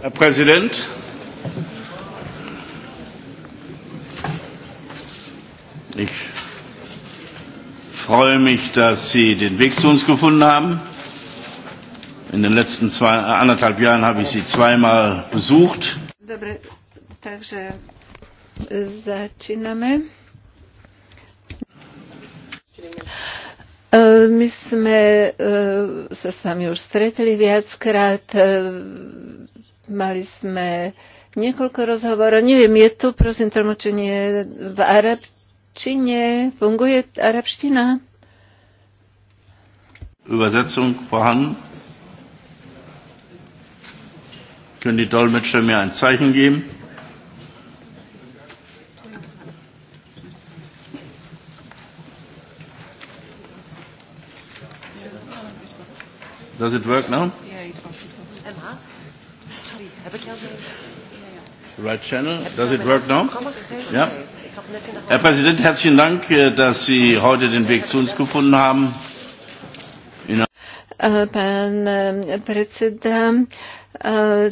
Herr Präsident! Ich freue mich, dass Sie den Weg zu uns gefunden haben. In den letzten zwei, anderthalb Jahren habe ich Sie zweimal besucht. Dobre, e, e, My sme e, sa s vami už stretli viackrát Mali sme niekoľko rozhovorov. Neviem, je to, prosím, tlmočenie v arabčine. Funguje arabština? Übersetzung vorhanden? Können die Dolmetscher mir ein Zeichen geben? Does it work now? right channel. Does it work now? Ja. Herr Präsident, herzlichen Dank, äh, dass Sie heute den Weg zu uns gefunden haben. Pán äh, äh, predseda,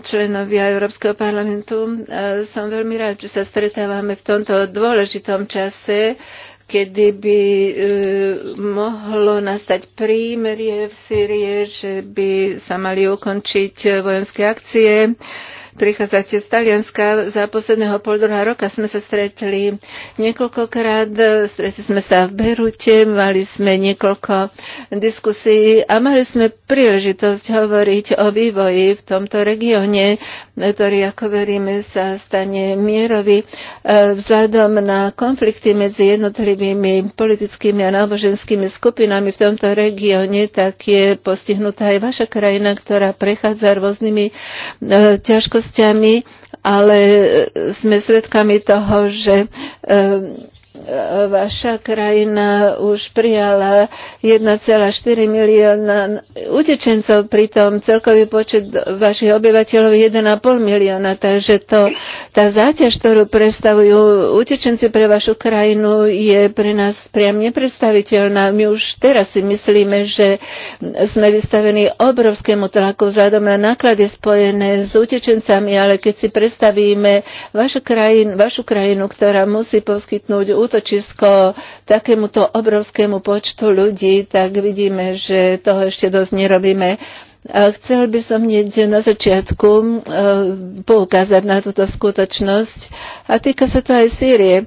členovia Európskeho parlamentu. Som veľmi rád, že sa stretávame v tomto dôležitom čase, kedy by e, mohlo nastať prímerie v Sýrie, že by sa mali ukončiť vojenské akcie. E, prichádzate z Talianska. Za posledného pol druhá roka sme sa stretli niekoľkokrát. Stretli sme sa v Berute, mali sme niekoľko diskusí a mali sme príležitosť hovoriť o vývoji v tomto regióne, ktorý, ako veríme, sa stane mierový e, vzhľadom na konflikty medzi jednotlivými politickými a náboženskými skupinami v tomto regióne, tak je postihnutá aj vaša krajina, ktorá prechádza rôznymi e, ťažkosťami udalosťami, ale sme svedkami toho, že vaša krajina už prijala 1,4 milióna utečencov, pritom celkový počet vašich obyvateľov je 1,5 milióna, takže to, tá záťaž, ktorú predstavujú utečenci pre vašu krajinu, je pre nás priam nepredstaviteľná. My už teraz si myslíme, že sme vystavení obrovskému tlaku vzhľadom na náklady spojené s utečencami, ale keď si predstavíme vašu krajinu, vašu krajinu ktorá musí poskytnúť útočisko takémuto obrovskému počtu ľudí, tak vidíme, že toho ešte dosť nerobíme. A chcel by som hneď na začiatku e, poukázať na túto skutočnosť. A týka sa to aj Sýrie. E,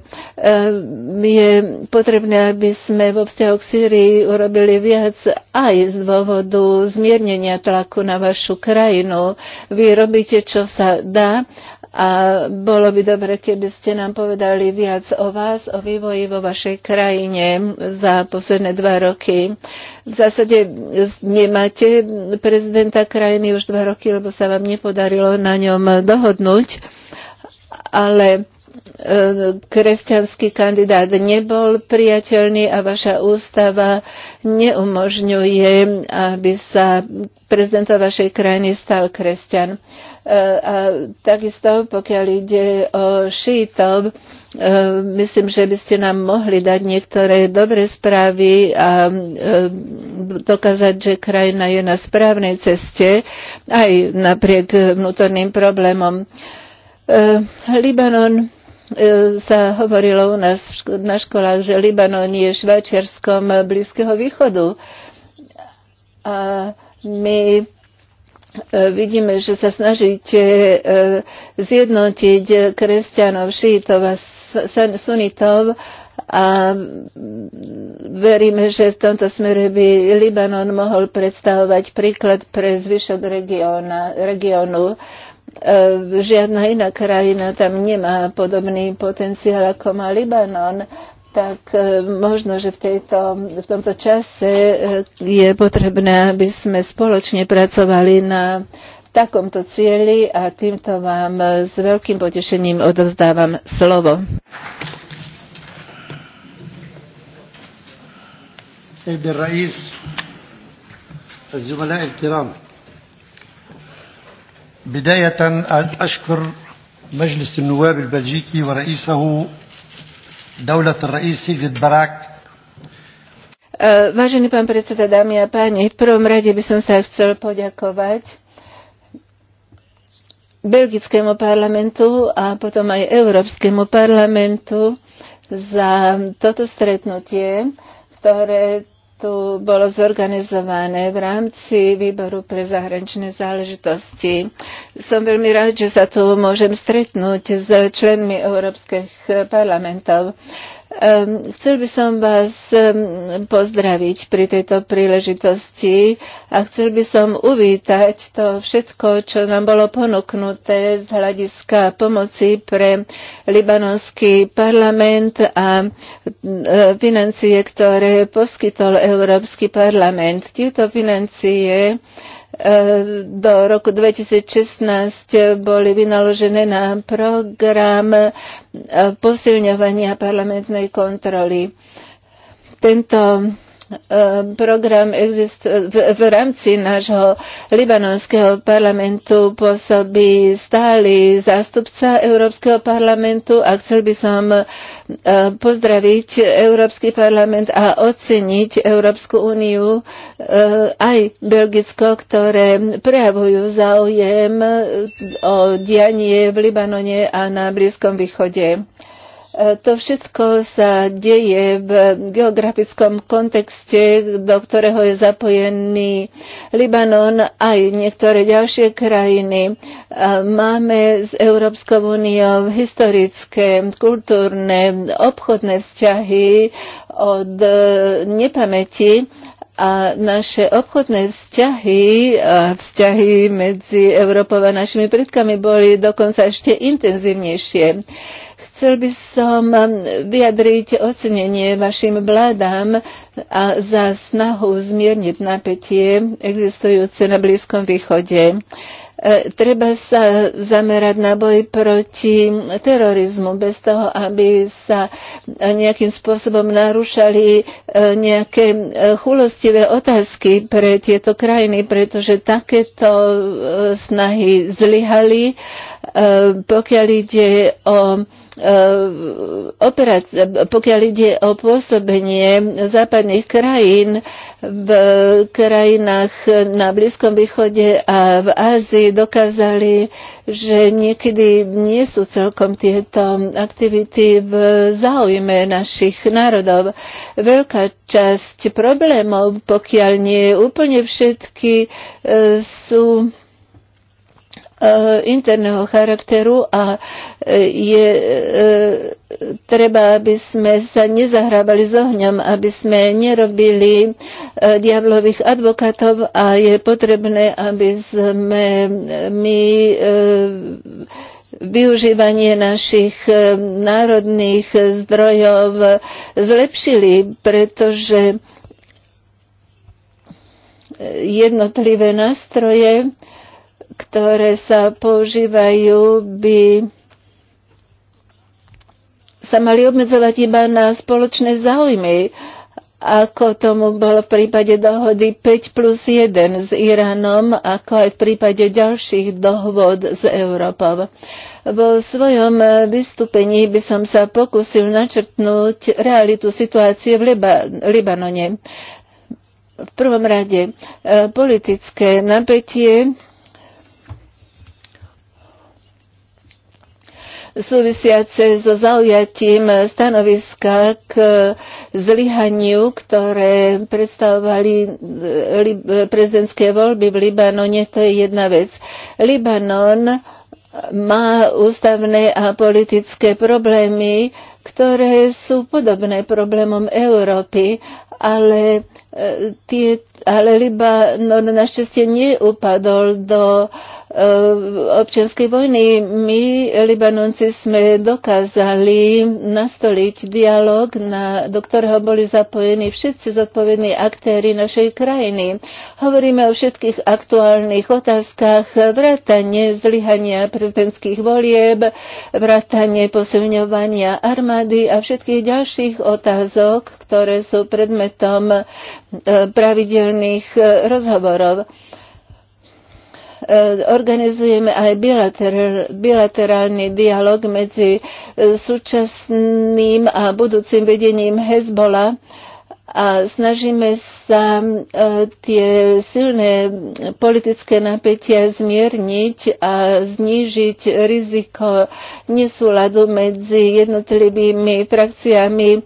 Je potrebné, aby sme vo vzťahu k Sýrii urobili viac aj z dôvodu zmiernenia tlaku na vašu krajinu. Vy robíte, čo sa dá, a bolo by dobre, keby ste nám povedali viac o vás, o vývoji vo vašej krajine za posledné dva roky. V zásade nemáte prezidenta krajiny už dva roky, lebo sa vám nepodarilo na ňom dohodnúť, ale e, kresťanský kandidát nebol priateľný a vaša ústava neumožňuje, aby sa prezidentom vašej krajiny stal kresťan. Uh, E, a takisto, pokiaľ ide o šítov, e, myslím, že by ste nám mohli dať niektoré dobré správy a e, dokázať, že krajina je na správnej ceste, aj napriek vnútorným problémom. Libanon sa hovorilo u nás na školách, že Libanon je švajčiarskom Blízkeho východu. A my E, vidíme, že sa snažíte e, zjednotiť kresťanov, šítov a sunitov a veríme, že v tomto smere by Libanon mohol predstavovať príklad pre zvyšok regiona, regionu. E, žiadna iná krajina tam nemá podobný potenciál, ako má Libanon tak e, možno, že v, tejto, v tomto čase e, je potrebné, aby sme spoločne pracovali na takomto cieli a týmto vám e, s veľkým potešením odovzdávam slovo. سيد الرئيس الزملاء الكرام بداية أشكر مجلس النواب البلجيكي ورئيسه Vážený pán predseda, dámy a páni, v prvom rade by som sa chcel poďakovať belgickému parlamentu a potom aj Európskemu parlamentu za toto stretnutie, ktoré tu bolo zorganizované v rámci výboru pre zahraničné záležitosti. Som veľmi rád, že sa tu môžem stretnúť s členmi európskych parlamentov. Ehm, chcel by som vás ehm, pozdraviť pri tejto príležitosti a chcel by som uvítať to všetko, čo nám bolo ponúknuté z hľadiska pomoci pre libanonský parlament a ehm, financie, ktoré poskytol Európsky parlament. Tieto financie E, do roku 2016 boli vynaložené na program e, posilňovania parlamentnej kontroly. Tento Ehm, program exist- v, v rámci nášho libanonského parlamentu pôsobí stály zástupca Európskeho parlamentu a chcel by som ehm, pozdraviť Európsky parlament a oceniť Európsku úniu ehm, aj Belgicko, ktoré prejavujú záujem o dianie v Libanone a na Blízkom východe. E, to všetko sa deje v geografickom kontexte, do ktorého je zapojený Libanon aj niektoré ďalšie krajiny. E, máme s Európskou úniou historické, kultúrne, obchodné vzťahy od e, nepamäti a naše obchodné vzťahy a vzťahy medzi Európou a našimi predkami boli dokonca ešte intenzívnejšie. Chcel by som um, vyjadriť ocenenie vašim vládám a za snahu zmierniť napätie existujúce na Blízkom východe e, treba sa zamerať na boj proti terorizmu bez toho, aby sa nejakým spôsobom narúšali e, nejaké e, chulostivé otázky pre tieto krajiny, pretože takéto snahy zlyhali E, pokiaľ ide o e, operácia, pokiaľ ide o pôsobenie západných krajín v krajinách na Blízkom východe a v Ázii dokázali, že niekedy nie sú celkom tieto aktivity v záujme našich národov. Veľká časť problémov, pokiaľ nie úplne všetky, e, sú Eh, interného charakteru a eh, je eh, treba, aby sme sa nezahrávali s ohňom, aby sme nerobili diablových advokátov a je potrebné, aby sme my využívanie našich národných zdrojov zlepšili, pretože jednotlivé nástroje ktoré sa používajú, by sa mali obmedzovať iba na spoločné záujmy, ako tomu bolo v prípade dohody 5 plus 1 s Iránom, ako aj v prípade ďalších dohod s Európou. Vo svojom vystúpení by som sa pokusil načrtnúť realitu situácie v Liba- Libanone. V prvom rade eh, politické napätie súvisiace so zaujatím stanoviska k zlyhaniu, ktoré predstavovali eh, prezidentské voľby v Libanone. To je jedna vec. Libanon má ústavné a politické problémy, ktoré sú podobné problémom Európy, ale, eh, tie, ale Libanon našťastie neupadol do uh, Eh, občianskej vojny. My, Libanonci, sme dokázali nastoliť dialog, na, do ktorého boli zapojení všetci zodpovední aktéry našej krajiny. Hovoríme o všetkých aktuálnych otázkach, vrátanie zlyhania prezidentských volieb, vrátanie posilňovania armády a všetkých ďalších otázok, ktoré sú predmetom eh, pravidelných eh, rozhovorov. E, organizujeme aj bilater, bilaterálny dialog medzi e, súčasným a budúcim vedením Hezbola a snažíme sa e, tie silné politické napätia zmierniť a znížiť riziko nesúladu medzi jednotlivými frakciami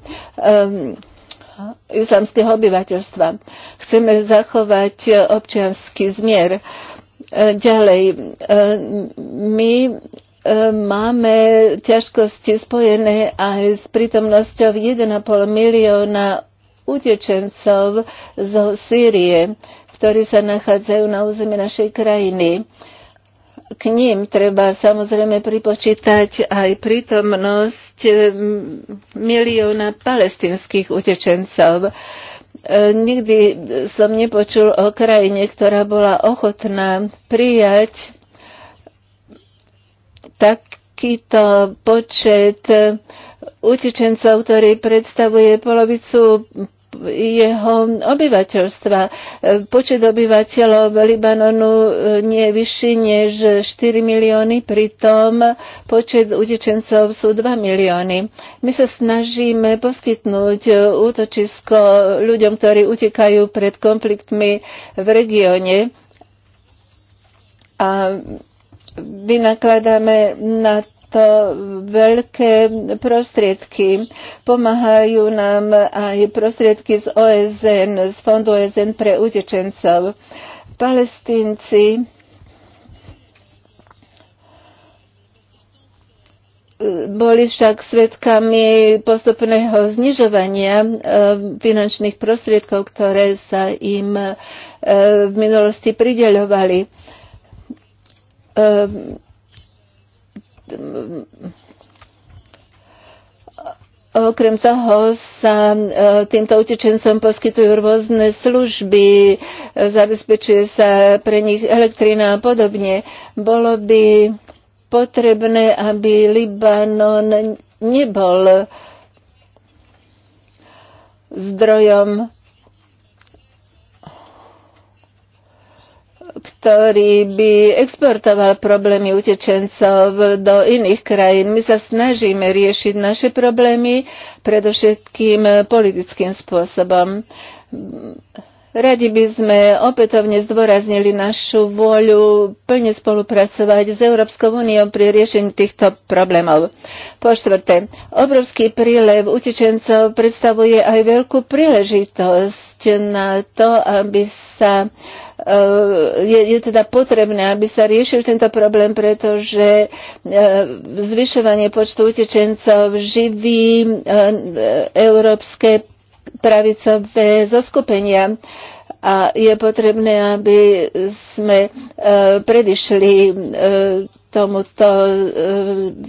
islamského obyvateľstva. Chceme zachovať občianský zmier E, ďalej, e, my e, máme ťažkosti spojené aj s prítomnosťou 1,5 milióna utečencov zo Sýrie, ktorí sa nachádzajú na území našej krajiny. K ním treba samozrejme pripočítať aj prítomnosť milióna palestinských utečencov. E, nikdy som nepočul o krajine, ktorá bola ochotná prijať takýto počet utečencov, ktorý predstavuje polovicu jeho obyvateľstva. E, počet obyvateľov Libanonu e, nie je vyšší než 4 milióny, pritom počet utečencov sú 2 milióny. My sa snažíme poskytnúť e, útočisko ľuďom, ktorí utekajú pred konfliktmi v regióne. A vynakladáme na to veľké prostriedky. Pomáhajú nám aj prostriedky z OSN, z Fondu OSN pre utečencov. Palestínci boli však svedkami postupného znižovania eh, finančných prostriedkov, ktoré sa im eh, v minulosti prideľovali eh, Okrem toho sa e, týmto utečencom poskytujú rôzne služby, e, zabezpečuje sa pre nich elektrina a podobne. Bolo by potrebné, aby Libanon nebol zdrojom ktorý by exportoval problémy utečencov do iných krajín. My sa snažíme riešiť naše problémy predovšetkým politickým spôsobom. Radi by sme opätovne zdôraznili našu vôľu plne spolupracovať s Európskou úniou pri riešení týchto problémov. Po štvrté, obrovský prílev utečencov predstavuje aj veľkú príležitosť na to, aby sa uh, Eh, je, je teda potrebné, aby sa riešil tento problém, pretože eh, zvyšovanie počtu utečencov živí eh, európske pravicové zoskupenia a je potrebné, aby sme predišli tomuto e,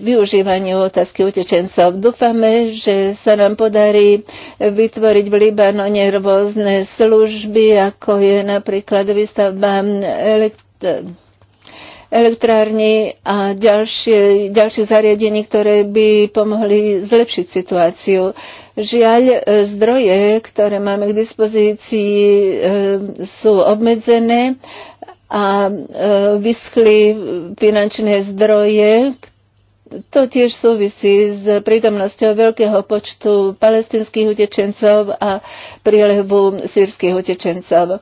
využívaniu otázky utečencov. Dúfame, že sa nám podarí vytvoriť v Libanone rôzne služby, ako je napríklad výstavba elekt- elektrárni a ďalšie, ďalšie zariadení, ktoré by pomohli zlepšiť situáciu. Žiaľ, e, zdroje, ktoré máme k dispozícii, e, sú obmedzené a e, vyschli finančné zdroje, to tiež súvisí s prítomnosťou veľkého počtu palestinských utečencov a prílevu sírskych utečencov.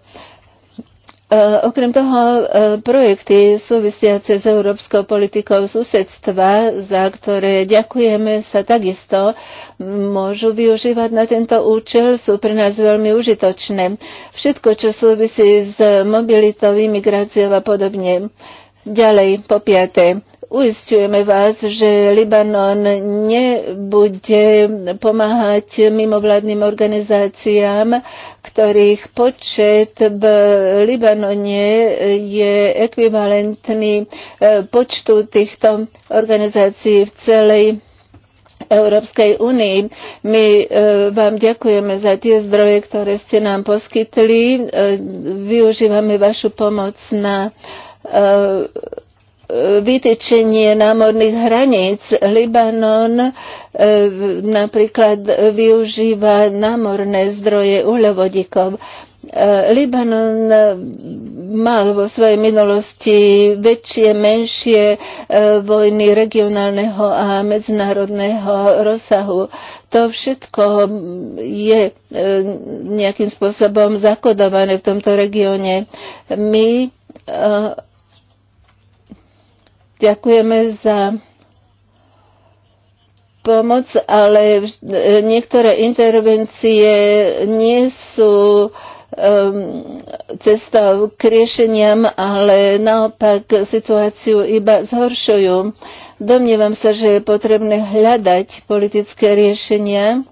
E, okrem toho, e, projekty súvisiace s európskou politikou susedstva, za ktoré ďakujeme, sa takisto môžu využívať na tento účel, sú pre nás veľmi užitočné. Všetko, čo súvisí s mobilitou, imigráciou a podobne. Ďalej, po piaté, Uistujeme vás, že Libanon nebude pomáhať mimovládnym organizáciám, ktorých počet v Libanone je ekvivalentný e, počtu týchto organizácií v celej Európskej únii. My e, vám ďakujeme za tie zdroje, ktoré ste nám poskytli. E, využívame vašu pomoc na vytečenie námorných hraníc. Libanon e, napríklad využíva námorné zdroje uhľovodíkov. E, Libanon e, mal vo svojej minulosti väčšie, menšie vojny regionálneho a medzinárodného rozsahu. To všetko je nejakým spôsobom zakodované v tomto regióne. My Ďakujeme za pomoc, ale e, niektoré intervencie nie sú um, cestou k riešeniam, ale naopak situáciu iba zhoršujú. Domnievam sa, že je potrebné hľadať politické riešenia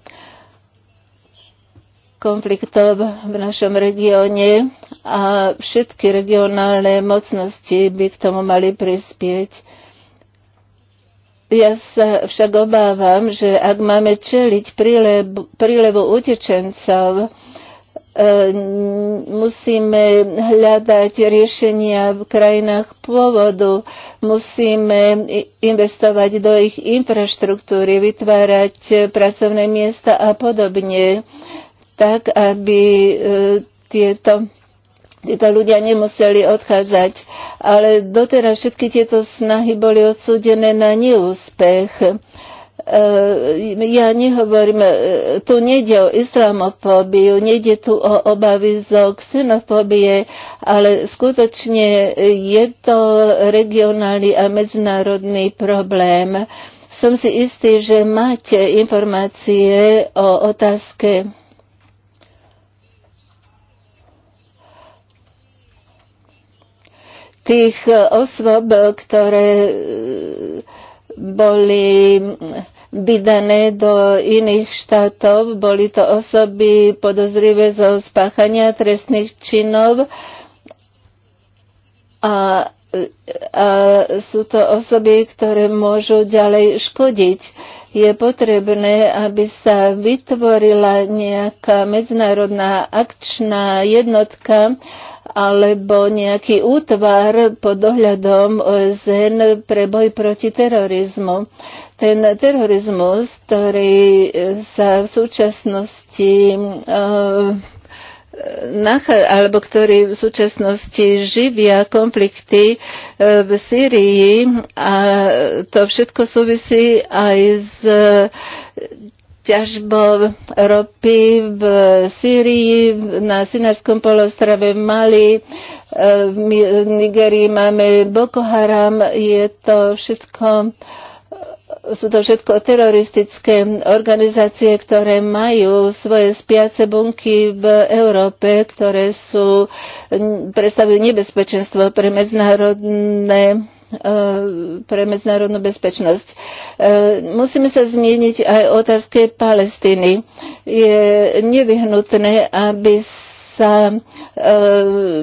konfliktov v našom regióne a všetky regionálne mocnosti by k tomu mali prispieť. Ja sa však obávam, že ak máme čeliť prílebu, prílevu utečencov, e, musíme hľadať riešenia v krajinách pôvodu, musíme investovať do ich infraštruktúry, vytvárať pracovné miesta a podobne tak aby e, tieto títo ľudia nemuseli odchádzať. Ale doteraz všetky tieto snahy boli odsúdené na neúspech e, ja nehovorím, e, tu nejde o islamofóbiu, nejde tu o obavy zo xenofóbie, ale skutočne je to regionálny a medzinárodný problém. Som si istý, že máte informácie o otázke tých e, osôb, ktoré e, boli vydané do iných štátov. Boli to osoby podozrivé zo spáchania trestných činov a, a sú to osoby, ktoré môžu ďalej škodiť. Je potrebné, aby sa vytvorila nejaká medzinárodná akčná jednotka, alebo nejaký útvar pod dohľadom OSN e, pre boj proti terorizmu. Ten terorizmus, ktorý e, sa v súčasnosti e, alebo ktorý v súčasnosti živia konflikty v Sýrii a to všetko súvisí aj s ťažbou ropy v Syrii, na Sinárskom polostrave v Mali, e, v Nigerii máme Boko Haram, je to všetko sú to všetko teroristické organizácie, ktoré majú svoje spiace bunky v Európe, ktoré sú, predstavujú nebezpečenstvo pre medzinárodné E, pre medzinárodnú bezpečnosť. E, musíme sa zmieniť aj o otázke Palestíny. Je nevyhnutné, aby sa e,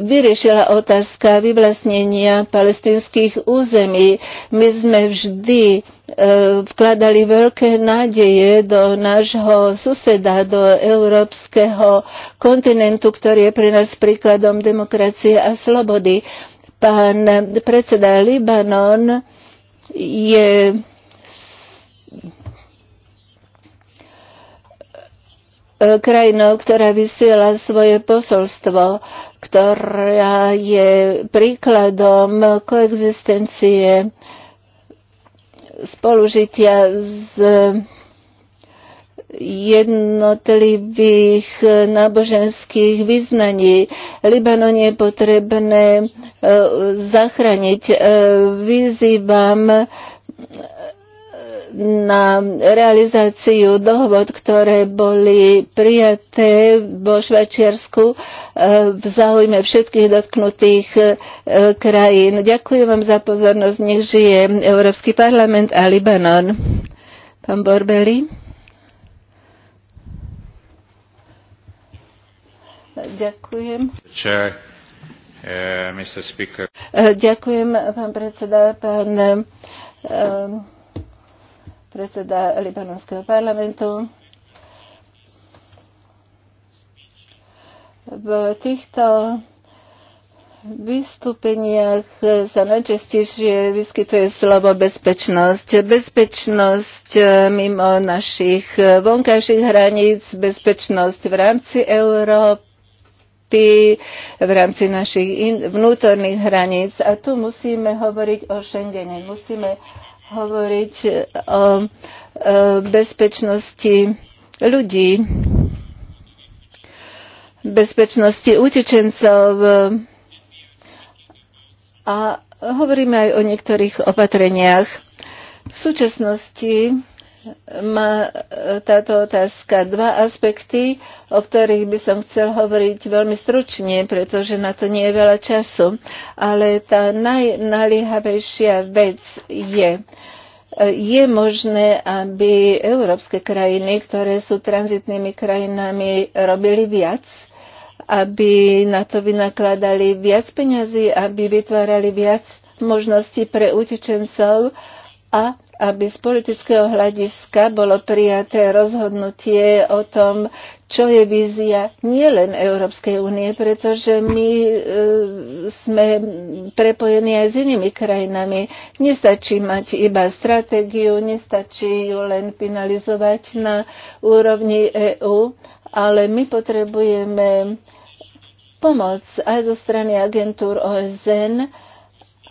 vyriešila otázka vyvlastnenia palestinských území. My sme vždy vkladali veľké nádeje do nášho suseda, do európskeho kontinentu, ktorý je pre nás príkladom demokracie a slobody. Pán predseda Libanon je krajinou, ktorá vysiela svoje posolstvo, ktorá je príkladom koexistencie spolužitia s jednotlivých e, náboženských vyznaní. Libanon je potrebné e, zachrániť. E, vyzývam na realizáciu dohod, ktoré boli prijaté vo Švačiarsku v záujme všetkých dotknutých krajín. Ďakujem vám za pozornosť. Nech žije Európsky parlament a Libanon. Pán Borbeli. Ďakujem. Chair, uh, eh, Mr. Speaker. Eh, ďakujem, pán predseda, pán um, predseda Libanonského parlamentu. V týchto vystúpeniach sa najčastejšie vyskytuje slovo bezpečnosť. Bezpečnosť mimo našich vonkajších hraníc, bezpečnosť v rámci Európy Európy, v rámci našich vnútorných hraníc. A tu musíme hovoriť o Schengene, musíme hovoriť o bezpečnosti ľudí, bezpečnosti utečencov a hovoríme aj o niektorých opatreniach. V súčasnosti má e, táto otázka dva aspekty, o ktorých by som chcel hovoriť veľmi stručne, pretože na to nie je veľa času. Ale tá najnaliehavejšia vec je, e, je možné, aby európske krajiny, ktoré sú tranzitnými krajinami, robili viac, aby na to vynakladali viac peňazí, aby vytvárali viac možností pre utečencov a aby z politického hľadiska bolo prijaté rozhodnutie o tom, čo je vízia nielen Európskej únie, pretože my e, sme prepojení aj s inými krajinami. Nestačí mať iba stratégiu, nestačí ju len finalizovať na úrovni EÚ, ale my potrebujeme pomoc aj zo strany agentúr OSN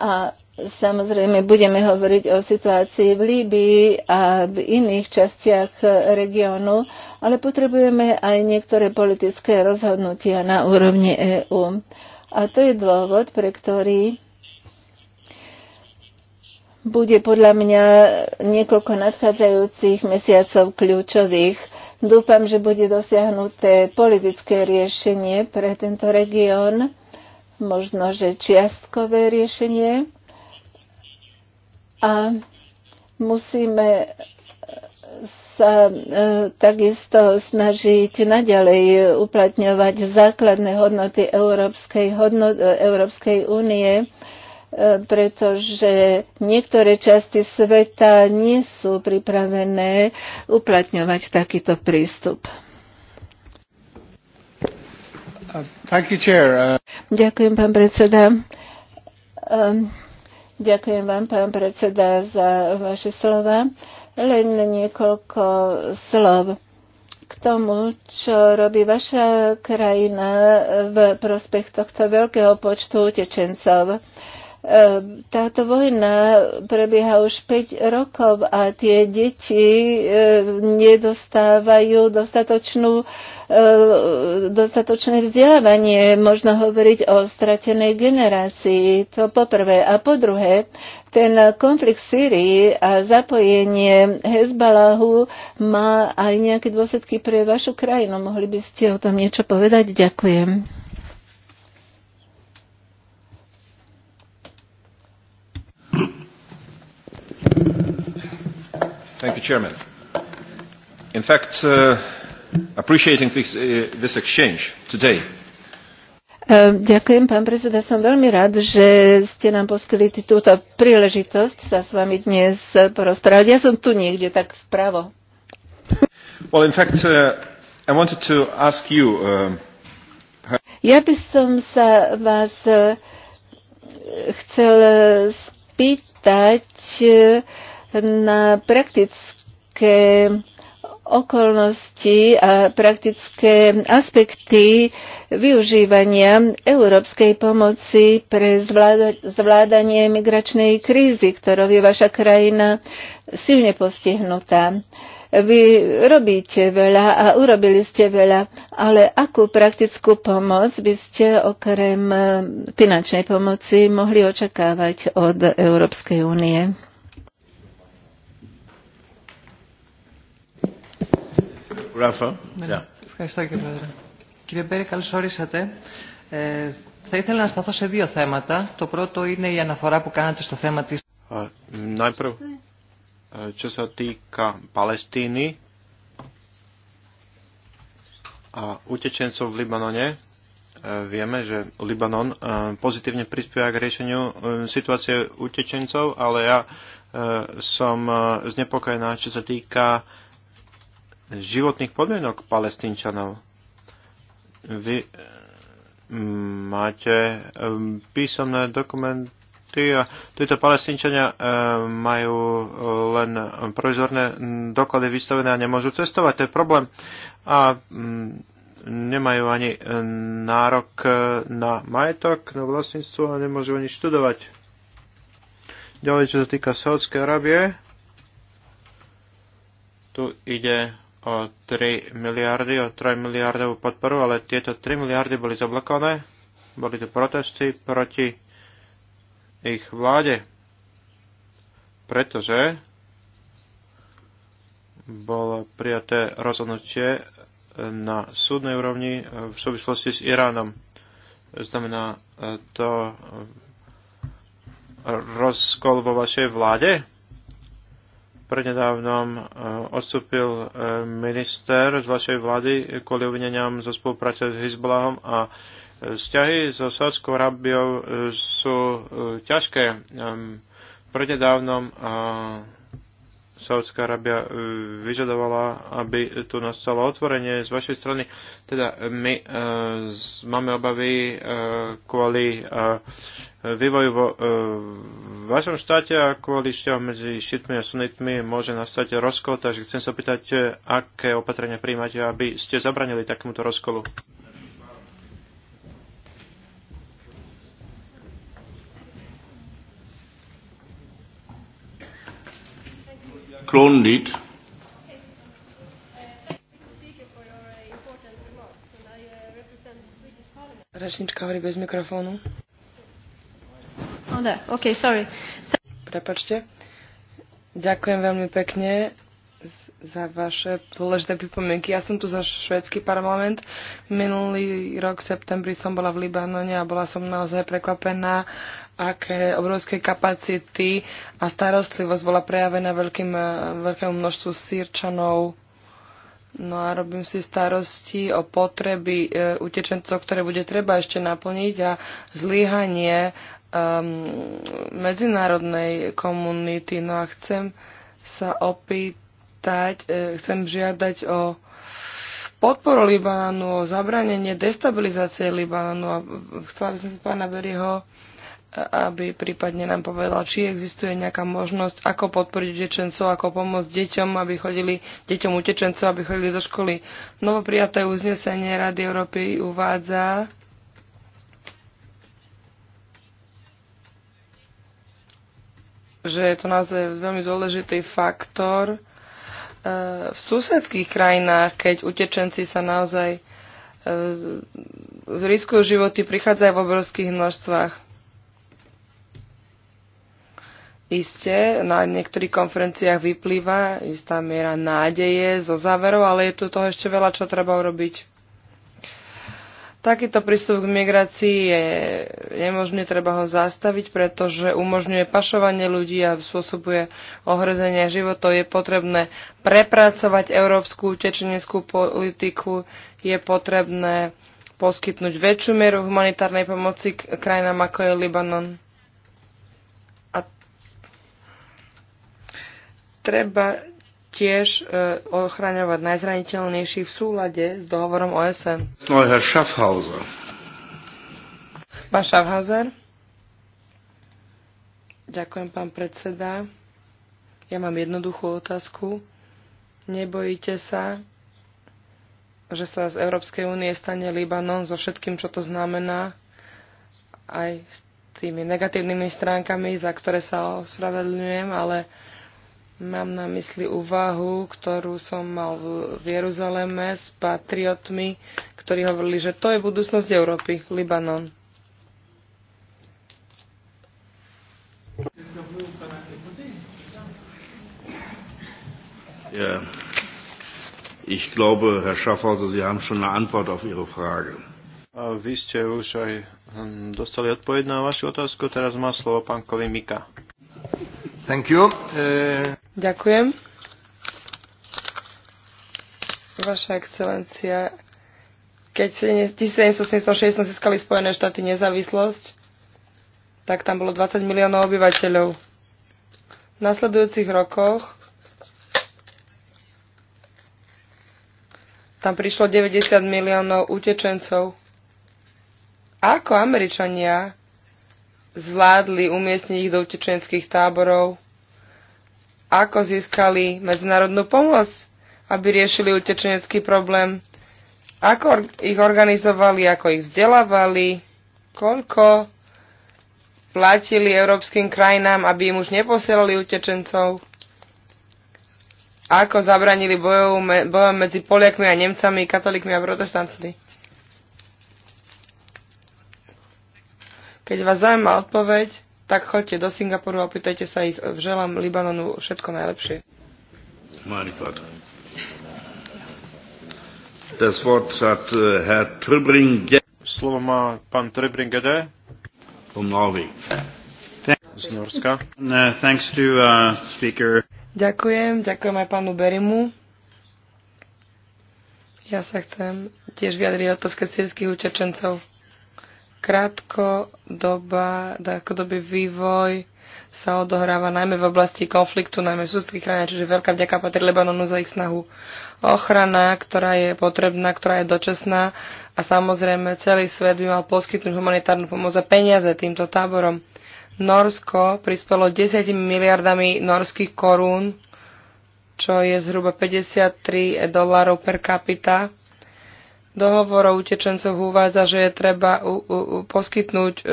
a Samozrejme, budeme hovoriť o situácii v Líbii a v iných častiach regiónu, ale potrebujeme aj niektoré politické rozhodnutia na úrovni EÚ. A to je dôvod, pre ktorý bude podľa mňa niekoľko nadchádzajúcich mesiacov kľúčových. Dúfam, že bude dosiahnuté politické riešenie pre tento región, možno, že čiastkové riešenie a musíme sa e, takisto snažiť naďalej uplatňovať základné hodnoty Európskej, hodnot, e, Európskej únie, e, pretože niektoré časti sveta nie sú pripravené uplatňovať takýto prístup. Uh, you, uh, Ďakujem, pán predseda. Um, Ďakujem vám, pán predseda, za vaše slova. Len niekoľko slov k tomu, čo robí vaša krajina v prospech tohto veľkého počtu utečencov. Táto vojna prebieha už 5 rokov a tie deti nedostávajú dostatočnú, dostatočné vzdelávanie. Možno hovoriť o stratenej generácii, to poprvé. A po druhé, ten konflikt v Syrii a zapojenie Hezbalahu má aj nejaké dôsledky pre vašu krajinu. Mohli by ste o tom niečo povedať? Ďakujem. Thank you, Chairman. In fact, uh, appreciating this, uh, this exchange today, uh, Ďakujem, pán predseda. Som veľmi rád, že ste nám poskytli túto príležitosť sa s vami dnes porozprávať. Ja som tu niekde, tak vpravo. Well, in fact, uh, I wanted to ask you, uh, how... Ja by som sa vás uh, chcel spýtať, uh, na praktické okolnosti a praktické aspekty využívania európskej pomoci pre zvládanie migračnej krízy, ktorou je vaša krajina silne postihnutá. Vy robíte veľa a urobili ste veľa, ale akú praktickú pomoc by ste okrem finančnej pomoci mohli očakávať od Európskej únie? Rafa. Yeah. Ευχαριστώ κύριε Πρόεδρε. Κύριε Μπέρι, καλώς όρισατε. Ε, θα ήθελα να σταθώ σε δύο θέματα. Το πρώτο είναι η αναφορά που κάνατε στο θέμα της... Najprv, čo sa týka Palestíny a utečencov v Libanone, e, vieme, že Libanon e, pozitívne prispieva k riešeniu e, situácie utečencov, ale ja som znepokojená, čo sa týka životných podmienok palestínčanov. Vy eh, máte eh, písomné dokumenty a títo palestínčania eh, majú len provizorné doklady vystavené a nemôžu cestovať. To je problém. A mm, nemajú ani nárok na majetok, na vlastníctvo a nemôžu ani študovať. Ďalej, čo sa týka Saudskej Arábie, tu ide o 3 miliardy, o 3 miliardovú podporu, ale tieto 3 miliardy boli zablokované. Boli to protesty proti ich vláde, pretože bolo prijaté rozhodnutie na súdnej úrovni v súvislosti s Iránom. Znamená eh, to eh, rozkol vo vašej vláde? prednedávnom eh, odstúpil eh, minister z vašej vlády kvôli obvineniam zo spolupráce s Hezbollahom a eh, vzťahy so Sádskou Arábiou sú ťažké. Ehm, prednedávnom Saudská Arábia e, vyžadovala, aby tu nastalo otvorenie z vašej strany. Teda my e, máme obavy e, kvôli vývoju vo vašom štáte a kvôli šťahu medzi šitmi a sunitmi môže nastať rozkol, takže chcem sa pýtať, aké opatrenia príjmate, aby ste zabranili takémuto rozkolu. Kronlid. Rečnička hovorí bez mikrofónu. Oh, okay, sorry. Prepačte. Ďakujem veľmi pekne za vaše dôležité pripomienky. Ja som tu za Švedský parlament. Minulý rok v septembri som bola v Libanone a bola som naozaj prekvapená, aké obrovské kapacity a starostlivosť bola prejavená veľkým, veľkému množstvu sírčanov. No a robím si starosti o potreby e, utečencov, ktoré bude treba ešte naplniť a zlyhanie e, medzinárodnej komunity. No a chcem sa opýtať, žiadať, e, chcem žiadať o podporu Libanonu, o zabranenie destabilizácie Libanonu a chcela by som sa pána Beriho, e, aby prípadne nám povedal, či existuje nejaká možnosť, ako podporiť utečencov, ako pomôcť deťom, aby chodili, deťom utečencov, aby chodili do školy. Novoprijaté uznesenie Rady Európy uvádza, že je to naozaj veľmi dôležitý faktor, v susedských krajinách, keď utečenci sa naozaj e, riskujú životy, prichádzajú v obrovských množstvách. Isté, na niektorých konferenciách vyplýva istá miera nádeje zo záverov, ale je tu toho ešte veľa, čo treba urobiť. Takýto prístup k migrácii je nemožný, treba ho zastaviť, pretože umožňuje pašovanie ľudí a spôsobuje ohrozenie životov. Je potrebné prepracovať európsku utečeneckú politiku, je potrebné poskytnúť väčšiu mieru humanitárnej pomoci k krajinám ako je Libanon. A treba tiež e, ochraňovať najzraniteľnejší v súlade s dohovorom OSN. Herr Schaffhauser. Pán Schaffhauser. Ďakujem, pán predseda. Ja mám jednoduchú otázku. Nebojíte sa, že sa z Európskej únie stane Libanon so všetkým, čo to znamená, aj s tými negatívnymi stránkami, za ktoré sa ospravedlňujem, ale Mám na mysli úvahu, ktorú som mal v Jeruzaleme s patriotmi, ktorí hovorili, že to je budúcnosť Európy, Libanon. Ja. Ich glaube, Herr Schaffhauser, Sie haben schon eine Antwort auf Ihre Frage. Vy ste už aj hm, dostali odpoveď na vašu otázku. Teraz má slovo pán Kolimika. Thank you. E... Ďakujem. Vaša excelencia, keď v 1776 získali Spojené štáty nezávislosť, tak tam bolo 20 miliónov obyvateľov. V nasledujúcich rokoch tam prišlo 90 miliónov utečencov. Ako Američania zvládli umiestniť ich do utečenských táborov? ako získali medzinárodnú pomoc, aby riešili utečenecký problém, ako ich organizovali, ako ich vzdelávali, koľko platili európskym krajinám, aby im už neposielali utečencov, ako zabranili bojom, medzi Poliakmi a Nemcami, katolíkmi a protestantmi. Keď vás zaujíma odpoveď, tak choďte do Singapuru a pýtajte sa ich. E, želám Libanonu všetko najlepšie. Das Wort hat äh, Herr Slovo má pán Trübring Gede. Z Norska. Uh, thanks to uh, speaker. Ďakujem, ďakujem aj pánu Berimu. Ja sa chcem tiež vyjadriť otázke sírskych utečencov. Krátko doba, krátkodobý vývoj sa odohráva najmä v oblasti konfliktu, najmä v súdských krajinách, čiže veľká vďaka patrí Lebanonu za ich snahu. Ochrana, ktorá je potrebná, ktorá je dočasná a samozrejme celý svet by mal poskytnúť humanitárnu pomoc a peniaze týmto táborom. Norsko prispelo 10 miliardami norských korún, čo je zhruba 53 dolárov per capita dohovor o utečencoch uvádza, že je treba u, u, u, poskytnúť e,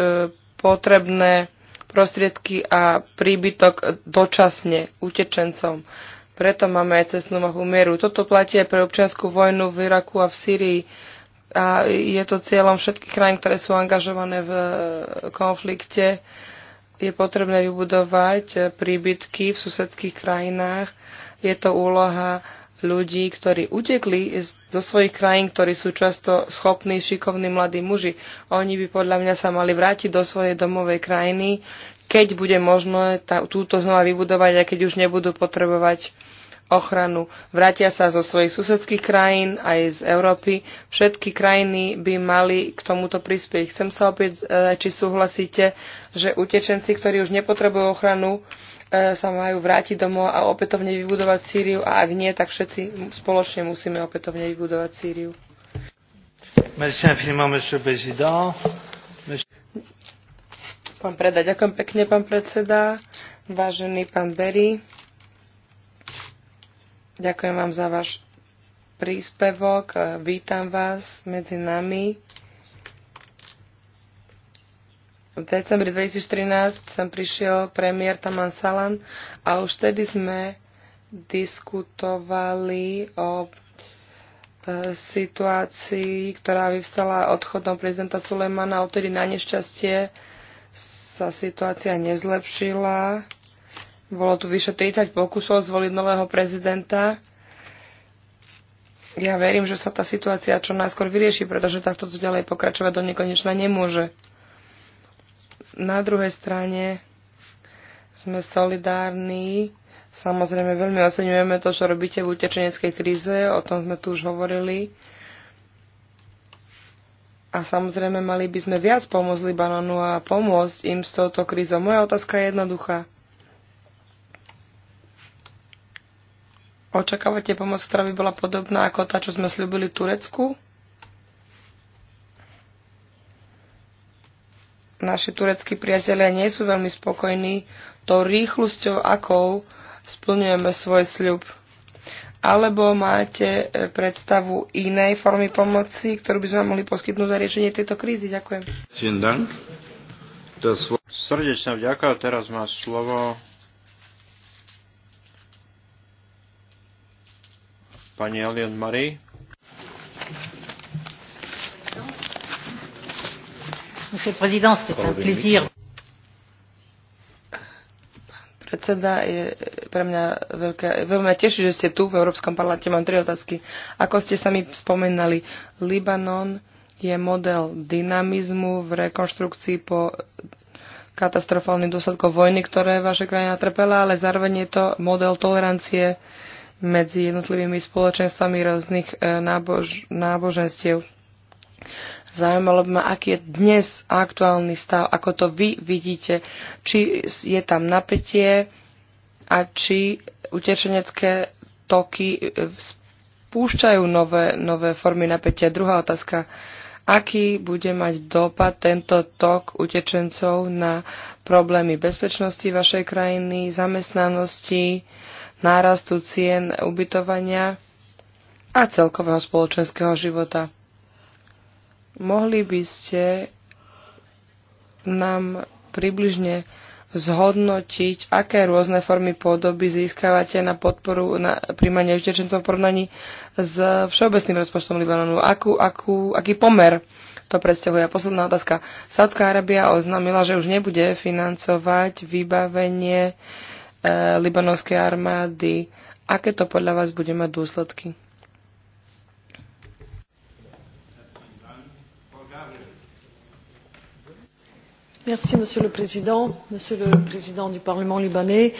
potrebné prostriedky a príbytok dočasne utečencom. Preto máme aj cestnú mohu mieru. Toto platí aj pre občianskú vojnu v Iraku a v Syrii. A je to cieľom všetkých krajín, ktoré sú angažované v e, konflikte. Je potrebné vybudovať e, príbytky v susedských krajinách. Je to úloha ľudí, ktorí utekli zo svojich krajín, ktorí sú často schopní, šikovní mladí muži. Oni by podľa mňa sa mali vrátiť do svojej domovej krajiny, keď bude možné tá, túto znova vybudovať a keď už nebudú potrebovať ochranu. Vrátia sa zo svojich susedských krajín, aj z Európy. Všetky krajiny by mali k tomuto prispieť. Chcem sa opäť, e, či súhlasíte, že utečenci, ktorí už nepotrebujú ochranu, E, sa majú vrátiť domov a opätovne vybudovať Sýriu a ak nie, tak všetci spoločne musíme opätovne vybudovať Sýriu. Pán Preda, ďakujem pekne, pán predseda. Vážený pán Berry, ďakujem vám za váš príspevok. Vítam vás medzi nami. V decembri 2013 sem prišiel premiér Taman Salan a už vtedy sme diskutovali o e, situácii, ktorá vyvstala odchodom prezidenta Sulemana. Odtedy na nešťastie sa situácia nezlepšila. Bolo tu vyše 30 pokusov zvoliť nového prezidenta. Ja verím, že sa tá situácia čo najskôr vyrieši, pretože takto to ďalej pokračovať do nekonečna nemôže. Na druhej strane sme solidárni. Samozrejme, veľmi oceňujeme to, čo robíte v utečeneckej kríze, o tom sme tu už hovorili. A samozrejme, mali by sme viac pomôcť Libanonu a pomôcť im s touto krízou. Moja otázka je jednoduchá. Očakávate pomoc, ktorá by bola podobná ako tá, čo sme slúbili Turecku? naši tureckí priatelia nie sú veľmi spokojní tou rýchlosťou, akou splňujeme svoj sľub. Alebo máte e, predstavu inej formy pomoci, ktorú by sme mohli poskytnúť za riešenie tejto krízy? Ďakujem. Srdečná vďaka. Teraz má slovo pani Alien Marie. Monsieur le Président, c'est un plaisir. Predseda, je pre mňa veľká, veľmi teší, že ste tu v Európskom parlamente. Mám tri otázky. Ako ste sami spomenali, Libanon je model dynamizmu v rekonštrukcii po katastrofálnym dôsledkom vojny, ktoré vaša krajina trpela, ale zároveň je to model tolerancie medzi jednotlivými spoločenstvami rôznych eh, nábož, náboženstiev. Zaujímalo by ma, aký je dnes aktuálny stav, ako to vy vidíte, či je tam napätie a či utečenecké toky e, spúšťajú nové, nové formy napätia. Druhá otázka, aký bude mať dopad tento tok utečencov na problémy bezpečnosti vašej krajiny, zamestnanosti, nárastu cien ubytovania a celkového spoločenského života. Mohli by ste nám približne zhodnotiť, aké rôzne formy podoby získavate na podporu na príjmanie utečencov v porovnaní s všeobecným rozpočtom Libanonu. Akú, akú, aký pomer to predstavuje? A posledná otázka. Saudská Arabia oznámila, že už nebude financovať vybavenie e, eh, libanonskej armády. Aké to podľa vás bude mať dôsledky? monsieur le président, monsieur le président du Parlement libanais.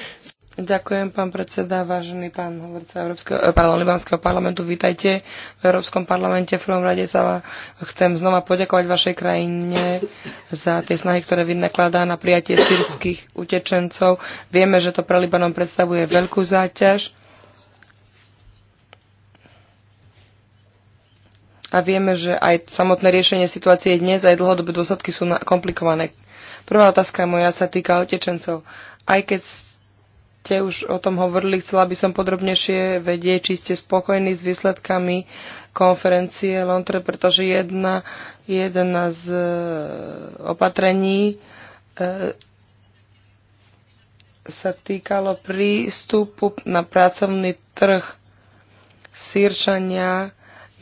Ďakujem, pán predseda, vážený pán hovorca Európskeho, eh, pardon, Libanského parlamentu. Vítajte v Európskom parlamente. V prvom rade sa chcem znova poďakovať vašej krajine za tie snahy, ktoré vynakladá na prijatie sírskych utečencov. Vieme, že to pre Libanon predstavuje veľkú záťaž. A vieme, že aj samotné riešenie situácie dnes aj dlhodobé dôsledky sú komplikované. Prvá otázka moja sa týka utečencov. Aj keď ste už o tom hovorili, chcela by som podrobnejšie vedieť, či ste spokojní s výsledkami konferencie Lontre, pretože jedna, jedna z e, opatrení e, sa týkalo prístupu na pracovný trh sírčania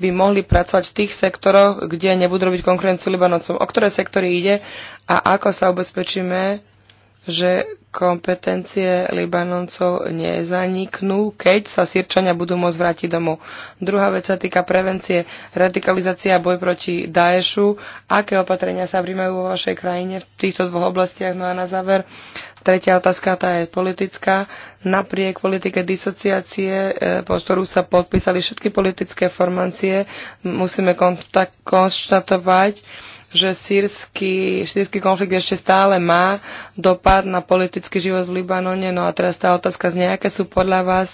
by mohli pracovať v tých sektoroch, kde nebudú robiť konkurenciu Libanoncom. O ktoré sektory ide a ako sa ubezpečíme, že kompetencie Libanoncov nezaniknú, keď sa Sirčania budú môcť vrátiť domov. Druhá vec sa týka prevencie, radikalizácia a boj proti Daešu. Aké opatrenia sa príjmajú vo vašej krajine v týchto dvoch oblastiach? No a na záver, tretia otázka, tá je politická. Napriek politike disociácie, e, po ktorú sa podpísali všetky politické formácie, musíme konštatovať, že sírsky, sírsky konflikt ešte stále má dopad na politický život v Libanone. No a teraz tá otázka z nejaké sú podľa vás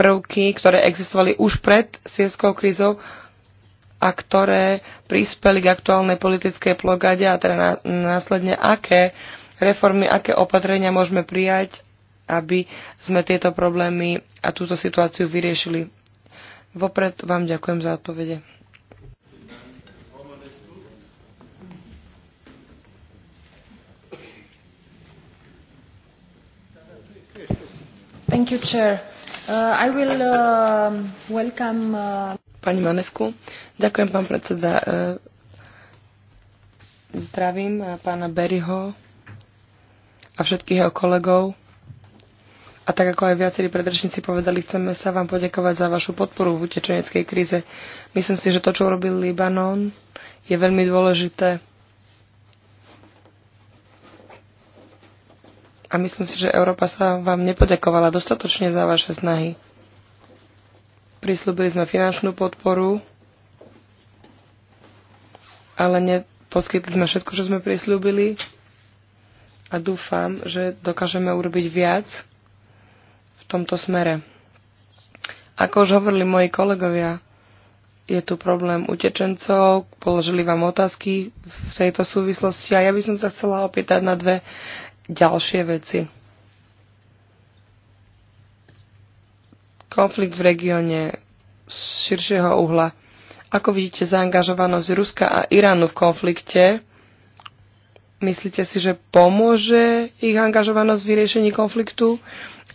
prvky, ktoré existovali už pred sírskou krízou a ktoré prispeli k aktuálnej politickej plogade a teda následne aké reformy, aké opatrenia môžeme prijať, aby sme tieto problémy a túto situáciu vyriešili. Vopred vám ďakujem za odpovede. Thank you, Chair. Uh, I will uh, welcome... Uh... Pani Manesku, ďakujem, pán predseda. Uh, zdravím uh, pána Berryho a všetkých jeho kolegov. A tak ako aj viacerí predrečníci povedali, chceme sa vám poďakovať za vašu podporu v utečeneckej kríze. Myslím si, že to, čo urobil Libanon, je veľmi dôležité A myslím si, že Európa sa vám nepoďakovala dostatočne za vaše snahy. Prislúbili sme finančnú podporu, ale neposkytli sme všetko, čo sme prislúbili a dúfam, že dokážeme urobiť viac v tomto smere. Ako už hovorili moji kolegovia, je tu problém utečencov, položili vám otázky v tejto súvislosti a ja by som sa chcela opýtať na dve ďalšie veci. Konflikt v regióne z širšieho uhla. Ako vidíte zaangažovanosť Ruska a Iránu v konflikte? Myslíte si, že pomôže ich angažovanosť v vyriešení konfliktu?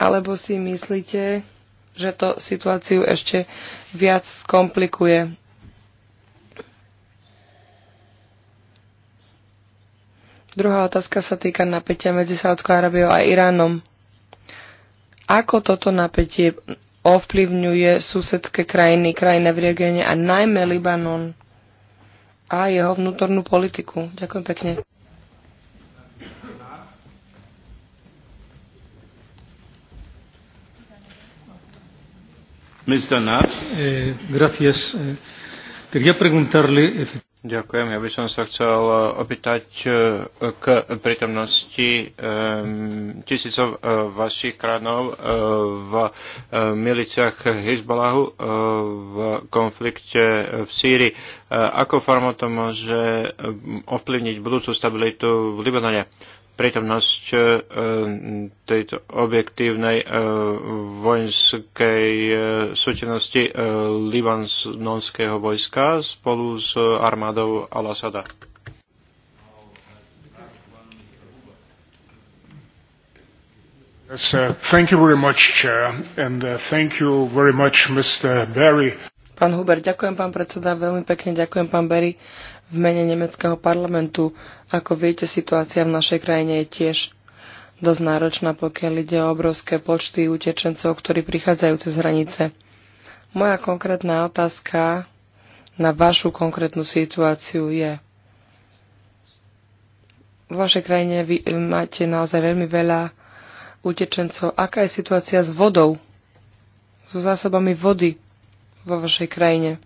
Alebo si myslíte, že to situáciu ešte viac skomplikuje? Druhá otázka sa týka napätia medzi Sádskou Arabiou a Iránom. Ako toto napätie ovplyvňuje susedské krajiny, krajiny v regióne a najmä Libanon a jeho vnútornú politiku? Ďakujem pekne. Mr. Nat. Eh, gracias. Eh. Ďakujem. Ja by som sa chcel e, opýtať e, k prítomnosti tisícov e, vašich kranov v miliciach Hezbalahu v konflikte v Sýrii. Ako farma to môže ovplyvniť budúcu stabilitu v Libanone? prítomnosť e, tejto objektívnej e, vojenskej e, súčinnosti libanonského vojska spolu s armádou Al-Asada. Uh, pán Huber, ďakujem, pán predseda, veľmi pekne ďakujem, pán Berry v mene nemeckého parlamentu. Ako viete, situácia v našej krajine je tiež dosť náročná, pokiaľ ide o obrovské počty utečencov, ktorí prichádzajú cez hranice. Moja konkrétna otázka na vašu konkrétnu situáciu je. V vašej krajine vy máte naozaj veľmi veľa utečencov. Aká je situácia s vodou? So zásobami vody vo vašej krajine?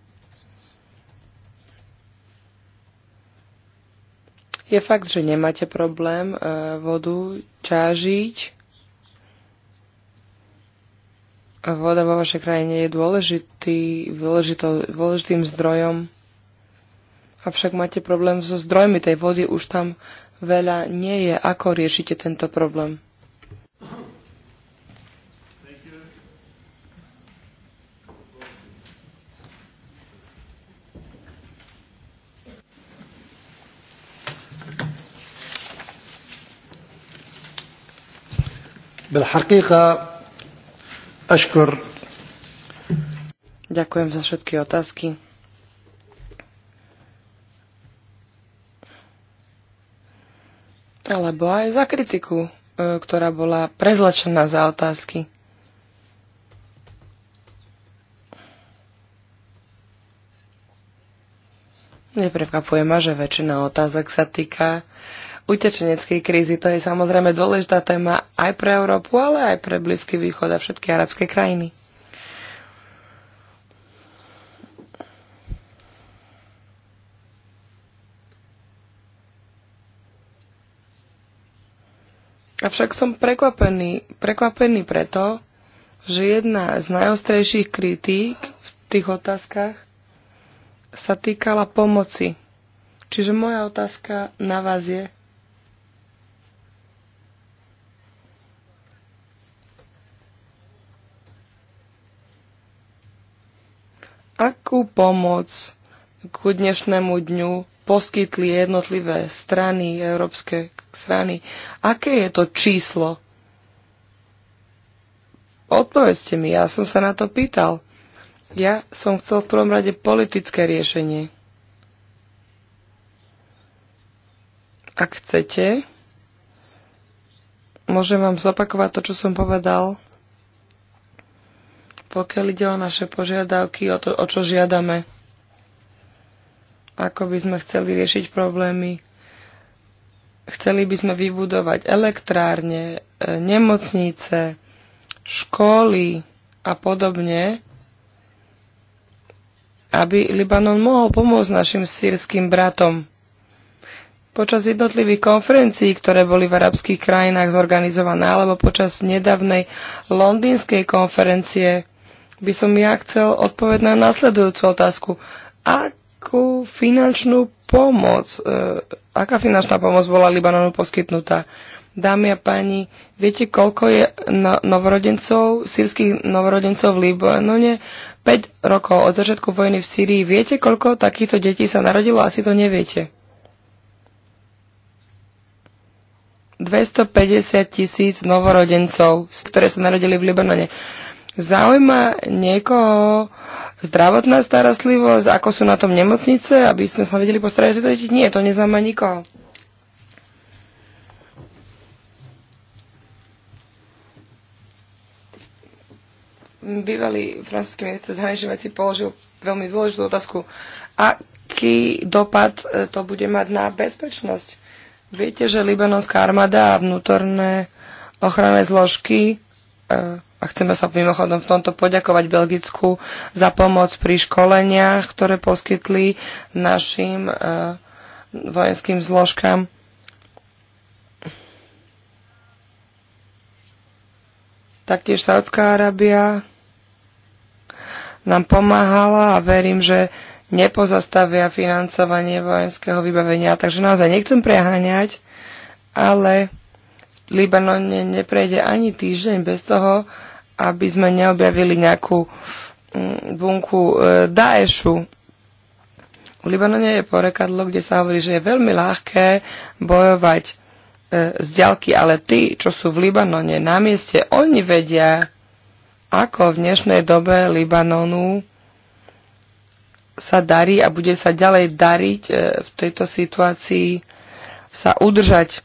Je fakt, že nemáte problém e, vodu čážiť. Voda vo vašej krajine je dôležitý, dôležitý, dôležitým zdrojom. Avšak máte problém so zdrojmi tej vody, už tam veľa nie je. Ako riešite tento problém? بالحقيقة أشكر Ďakujem za všetky otázky. Alebo aj za kritiku, e, ktorá bola prezlačená za otázky. Neprekvapuje ma, že väčšina otázok sa týka utečeneckej krízy. To je samozrejme dôležitá téma aj pre Európu, ale aj pre Blízky východ a všetky arabské krajiny. Avšak som prekvapený, prekvapený preto, že jedna z najostrejších kritík v tých otázkach sa týkala pomoci. Čiže moja otázka na vás je, akú pomoc ku dnešnému dňu poskytli jednotlivé strany, európske strany. Aké je to číslo? Odpovedzte mi, ja som sa na to pýtal. Ja som chcel v prvom rade politické riešenie. Ak chcete, môžem vám zopakovať to, čo som povedal pokiaľ ide o naše požiadavky, o to, o čo žiadame, ako by sme chceli riešiť problémy. Chceli by sme vybudovať elektrárne, e, nemocnice, školy a podobne, aby Libanon mohol pomôcť našim sírským bratom. Počas jednotlivých konferencií, ktoré boli v arabských krajinách zorganizované, alebo počas nedávnej londýnskej konferencie by som ja chcel odpovedať na následujúcu otázku. Akú finančnú pomoc, e, aká finančná pomoc bola Libanonu poskytnutá? Dámy a páni, viete, koľko je no, novorodencov, sírskych novorodencov v Libanone? 5 rokov od začiatku vojny v Sýrii. Viete, koľko takýchto detí sa narodilo? Asi to neviete. 250 tisíc novorodencov, ktoré sa narodili v Libanone zaujíma niekoho zdravotná starostlivosť, ako sú na tom nemocnice, aby sme sa vedeli postarať to deti? Nie, to nezaujíma nikoho. Bývalý francúzsky minister zahraničných vecí položil veľmi dôležitú otázku. Aký dopad e, to bude mať na bezpečnosť? Viete, že libanonská armáda a vnútorné ochranné zložky e, a chceme sa mimochodom v tomto poďakovať Belgicku za pomoc pri školeniach, ktoré poskytli našim e, vojenským zložkám. Taktiež Saudská Arábia nám pomáhala a verím, že nepozastavia financovanie vojenského vybavenia. Takže naozaj nechcem preháňať, ale v Libanone neprejde ani týždeň bez toho, aby sme neobjavili nejakú mm, bunku e, Daešu. V Libanone je porekadlo, kde sa hovorí, že je veľmi ľahké bojovať e, z ďalky, ale tí, čo sú v Libanone na mieste, oni vedia, ako v dnešnej dobe Libanonu sa darí a bude sa ďalej dariť e, v tejto situácii sa udržať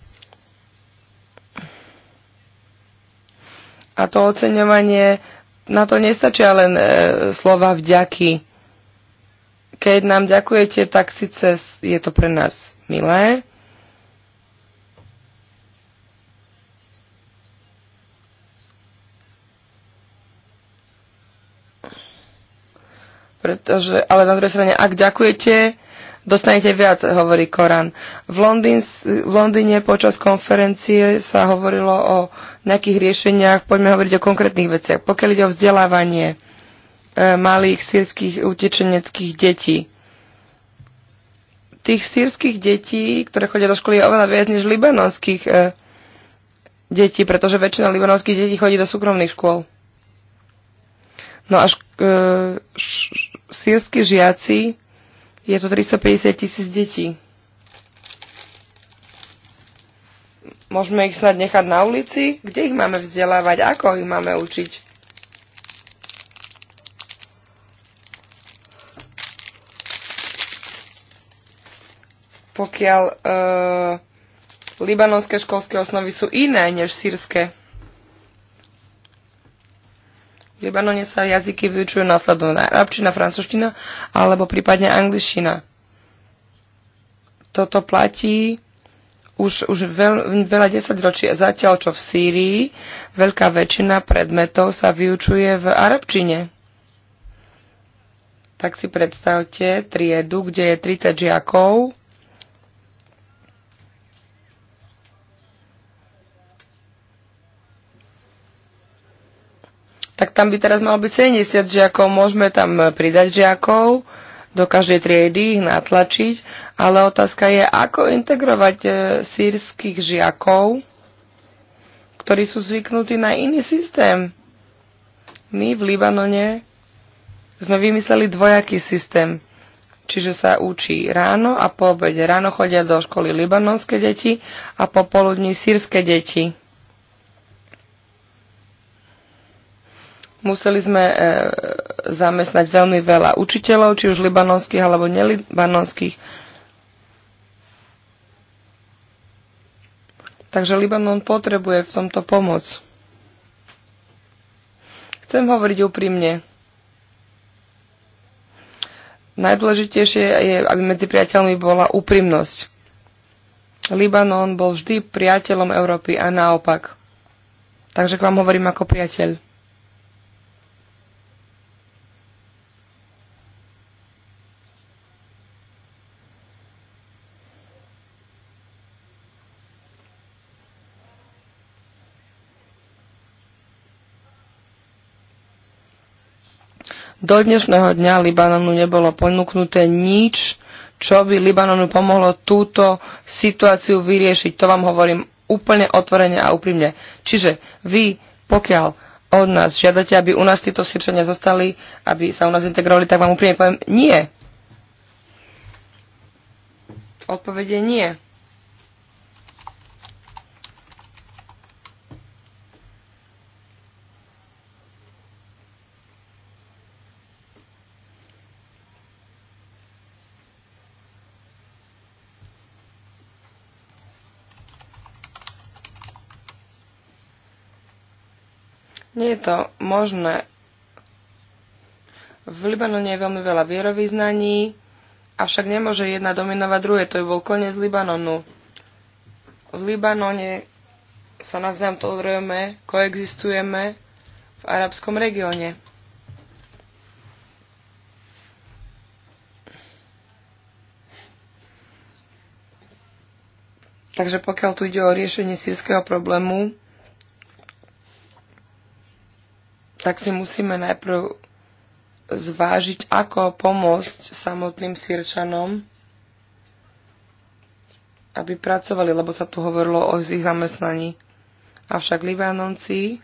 A to oceňovanie, na to nestačia len e, slova vďaky. Keď nám ďakujete, tak síce je to pre nás milé, pretože, ale na druhej strane, ak ďakujete, dostanete viac, hovorí Korán. V, Londýn, v Londýne počas konferencie sa hovorilo o nejakých riešeniach, poďme hovoriť o konkrétnych veciach. Pokiaľ ide o vzdelávanie e, malých sírskych utečeneckých detí, tých sírskych detí, ktoré chodia do školy, je oveľa viac než libanonských e, detí, pretože väčšina libanonských detí chodí do súkromných škôl. No až e, sírsky žiaci je to 350 tisíc detí. Môžeme ich snad nechať na ulici? Kde ich máme vzdelávať? Ako ich máme učiť? Pokiaľ eh, libanonské školské osnovy sú iné než sírske. V Libanone sa jazyky vyučujú následovne arabčina, francúzština alebo prípadne angličtina. Toto platí už, už veľ, veľa desaťročí. Zatiaľ, čo v Sýrii, veľká väčšina predmetov sa vyučuje v arabčine. Tak si predstavte triedu, kde je 30 žiakov tak tam by teraz malo byť 70 žiakov. Môžeme tam e, pridať žiakov do každej triedy, ich natlačiť, ale otázka je, ako integrovať e, sírskych žiakov, ktorí sú zvyknutí na iný systém. My v Libanone sme vymysleli dvojaký systém. Čiže sa učí ráno a po obede. Ráno chodia do školy libanonské deti a popoludní sírske deti. Museli sme e, zamestnať veľmi veľa učiteľov, či už libanonských alebo nelibanonských. Takže Libanon potrebuje v tomto pomoc. Chcem hovoriť úprimne. Najdôležitejšie je, aby medzi priateľmi bola úprimnosť. Libanon bol vždy priateľom Európy a naopak. Takže k vám hovorím ako priateľ. Do dnešného dňa Libanonu nebolo ponúknuté nič, čo by Libanonu pomohlo túto situáciu vyriešiť. To vám hovorím úplne otvorene a úprimne. Čiže vy, pokiaľ od nás žiadate, aby u nás títo Sýrčania zostali, aby sa u nás integrovali, tak vám úprimne poviem nie. Odpovede nie. je to možné. V Libanone je veľmi veľa vierovýznaní, avšak nemôže jedna dominovať druhé. To je bol koniec Libanonu. V Libanone sa navzájom tolerujeme, koexistujeme v arabskom regióne. Takže pokiaľ tu ide o riešenie sírskeho problému, tak si musíme najprv zvážiť, ako pomôcť samotným sírčanom, aby pracovali, lebo sa tu hovorilo o ich zamestnaní. Avšak Libanonci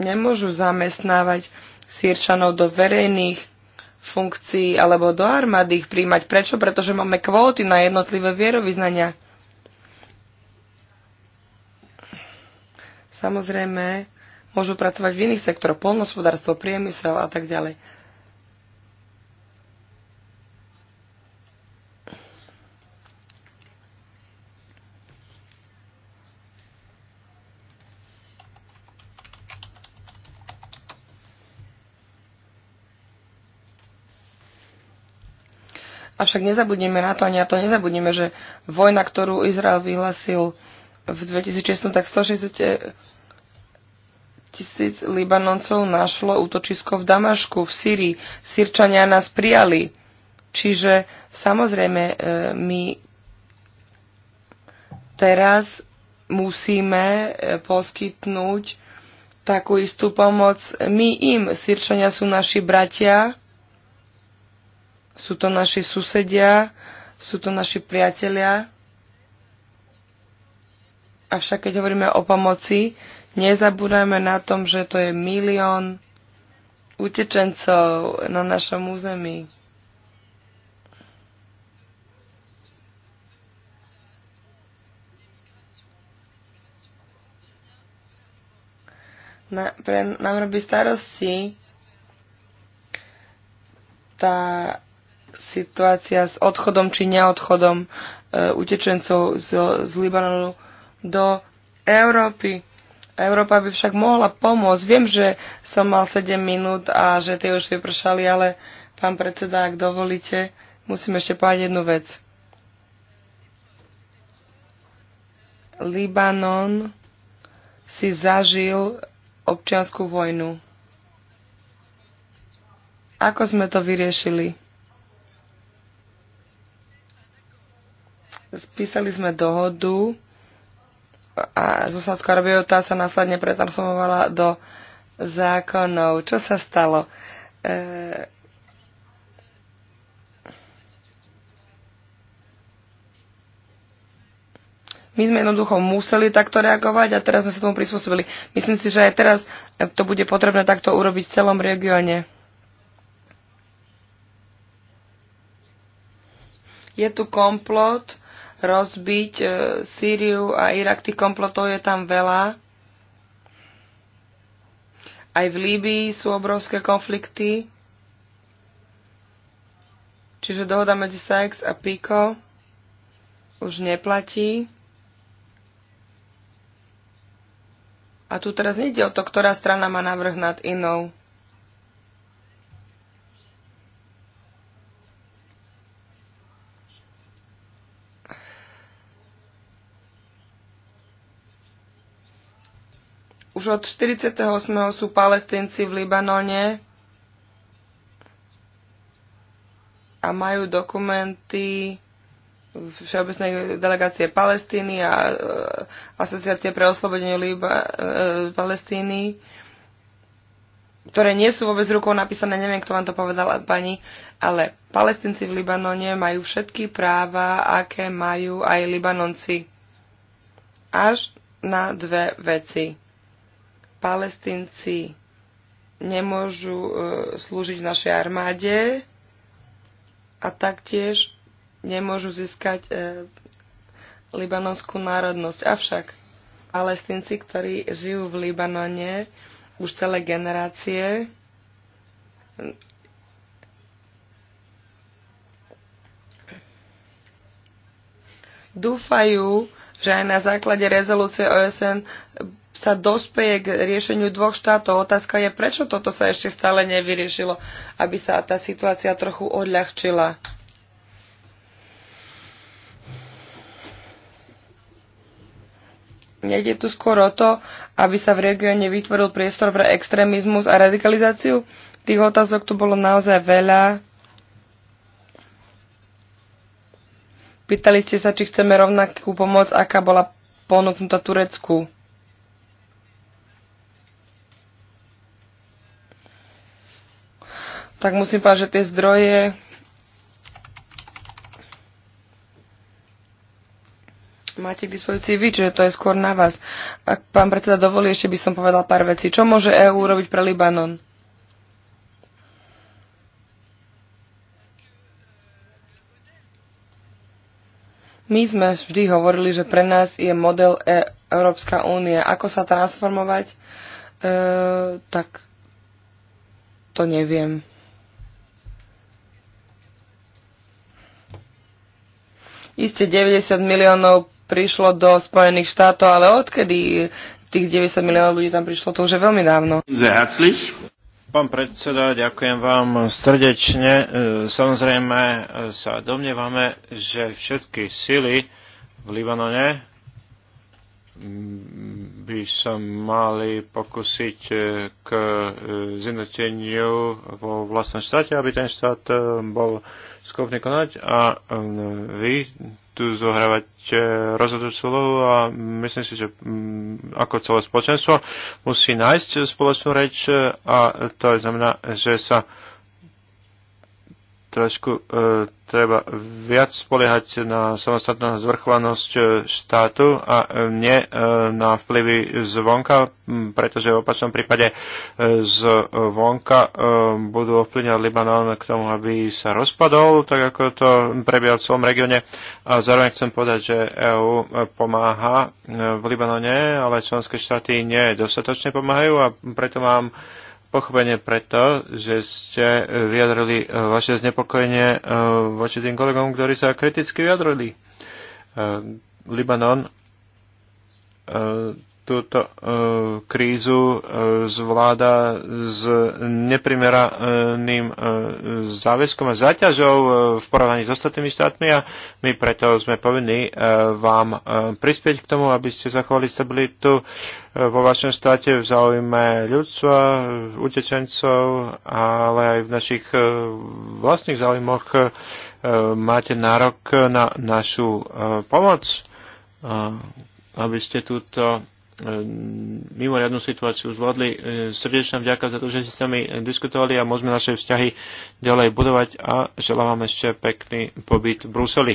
nemôžu zamestnávať sírčanov do verejných funkcií alebo do armády ich príjmať. Prečo? Pretože máme kvóty na jednotlivé vierovýznania. Samozrejme, môžu pracovať v iných sektoroch, polnospodárstvo, priemysel a tak ďalej. Avšak nezabudneme na to, ani na to nezabudneme, že vojna, ktorú Izrael vyhlasil v 2006, tak 160 tisíc Libanoncov našlo útočisko v Damašku, v Syrii. Sýrčania nás prijali. Čiže samozrejme e, my teraz musíme e, poskytnúť takú istú pomoc my im. Sýrčania sú naši bratia, sú to naši susedia, sú to naši priatelia. Avšak keď hovoríme o pomoci, nezabúdajme na tom, že to je milión utečencov na našom území. Na, pre, nám robí starosti tá situácia s odchodom či neodchodom e, utečencov z, z Libanonu do Európy. Európa by však mohla pomôcť. Viem, že som mal 7 minút a že tie už vypršali, ale pán predseda, ak dovolíte, musím ešte povedať jednu vec. Libanon si zažil občianskú vojnu. Ako sme to vyriešili? Spísali sme dohodu, a zo Sádskou Arabiou tá sa následne pretransformovala do zákonov. Čo sa stalo? E, My sme jednoducho museli takto reagovať a teraz sme sa tomu prispôsobili. Myslím si, že aj teraz to bude potrebné takto urobiť v celom regióne. Je tu komplot rozbiť e, Sýriu a Irak. Tých komplotov je tam veľa. Aj v Líbii sú obrovské konflikty. Čiže dohoda medzi Sykes a Pico už neplatí. A tu teraz nejde o to, ktorá strana má navrh nad inou. Už od 48. sú palestinci v Libanone a majú dokumenty Všeobecnej delegácie Palestíny a e, Asociácie pre oslobodenie Liba, e, Palestíny, ktoré nie sú vôbec rukou napísané, neviem, kto vám to povedala pani, ale palestinci v Libanone majú všetky práva, aké majú aj Libanonci. Až na dve veci. Palestinci nemôžu e, slúžiť v našej armáde a taktiež nemôžu získať e, libanonskú národnosť. Avšak palestinci, ktorí žijú v Libanone už celé generácie, dúfajú, že aj na základe rezolúcie OSN sa dospeje k riešeniu dvoch štátov. Otázka je, prečo toto sa ešte stále nevyriešilo, aby sa tá situácia trochu odľahčila. Nejde tu skôr o to, aby sa v regióne vytvoril priestor pre extrémizmus a radikalizáciu? Tých otázok tu bolo naozaj veľa. Pýtali ste sa, či chceme rovnakú pomoc, aká bola ponúknutá Turecku. tak musím povedať, že tie zdroje máte k dispozícii vy, čiže to je skôr na vás. Ak pán predseda dovolí, ešte by som povedal pár vecí. Čo môže EÚ robiť pre Libanon? My sme vždy hovorili, že pre nás je model e- Európska únia. Ako sa transformovať, e- tak to neviem. Isté 90 miliónov prišlo do Spojených štátov, ale odkedy tých 90 miliónov ľudí tam prišlo, to už je veľmi dávno. Pán predseda, ďakujem vám srdečne. E, samozrejme e, sa domnievame, že všetky sily v Libanone by sa mali pokúsiť e, k zjednoteniu vo vlastnom štáte, aby ten štát bol schopný konať a um, vy tu zohrávať e, rozhodujúcu slovo a myslím si, že mm, ako celé spoločenstvo musí nájsť spoločnú reč e, a to znamená, že sa trošku e, treba viac spoliehať na samostatnú zvrchovanosť e, štátu a e, nie e, na vplyvy zvonka, pretože v opačnom prípade e, zvonka e, budú ovplyvňovať Libanon k tomu, aby sa rozpadol, tak ako to prebieha v celom regióne. A zároveň chcem povedať, že EÚ e, pomáha v Libanone, ale členské štáty nie dostatočne pomáhajú a preto mám pochopenie preto, že ste vyjadrili e, vaše znepokojenie e, voči tým kolegom, ktorí sa kriticky vyjadrili. E, Libanon túto e, krízu e, zvláda s neprimeraným e, záväzkom a záťažou v porovnaní s ostatnými štátmi a my preto sme povinní vám prispieť k tomu, aby ste zachovali stabilitu vo vašom štáte v záujme ľudstva, utečencov, ale aj v našich vlastných záujmoch máte nárok na našu pomoc, aby ste túto Ehm, mimoriadnú situáciu zvládli. Ehm, srdečná vďaka za to, že ste s nami diskutovali a môžeme naše vzťahy ďalej budovať a želám vám ešte pekný pobyt v Bruseli.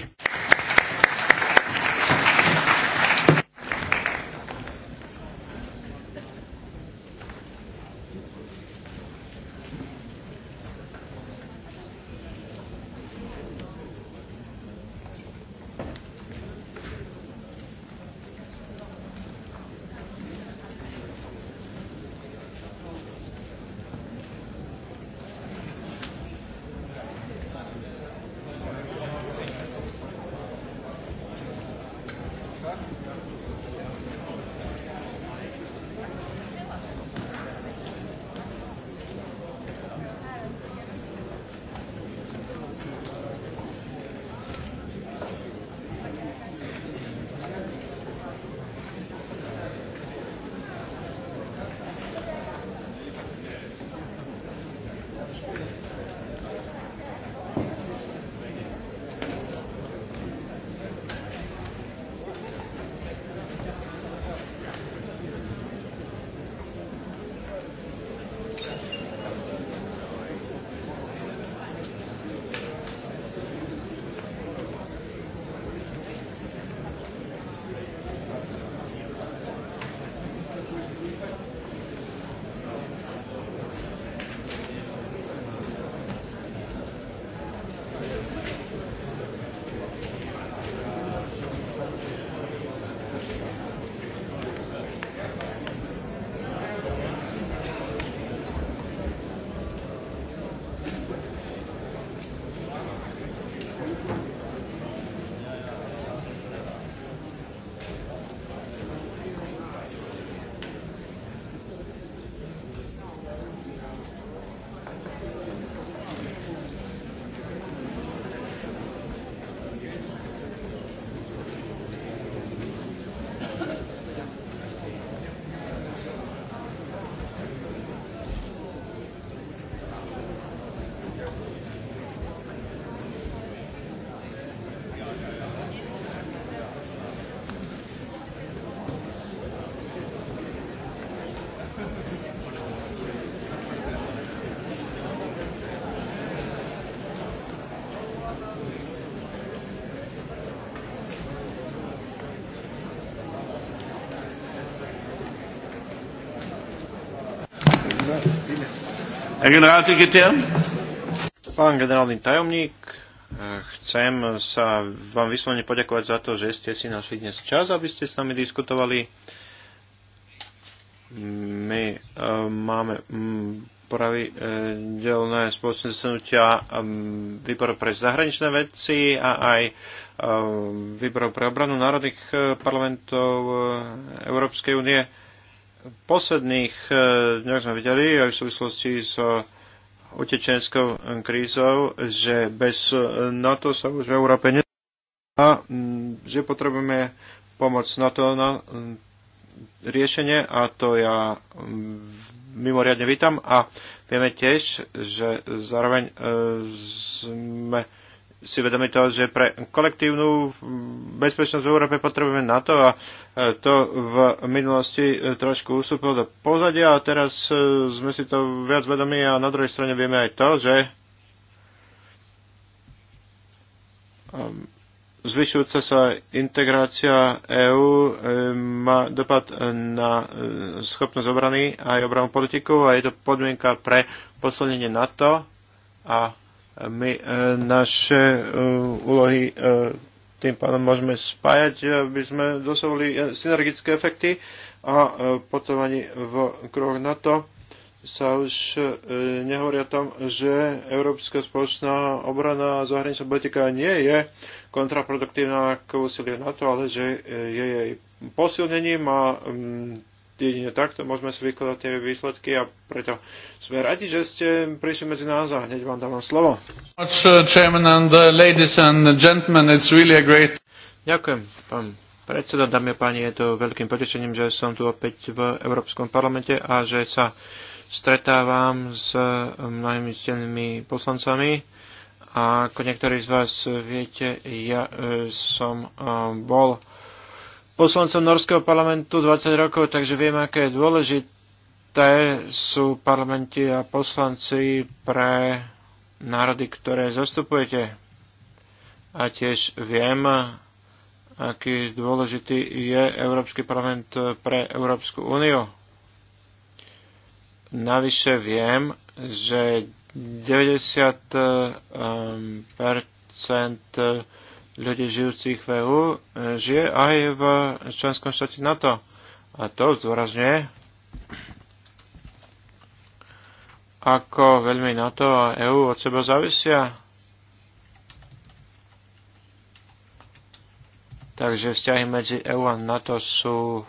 Herr Generalsekretär. Pán generálny tajomník, chcem sa vám vyslovene poďakovať za to, že ste si našli dnes čas, aby ste s nami diskutovali. My uh, máme um, mm, pravidelné eh, spoločné zasadnutia mm, výboru pre zahraničné veci a aj eh, výboru pre obranu národných parlamentov Európskej únie posledných eh, dňoch sme videli aj v súvislosti s utečenskou krízou, že bez eh, NATO sa už v Európe nedá, a mm, že potrebujeme pomoc NATO na mm, riešenie a to ja mm, mimoriadne vítam a vieme tiež, že zároveň eh, sme si vedomi toho, že pre kolektívnu bezpečnosť v Európe potrebujeme NATO a e, to v minulosti e, trošku usúpil do pozadia a teraz e, sme si to viac vedomi a na druhej strane vieme aj to, že ehm, zvyšujúca sa integrácia EÚ má dopad na schopnosť obrany aj obranú politiku a je to podmienka pre posilnenie NATO a my e, naše e, úlohy e, tým pádom môžeme spájať, aby sme dosahovali synergické efekty a potom ani v kruhoch NATO sa už nehovorí o tom, že európska spoločná obrana a zahraničná politika nie je kontraproduktívna k úsiliu NATO, ale že je jej posilnením a jedine takto môžeme si vykladať tie výsledky a preto sme radi, že ste prišli medzi nás a hneď vám dávam slovo. Uh, uh, Ďakujem, pán predseda, dámy a páni, je to veľkým potešením, že som tu opäť v Európskom parlamente a že sa stretávam s mnohými um, stenými poslancami. A ako niektorí z vás viete, ja uh, som bol poslancom Norského parlamentu 20 rokov, takže viem, aké je dôležité sú parlamenti a poslanci pre národy, ktoré zastupujete. A tiež viem, aký dôležitý je Európsky parlament pre Európsku úniu. Navyše viem, že 90 um, ehm, ľudí žijúcich v EU e, žije aj v členskom štáte NATO. A to zdôrazňuje, ako veľmi NATO a EU od seba závisia. Takže vzťahy medzi EU a NATO sú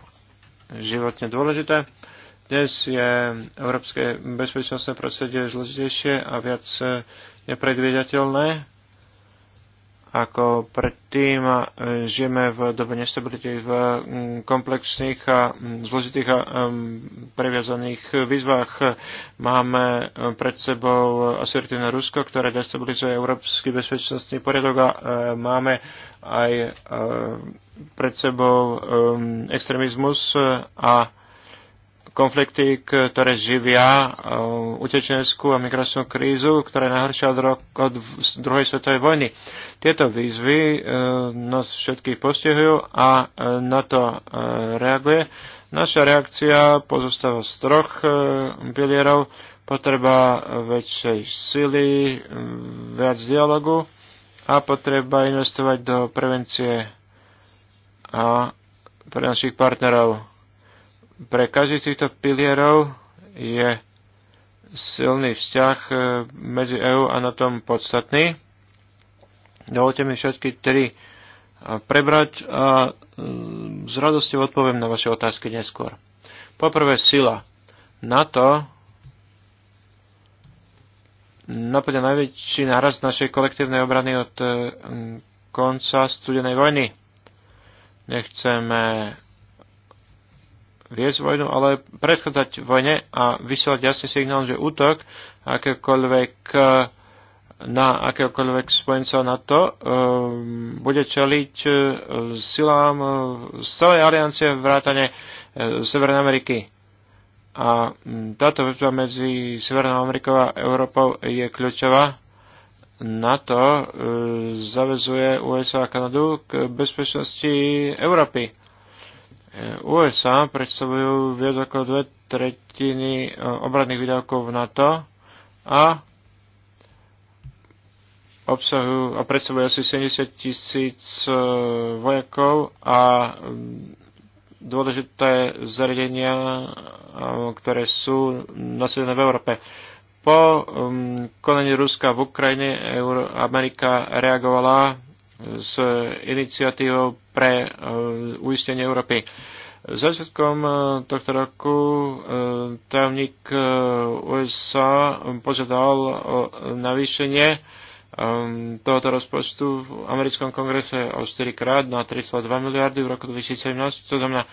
životne dôležité. Dnes je európske bezpečnostné prostredie zložitejšie a viac nepredvídateľné ako predtým. E, žijeme v dobe nestability, v mm, komplexných a mm, zložitých a mm, previazaných výzvach. Máme e, pred sebou asertívne Rusko, ktoré destabilizuje európsky bezpečnostný poriadok a e, máme aj pred sebou extrémizmus a konflikty, ktoré živia eh, utečenskú a migračnú krízu, ktorá je najhoršia od, rok, od druhej svetovej vojny. Tieto výzvy eh, nás všetkých postihujú a eh, na to reaguje. Naša reakcia pozostáva z troch pilierov. Potreba väčšej sily, mm, viac dialogu a potreba investovať do prevencie a pre našich partnerov pre každý z týchto pilierov je silný vzťah e, medzi EÚ a na tom podstatný. Dovolte mi všetky tri e, prebrať a mm, s radosťou odpoviem na vaše otázky neskôr. Poprvé sila. NATO napadne najväčší nárast našej kolektívnej obrany od e, konca studenej vojny. Nechceme viesť vojnu, ale predchádzať vojne a vysielať jasný signál, že útok akékoľvek eh, na akéhokoľvek spojenca NATO to eh, bude čeliť eh, silám z celej aliancie vrátane Severnej Ameriky. A hm, táto väzba medzi Severnou Amerikou a Európou je kľúčová. NATO to zavezuje USA a Kanadu k bezpečnosti Európy E, USA predstavujú viac ako dve tretiny e, obradných výdavkov NATO a obsahujú a predstavujú asi 70 tisíc e, vojakov a mm, dôležité zariadenia, ktoré sú nasledené v Európe. Po mm, konaní Ruska v Ukrajine Amerika reagovala s iniciatívou pre e, uistenie Európy. Začiatkom e, tohto roku e, tajomník USA požiadal o navýšenie tohoto rozpočtu v americkom kongrese o 4 krát na 3,2 miliardy v roku 2017, to znamená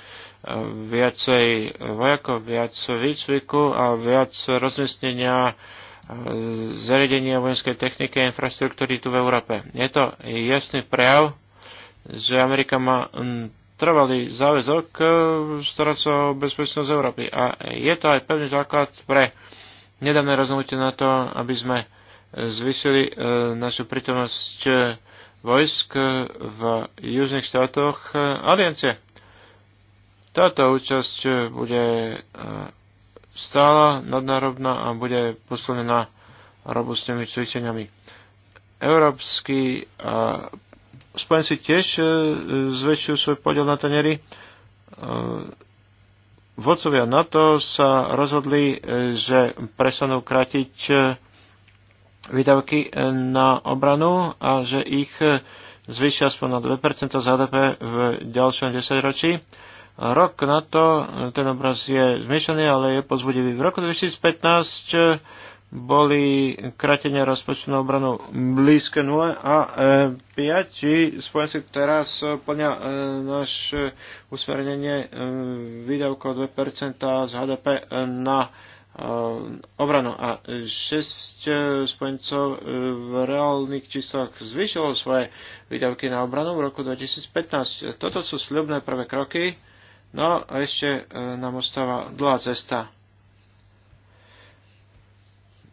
viacej vojakov, viac výcviku a viac rozmestnenia zariadenia vojenskej techniky a infraštruktúry tu v Európe. Je to jasný prejav, že Amerika má mm, trvalý záväzok e, starať sa o bezpečnosť Európy. A je to aj pevný základ pre nedávne rozhodnutie na to, aby sme e, zvyšili e, našu prítomnosť vojsk v južných štátoch aliancie. Táto účasť bude stála, nadnárodná a bude posilnená robustnými cvičeniami. Európsky a Spojenci tiež e, zväčšujú svoj podiel na tanieri. E, vodcovia NATO sa rozhodli, e, že prestanú kratiť výdavky na obranu a že ich zvýšia aspoň na 2% z HDP v ďalšom 10 ročí Rok na to, e, ten obraz je zmiešaný, ale je pozbudivý. V roku 2015 e, boli kratenia rozpočtu na obranu blízke nule a e, piati spojenci teraz e, plňa e, naše usmernenie e, výdavko 2% z HDP e, na obranu a 6 spojencov v reálnych číslach zvýšilo svoje výdavky na obranu v roku 2015. Toto sú sľubné prvé kroky No, a ešte e, nám ostáva dlhá cesta.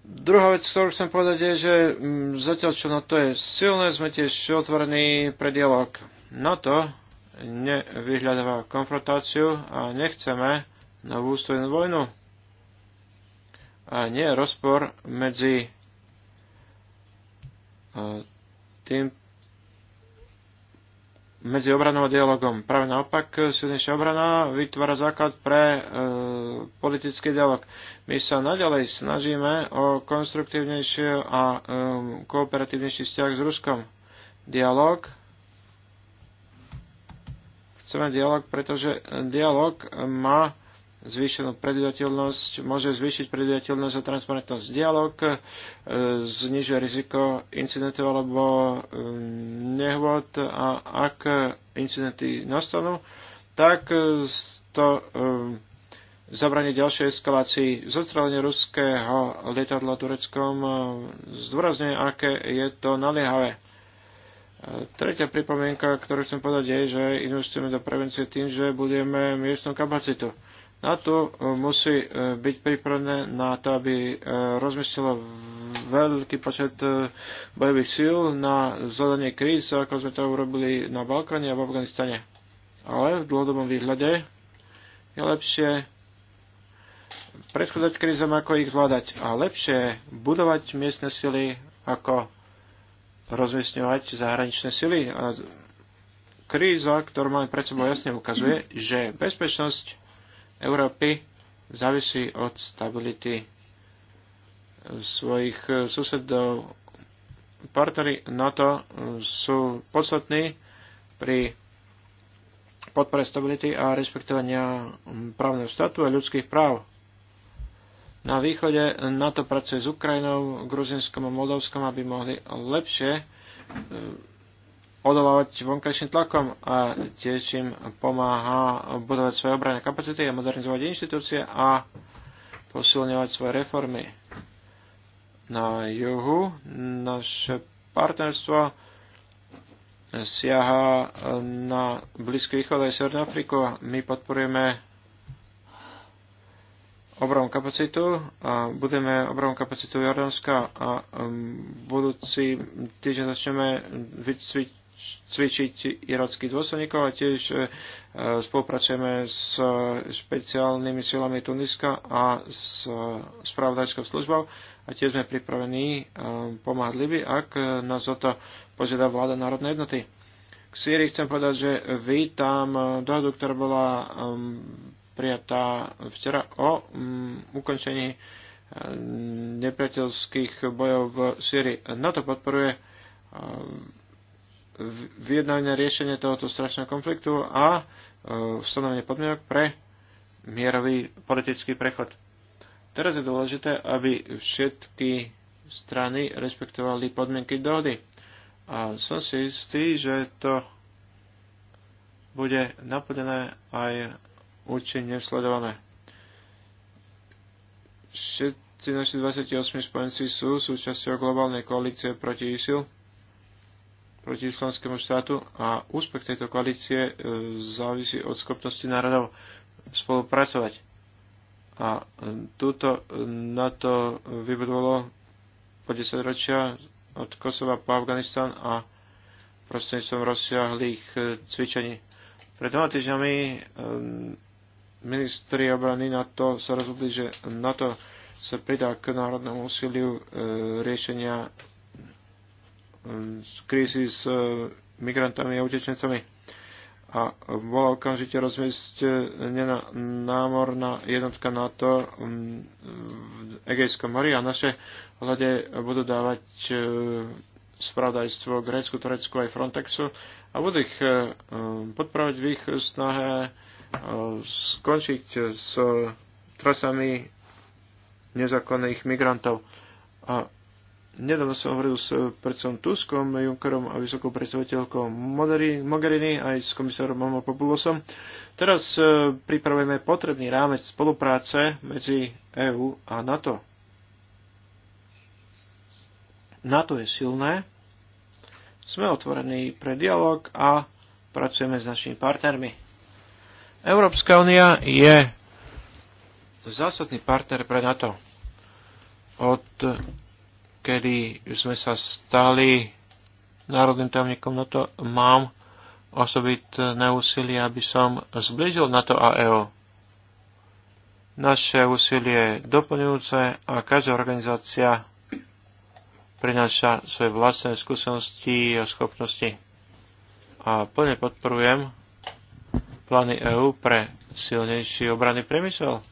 Druhá vec, ktorú chcem povedať, je, že mm, zatiaľ čo na to je silné, sme tiež otvorení pre dialog. Na to nevyhľadáva konfrontáciu a nechceme novú stojnú vojnu. A nie rozpor medzi e, tým medzi obranou a dialogom. Práve naopak, silnejšia obrana vytvára základ pre e, politický dialog. My sa naďalej snažíme o konstruktívnejšie a e, kooperatívnejší vzťah s Ruskom. Dialog. Chceme dialog, pretože dialog má zvýšenú predvydateľnosť, môže zvýšiť predvydateľnosť a transparentnosť. dialog, e, znižuje riziko incidentov alebo e, nehôd a ak incidenty nastanú, tak e, to zabranie ďalšej eskalácii. Zostrelenie ruského lietadla Tureckom zdôrazňuje, aké je to naliehavé. Tretia pripomienka, ktorú chcem povedať, je, že investujeme do prevencie tým, že budeme miestnú kapacitu. Na to e, musí e, byť pripravené na to, aby e, rozmyslelo veľký počet bojových síl na zvládanie kríz, ako sme to urobili na Balkáne a v Afganistane. Ale v dlhodobom výhľade je lepšie predchádzať krízom, ako ich zvládať. A lepšie budovať miestne sily, ako rozmiestňovať zahraničné sily. A kríza, ktorú máme pred sebou, jasne ukazuje, že bezpečnosť Európy závisí od stability svojich susedov. Partnery NATO sú podstatní pri podpore stability a respektovania právneho štátu a ľudských práv. Na východe NATO pracuje s Ukrajinou, Gruzinskom a Moldovskom, aby mohli lepšie odolávať vonkajším tlakom a tiež im pomáha budovať svoje obranné kapacity a modernizovať inštitúcie a posilňovať svoje reformy. Na juhu naše partnerstvo siaha na Blízky východ aj Severnú Afriku. My podporujeme obrovnú kapacitu a budeme obrovnú kapacitu Jordánska a budúci týždeň začneme vycvičiť cvičiť irackých dôstojníkov a tiež e, e, spolupracujeme s e, špeciálnymi silami Tuniska a s spravodajskou službou a tiež sme pripravení pomáhať Liby, ak nás o to požiada vláda národnej jednoty. K Sýrii chcem povedať, že vítam dohodu, ktorá bola prijatá včera o mm, ukončení nepriateľských bojov v Sýrii. to podporuje vyjednávania riešenie tohoto strašného konfliktu a e, stanovenie podmienok pre mierový politický prechod. Teraz je dôležité, aby všetky strany respektovali podmienky dohody. A som si istý, že to bude naplnené aj účinne sledované. Všetci naši 28 spojenci sú súčasťou globálnej koalície proti ISIL proti islamskému štátu a úspech tejto koalície e, závisí od schopnosti národov spolupracovať. A e, túto e, na to vybudovalo po 10 ročia od Kosova po Afganistan a prostredníctvom rozsiahlých cvičení. Pred dvoma týždňami ministri obrany NATO sa rozhodli, že NATO sa pridá k národnému úsiliu riešenia z krízy s e, migrantami a utečencami a bola okamžite rozmiestnená e, námorná jednotka NATO v Egejskom mori a naše hľade budú dávať e, spravodajstvo Grécku, Turecku aj Frontexu a budú ich podporovať v ich snahe skončiť s trasami nezákonných migrantov. A Nedávno som hovoril s predsom Tuskom, Junkerom a vysokou predstaviteľkou Mogherini aj s komisárom Mamopopulosom. Teraz e, pripravujeme potrebný rámec spolupráce medzi EÚ a NATO. NATO je silné, sme otvorení pre dialog a pracujeme s našimi partnermi. Európska únia je zásadný partner pre NATO. Od kedy sme sa stali národným tajomníkom NATO, mám osobitné úsilie, aby som zbližil NATO a EO. Naše úsilie je doplňujúce a každá organizácia prináša svoje vlastné skúsenosti a schopnosti. A plne podporujem plány EÚ pre silnejší obranný priemysel.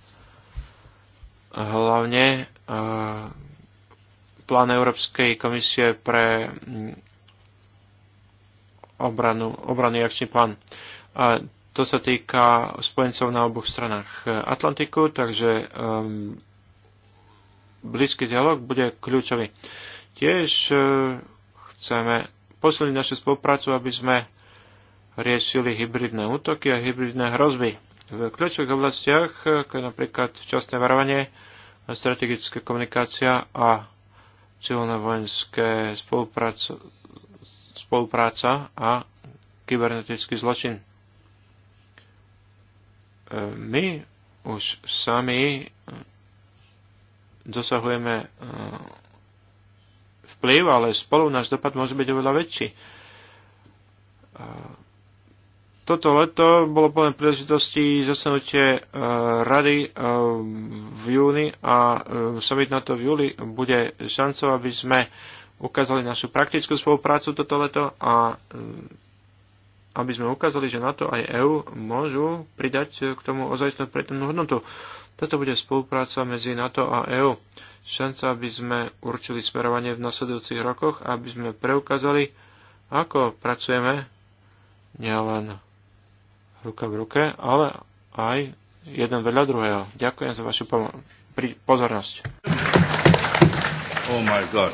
Hlavne eh, plán Európskej komisie pre mm, obranu, obranný akčný plán. A to sa týka spojencov na oboch stranách Atlantiku, takže um, blízky dialog bude kľúčový. Tiež uh, chceme posilniť našu spoluprácu, aby sme riešili hybridné útoky a hybridné hrozby. V kľúčových oblastiach, ako je napríklad včasné varovanie, strategická komunikácia a civilno-vojenské spolupráca a kybernetický zločin. E, my už sami e, dosahujeme e, vplyv, ale spolu náš dopad môže byť oveľa väčší toto leto bolo plné príležitosti zasadnutie e, rady e, v júni a e, summit na to v júli bude šancou, aby sme ukázali našu praktickú spoluprácu toto leto a aby sme ukázali, že NATO aj EU môžu pridať k tomu ozajstnú pretnú hodnotu. Toto bude spolupráca medzi NATO a EU. Šanca, aby sme určili smerovanie v nasledujúcich rokoch, aby sme preukázali, ako pracujeme nielen ruka v ruke, ale aj jeden vedľa druhého. Ďakujem za vašu pozornosť. Oh my God.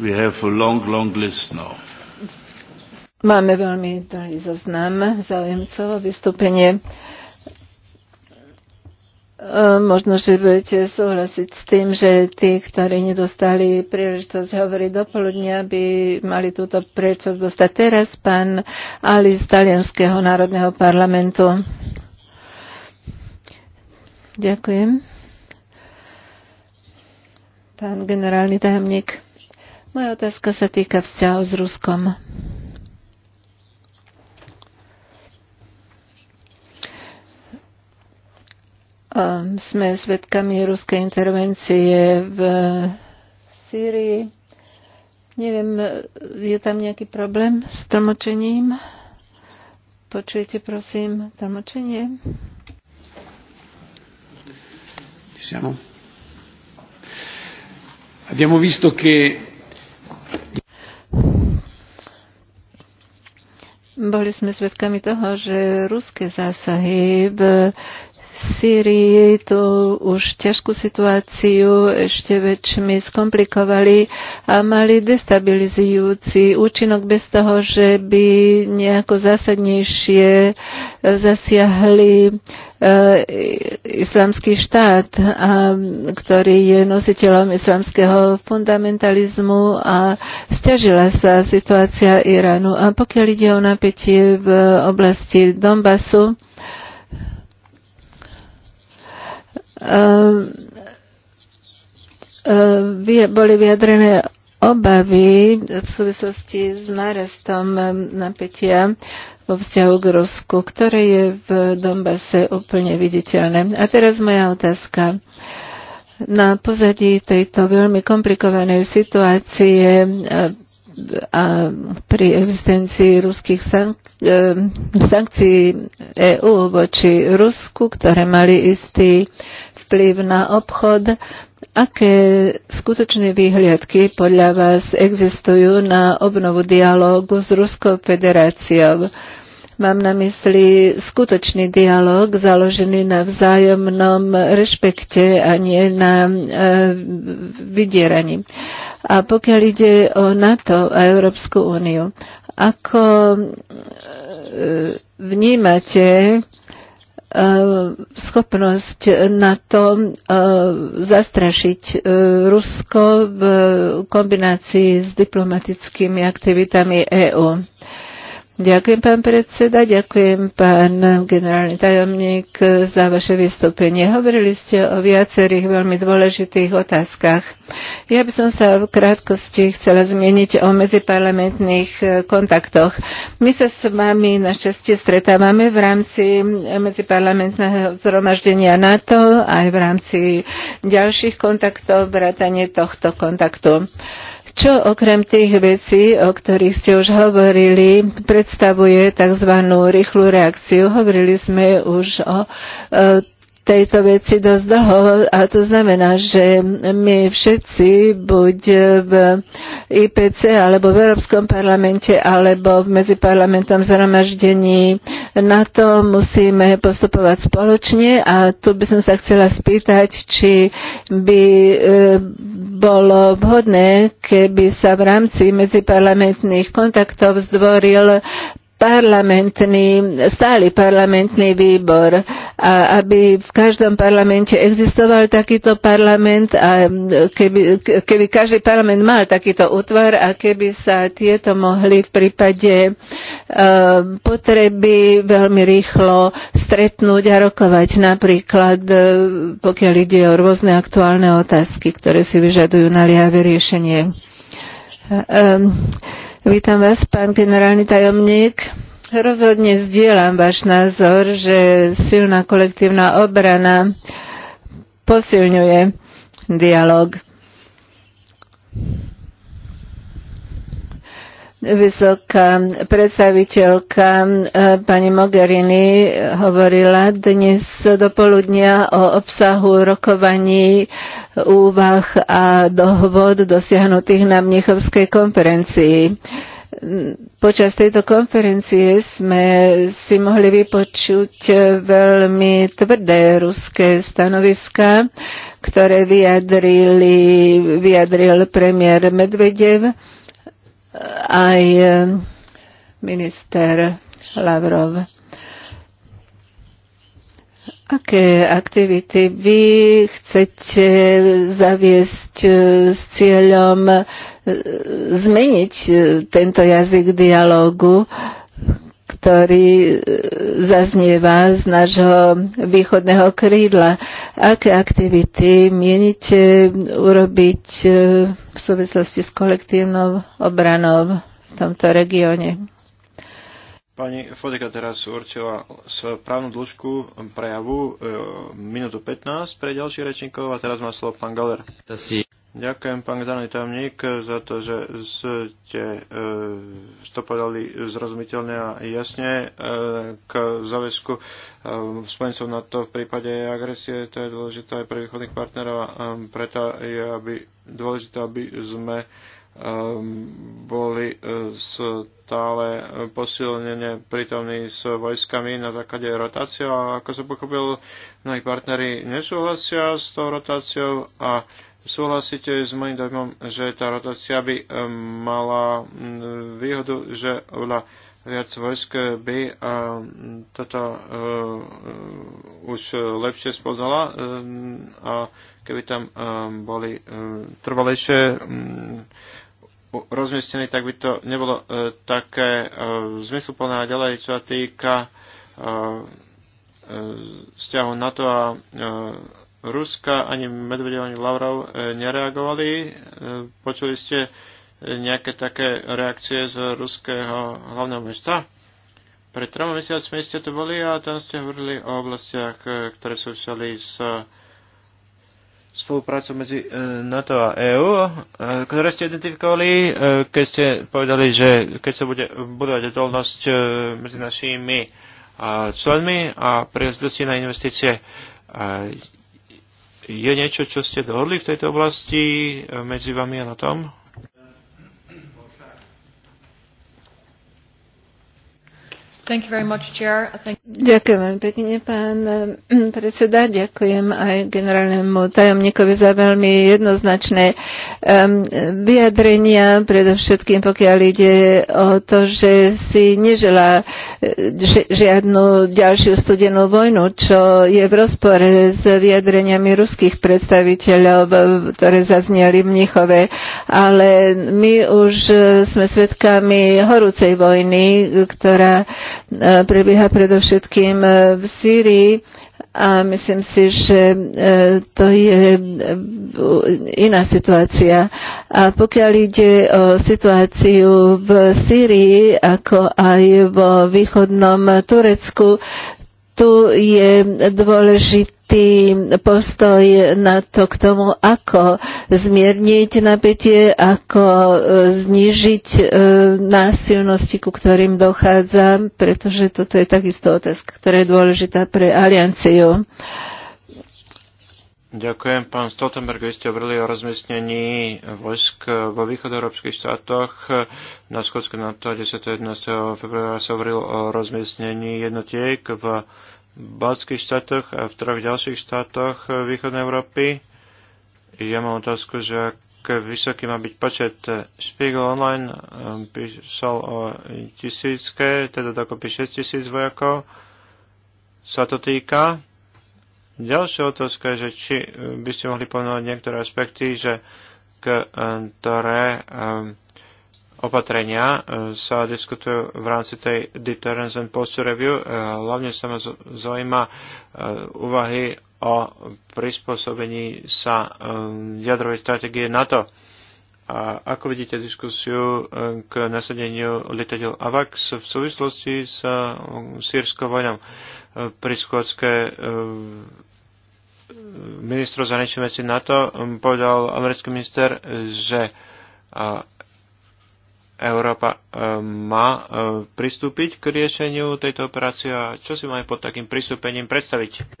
We have a long, long list now. Máme veľmi dlhý zoznam zaujímcov o vystúpenie. Ehm, možno, že budete súhlasiť s tým, že tí, ktorí nedostali príležitosť hovoriť do poludnia, by mali túto príležitosť dostať teraz. Pán Ali z Talianského národného parlamentu. Ďakujem. Pán generálny tajomník, moja otázka sa týka vzťahov s Ruskom. Sme svedkami ruskej intervencie v Sýrii. Neviem, je tam nejaký problém s tlmočením? Počujete, prosím, tlmočenie? Siamo. Abbiamo visto che Boli sme svedkami toho, že ruské zásahy v Sýrii tú už ťažkú situáciu ešte väčšmi skomplikovali a mali destabilizujúci účinok bez toho, že by nejako zásadnejšie e, zasiahli e, islamský štát, a, ktorý je nositeľom islamského fundamentalizmu a stiažila sa situácia Iránu. A pokiaľ ide o napätie v oblasti Donbasu, Ehm, ehm, boli vyjadrené obavy v súvislosti s narastom ehm, napätia vo vzťahu k Rusku, ktoré je v Dombase úplne viditeľné. A teraz moja otázka. Na pozadí tejto veľmi komplikovanej situácie a pri existencii ruských sank- sankcií EÚ voči Rusku, ktoré mali istý vplyv na obchod. Aké skutočné výhliadky podľa vás existujú na obnovu dialógu s Ruskou federáciou? Mám na mysli skutočný dialog založený na vzájomnom rešpekte a nie na e, vydieraní. A pokiaľ ide o NATO a Európsku úniu, ako e, vnímate e, E, schopnosť na to e, zastrašiť e, Rusko v kombinácii s diplomatickými aktivitami EÚ. Ďakujem, pán predseda, ďakujem, pán generálny tajomník, za vaše vystúpenie. Hovorili ste o viacerých veľmi dôležitých otázkach. Ja by som sa v krátkosti chcela zmieniť o medziparlamentných e, kontaktoch. My sa s vami našťastie stretávame v rámci medziparlamentného zhromaždenia NATO aj v rámci ďalších kontaktov, vrátanie tohto kontaktu čo okrem tých vecí, o ktorých ste už hovorili, predstavuje tzv. rýchlu reakciu. Hovorili sme už o e, tejto veci dosť dlho a to znamená, že my všetci buď v IPC alebo v Európskom parlamente alebo v medziparlamentom zhromaždení NATO musíme postupovať spoločne a tu by som sa chcela spýtať, či by e, bolo vhodné, keby sa v rámci medziparlamentných kontaktov zdvoril parlamentný, stály parlamentný výbor a aby v každom parlamente existoval takýto parlament a keby, keby každý parlament mal takýto útvar a keby sa tieto mohli v prípade e, potreby veľmi rýchlo stretnúť a rokovať napríklad e, pokiaľ ide o rôzne aktuálne otázky, ktoré si vyžadujú naliehavé riešenie. E, e, Vítam vás, pán generálny tajomník. Rozhodne zdieľam váš názor, že silná kolektívna obrana posilňuje dialog. Vysoká predstaviteľka e, pani Mogherini hovorila dnes do poludnia o obsahu rokovaní úvah a dohôd dosiahnutých na Mnichovskej konferencii počas tejto konferencie sme si mohli vypočuť veľmi tvrdé ruské stanoviska, ktoré vyjadrili, vyjadril premiér Medvedev aj e, minister Lavrov. Aké aktivity vy chcete zaviesť e, s cieľom e, zmeniť tento jazyk dialogu, ktorý e, zaznieva z nášho východného krídla. Aké aktivity mienite urobiť e, v súvislosti s kolektívnou obranou v tomto regióne? Pani Fodeka teraz určila správnu dĺžku prejavu e, minútu 15 pre ďalších rečníkov a teraz má slovo pán Galer. Ďakujem, pán generálny tajomník, za to, že ste e, to povedali zrozumiteľne a jasne e, k záväzku e, spojencov to v prípade agresie. To je dôležité aj pre východných partnerov a e, preto je aby, dôležité, aby sme e, boli e, stále posilnenie prítomní s vojskami na základe rotácie a ako som pochopil, mnohí partnery nesúhlasia s tou rotáciou a Súhlasíte s mojím dojmom, že tá rotácia by eh, mala mm, výhodu, že oveľa viac vojsk by eh, toto eh, už lepšie spoznala a keby tam boli trvalejšie mm, rozmiestnené, tak by to nebolo také zmysluplné a ďalej, čo sa týka vzťahu NATO a Ruska, ani Medvedev, ani Lavrov e, nereagovali. E, počuli ste e, nejaké také reakcie z ruského hlavného mesta? Pred troma mesiacmi ste tu boli a tam ste hovorili o oblastiach, ktoré súviseli s spoluprácu medzi NATO a EÚ, ktoré ste identifikovali, keď ste povedali, že keď sa bude budovať odolnosť medzi našimi členmi a príležitosti na investície. Je niečo, čo ste dohodli v tejto oblasti medzi vami a na tom? Ďakujem veľmi pekne, pán ehm, predseda. Ďakujem aj generálnemu tajomníkovi za veľmi jednoznačné um, vyjadrenia, predovšetkým pokiaľ ide o to, že si neželá e, ži žiadnu ďalšiu studenú vojnu, čo je v rozpore s vyjadreniami ruských predstaviteľov, e, ktoré zazneli v Mnichove. Ale my už e, sme svedkami horúcej vojny, ktorá E, prebieha predovšetkým e, v Sýrii a myslím si, že e, to je iná situácia. A pokiaľ ide o situáciu v Sýrii, ako aj vo východnom Turecku, tu je dôležitý postoj na to k tomu, ako zmierniť napätie, ako e, znižiť e, násilnosti, ku ktorým dochádzam, pretože toto je takisto otázka, ktorá je dôležitá pre alianciu. Uh, Ďakujem. Pán Stoltenberg, vy ste hovorili o rozmiestnení vojsk vo východoeurópskych štátoch. Na Skotsku na to 10. 11. februára sa hovoril o rozmiestnení jednotiek v baltských štátoch a v troch ďalších štátoch východnej Európy. Ja mám otázku, že ak vysoký má byť počet Spiegel Online, ehm, písal o tisícke, teda dokopy 6 tisíc vojakov, sa to týka Ďalšia otázka je, že či eh, by ste mohli pomenovať niektoré aspekty, že ktoré eh, opatrenia eh, sa diskutujú v rámci tej Deterrence and Posture Review. Hlavne sa ma zaujíma úvahy o prispôsobení sa jadrovej stratégie NATO. A ako vidíte diskusiu k nasadeniu lietadiel AVAX v súvislosti s sírskou vojnou? pri e, ministro ministru zahraničných vecí NATO povedal americký minister, že e, Európa e, má pristúpiť k riešeniu tejto operácie a čo si máme pod takým pristúpením predstaviť?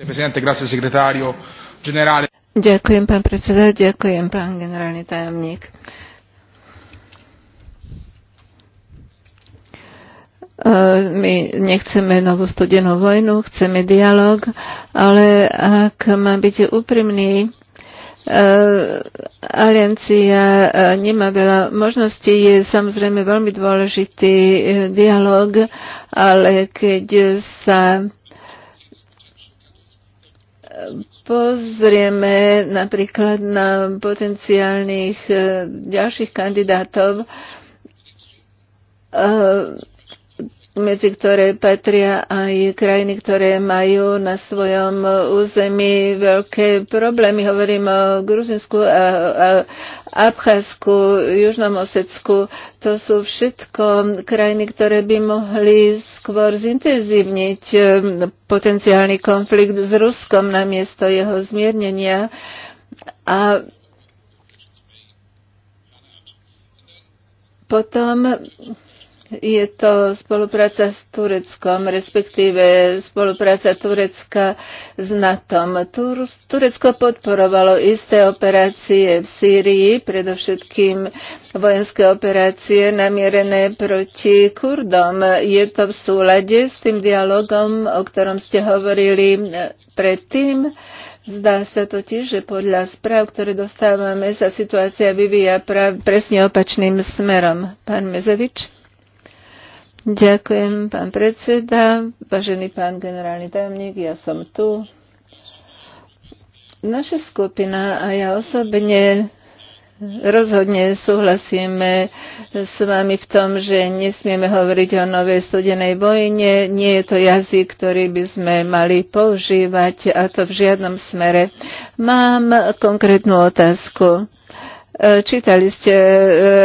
Ďakujem, pán predseda, ďakujem, pán generálny tajomník. E, my nechceme novú studenú vojnu, chceme dialog, ale ak má byť úprimný, e, aliancia e, nemá veľa možností. Je samozrejme veľmi dôležitý dialog, ale keď sa pozrieme napríklad na potenciálnych ďalších kandidátov, medzi ktoré patria aj krajiny, ktoré majú na svojom území veľké problémy. Hovorím o Gruzinsku a, a Abcházsku, Južnom Osecku. To sú všetko krajiny, ktoré by mohli skôr zintenzívniť e, potenciálny konflikt s Ruskom miesto jeho zmiernenia. A potom je to spolupráca s Tureckom, respektíve spolupráca Turecka s NATO. Tur- Turecko podporovalo isté operácie v Sýrii, predovšetkým vojenské operácie namierené proti Kurdom. Je to v súlade s tým dialogom, o ktorom ste hovorili e, predtým? Zdá sa totiž, že podľa správ, ktoré dostávame, sa situácia vyvíja presne opačným smerom. Pán Mezevič? Ďakujem, pán predseda, vážený pán generálny tajomník, ja som tu. Naša skupina a ja osobne rozhodne súhlasíme s vami v tom, že nesmieme hovoriť o novej studenej vojne. Nie je to jazyk, ktorý by sme mali používať a to v žiadnom smere. Mám konkrétnu otázku. E, čítali ste e,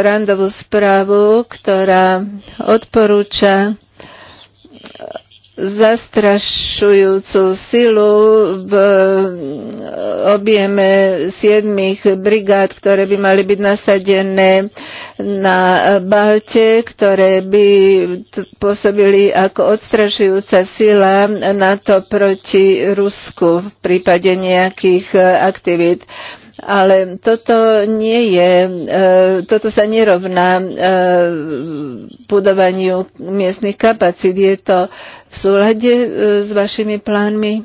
randovú správu, ktorá odporúča e, zastrašujúcu silu v objeme siedmých brigád, ktoré by mali byť nasadené na Balte, ktoré by pôsobili ako odstrašujúca sila na to proti Rusku v prípade nejakých aktivít. Ale toto nie je, e, toto sa nerovná e, budovaniu miestnych kapacít. Je to v súlade e, s vašimi plánmi?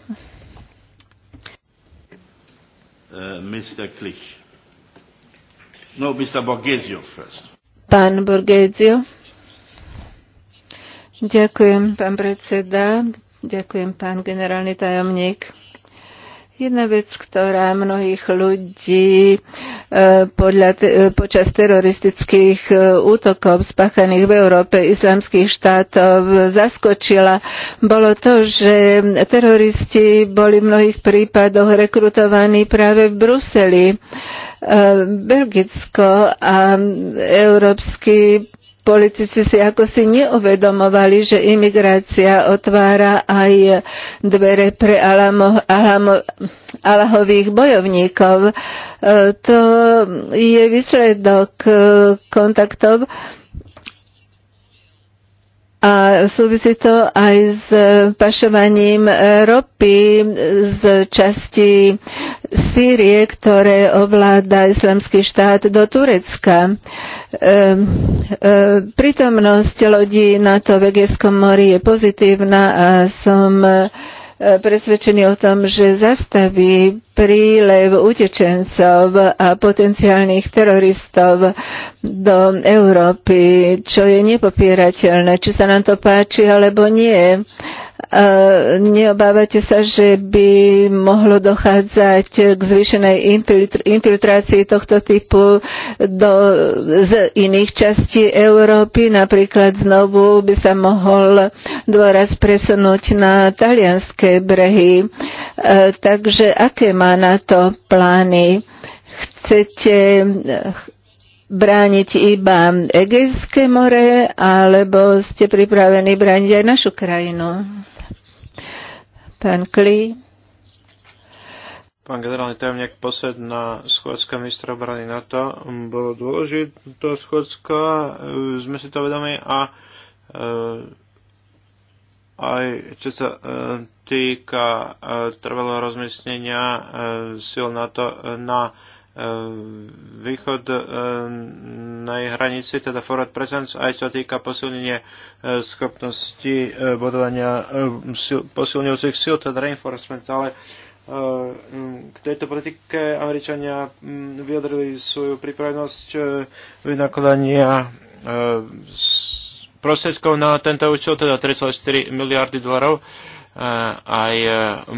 Uh, no, Mr. Borgesio first. Pán Borgesio. Ďakujem, pán predseda. Ďakujem, pán generálny tajomník. Jedna vec, ktorá mnohých ľudí e, podľa, e, počas teroristických e, útokov spáchaných v Európe islamských štátov zaskočila, bolo to, že teroristi boli v mnohých prípadoch rekrutovaní práve v Bruseli. Belgicko a Európsky politici si ako si neuvedomovali, že imigrácia otvára aj dvere pre Alamo, Alamo, Alahových bojovníkov. E, to je výsledok e, kontaktov a súvisí to aj s pašovaním ropy z časti Sýrie, ktoré ovláda islamský štát do Turecka. Ehm, ehm, prítomnosť lodí to v Egejskom mori je pozitívna a som e, presvedčený o tom, že zastaví prílev utečencov a potenciálnych teroristov do Európy, čo je nepopierateľné, či sa nám to páči alebo nie. Neobávate sa, že by mohlo dochádzať k zvýšenej infiltrácii tohto typu do, z iných častí Európy, napríklad znovu by sa mohol dôraz presunúť na talianské brehy. E, takže aké má na to plány? Chcete brániť iba Egejské more, alebo ste pripravení brániť aj našu krajinu? Pán Kli. Pán generálny tajomník, posledná schôdzka ministra obrany NATO bolo dôležitá schôdzka, e, sme si to vedomi a e, aj čo sa e, týka trvalého rozmiestnenia e, sil NATO na Eh, východnej eh, hranici, teda forward presence, aj sa týka posilnenie eh, schopnosti bodovania posilňujúcich síl, teda reinforcement, ale k tejto politike Američania mm, vyjadrili svoju pripravenosť vynakladania prostriedkov na tento účel, teda 3,4 miliardy dolarov aj e,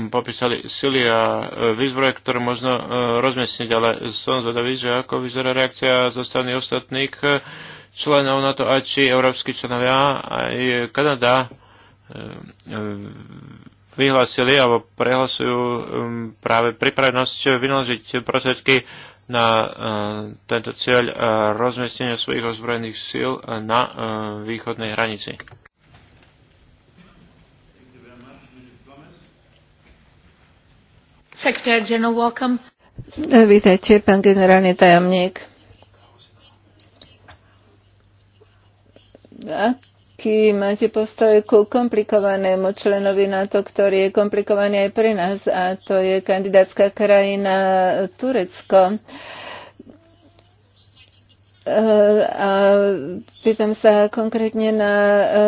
popísali sily a e, výzbroje, ktoré možno e, rozmiestniť, ale som zvedavý, že ako vyzerá reakcia zo strany ostatných členov NATO a či európsky členovia aj Kanada vyhlasili alebo prehlasujú práve pripravenosť vynaložiť prostriedky na tento cieľ rozmiestnenia svojich ozbrojených síl na východnej hranici. Vítajte, pán generálny tajomník. Aký máte postoj ku komplikovanému členovi NATO, ktorý je komplikovaný aj pre nás, a to je kandidátska krajina Turecko. A pýtam sa konkrétne na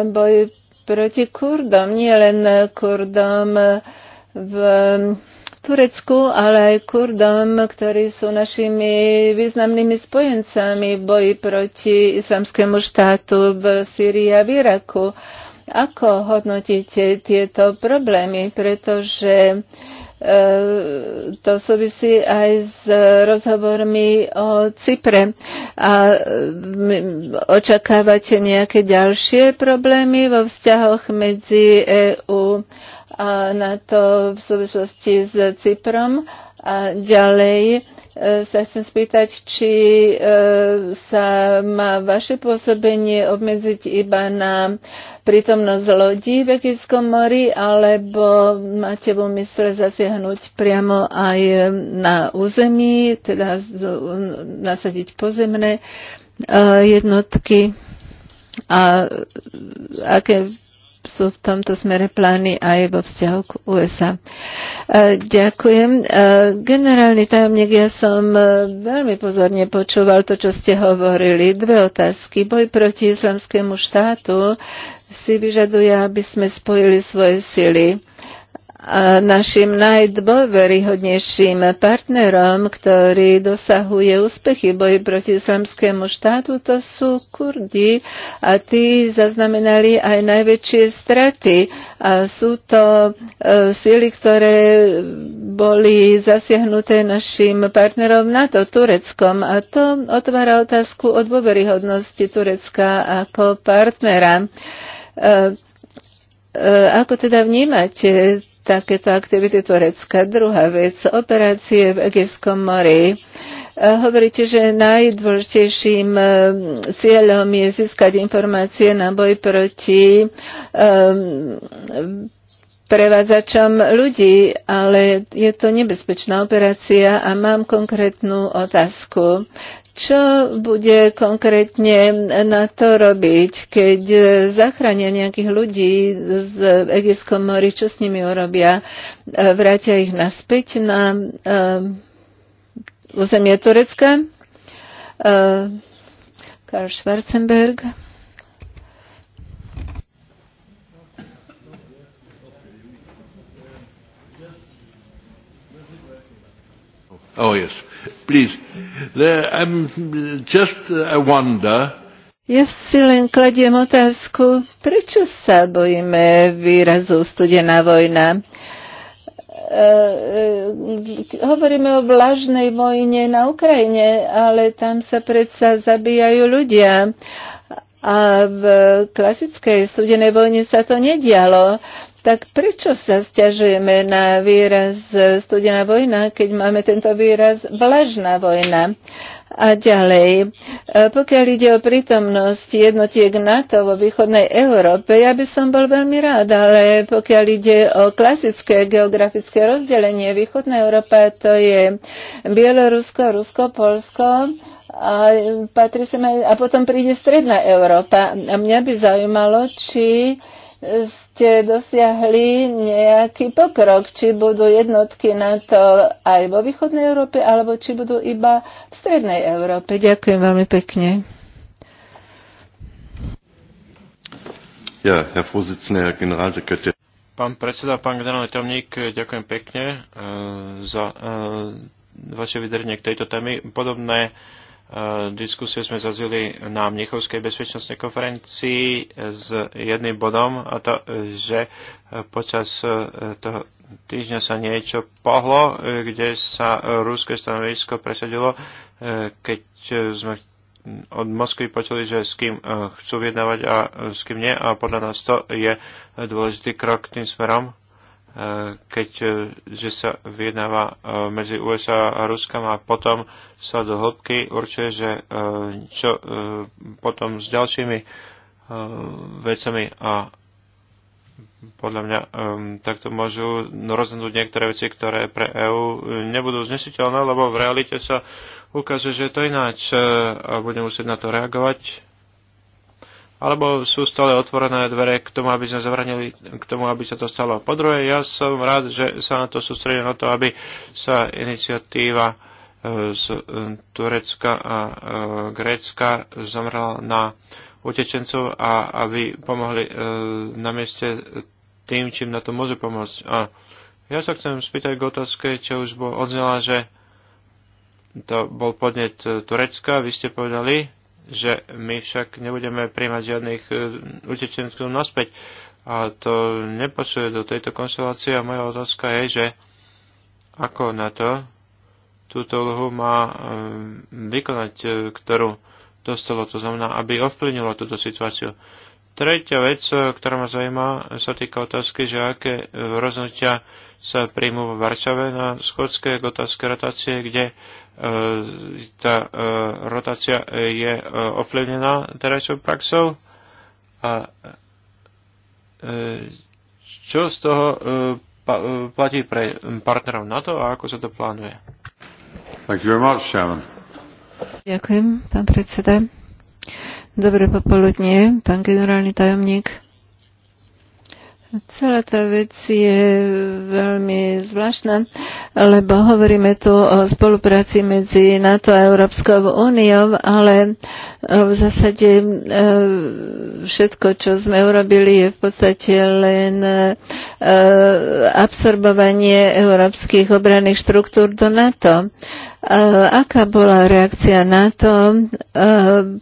boj proti Kurdom, nie len Kurdom v Turecku, ale aj Kurdom, ktorí sú našimi významnými spojencami v boji proti islamskému štátu v Sýrii a v Iraku. Ako hodnotíte tieto problémy? Pretože e, to súvisí aj s rozhovormi o Cypre. A očakávate nejaké ďalšie problémy vo vzťahoch medzi EU a na to v súvislosti s Cyprom. A ďalej e, sa chcem spýtať, či e, sa má vaše pôsobenie obmedziť iba na prítomnosť lodí v Egejskom mori, alebo máte v úmysle zasiahnuť priamo aj na území, teda nasadiť pozemné e, jednotky a aké sú v tomto smere plány aj vo vzťahu k USA. E, ďakujem. E, generálny tajomník, ja som e, veľmi pozorne počúval to, čo ste hovorili. Dve otázky. Boj proti islamskému štátu si vyžaduje, aby sme spojili svoje sily a našim najdôveryhodnejším partnerom, ktorý dosahuje úspechy v boji proti islamskému štátu, to sú Kurdi a tí zaznamenali aj najväčšie straty a sú to e, síly, ktoré boli zasiahnuté našim partnerom NATO, Tureckom a to otvára otázku o dôveryhodnosti Turecka ako partnera. E, e ako teda vnímate takéto aktivity Turecka. Druhá vec, operácie v Egejskom mori. E, hovoríte, že najdôležitejším e, cieľom je získať informácie na boj proti e, prevádzačom ľudí, ale je to nebezpečná operácia a mám konkrétnu otázku. Čo bude konkrétne na to robiť, keď zachránia nejakých ľudí z Egejskom mori, čo s nimi urobia? E, vrátia ich naspäť na e, územie uh, Turecka? Uh, Karl Schwarzenberg. Oh, yes please. I'm just uh, wonder. Ja si len kladiem otázku, prečo sa bojíme výrazu studená vojna? E, e, hovoríme o vlažnej vojne na Ukrajine, ale tam sa predsa zabíjajú ľudia. A v klasickej studenej vojne sa to nedialo tak prečo sa stiažujeme na výraz e, studená vojna, keď máme tento výraz vlažná vojna? A ďalej, e, pokiaľ ide o prítomnosť jednotiek NATO vo východnej Európe, ja by som bol veľmi rád, ale pokiaľ ide o klasické geografické rozdelenie, východná Európa to je Bielorusko, Rusko, Polsko, a, patrí sem aj, a potom príde stredná Európa. A mňa by zaujímalo, či ste dosiahli nejaký pokrok, či budú jednotky na to aj vo východnej Európe, alebo či budú iba v strednej Európe. Ďakujem veľmi pekne. Ja, Herr Vorsitzender, Herr Generalsekretär. Pán predseda, pán generálny tajomník, ďakujem pekne uh, za uh, vaše vydrenie k tejto témy. Podobné uh, Eh, diskusiu sme zazvili na Mnichovskej bezpečnostnej konferencii s jedným bodom a to, že eh, počas eh, toho týždňa sa niečo pohlo, kde sa ruské stanovisko presadilo, keď sme od Moskvy počuli, že s kým chcú vyjednávať a s kým nie a podľa nás to je dôležitý krok tým smerom Eh, keď eh, že sa vyjednáva eh, medzi USA a Ruskom a potom sa do hĺbky určuje, že čo potom s ďalšími vecami a podľa mňa takto môžu rozhodnúť niektoré veci, ktoré pre EÚ nebudú znesiteľné, lebo v realite sa ukáže, že je to ináč a budeme musieť na to reagovať alebo sú stále otvorené dvere k tomu, aby sme zavranili, k tomu, aby sa to stalo. Po druhé, ja som rád, že sa na to sústredil na to, aby sa iniciatíva e, z e, Turecka a e, Grécka zamrala na utečencov a aby pomohli na mieste tým, čím na to môže pomôcť. A ja sa chcem spýtať k otázke, čo už bol odznela, že to bol podnet Turecka, vy ste povedali, že my však nebudeme príjmať žiadnych e, utečencov naspäť. A to nepasuje do tejto konštelácie a moja otázka je, že ako na to túto úlohu má e, vykonať, e, ktorú dostalo, to znamená, aby ovplyvnilo túto situáciu. Tretia vec, ktorá ma zaujíma, sa týka otázky, že aké rozhodnutia sa príjmu v Varšave na schodské k otázke rotácie, kde tá e, rotácia je e, ovplyvnená terajšou praxou a e, čo z toho platí pre partnerov to a ako sa to plánuje? Thank you very much, Chairman. Ďakujem, pán predseda. Dobré popoludne, pán generálny tajomník. Celá tá vec je veľmi zvláštna, lebo hovoríme tu o spolupráci medzi NATO a Európskou úniou, ale e, v zásade e, všetko, čo sme urobili, je v podstate len e, absorbovanie európskych obranných štruktúr do NATO. Aká bola reakcia na to,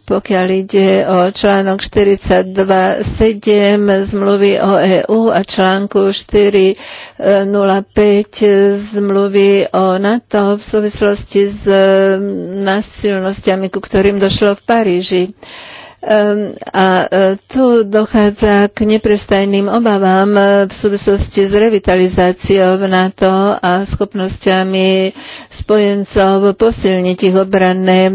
pokiaľ ide o článok 42.7 zmluvy o EÚ a článku 4.05 zmluvy o NATO v súvislosti s e, násilnostiami, ku ktorým došlo v Paríži? Ehm, a e, tu dochádza k neprestajným obavám e, v súvislosti s revitalizáciou NATO a schopnosťami spojencov posilniť ich obranné e,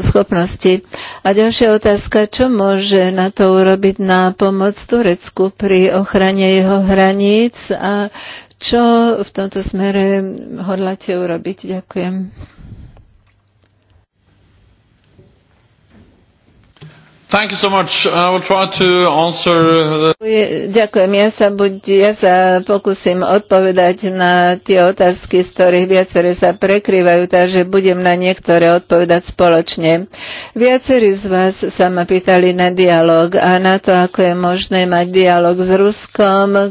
schopnosti. A ďalšia otázka, čo môže NATO urobiť na pomoc Turecku pri ochrane jeho hraníc a čo v tomto smere hodláte urobiť? Ďakujem. Uh, ďakujem. Ja sa, buď, ja sa pokúsim odpovedať na tie otázky, z ktorých viaceré sa prekrývajú, takže budem na niektoré odpovedať spoločne. Viacerí z vás sa ma pýtali na dialog a na to, ako je možné mať dialog s Ruskom, e,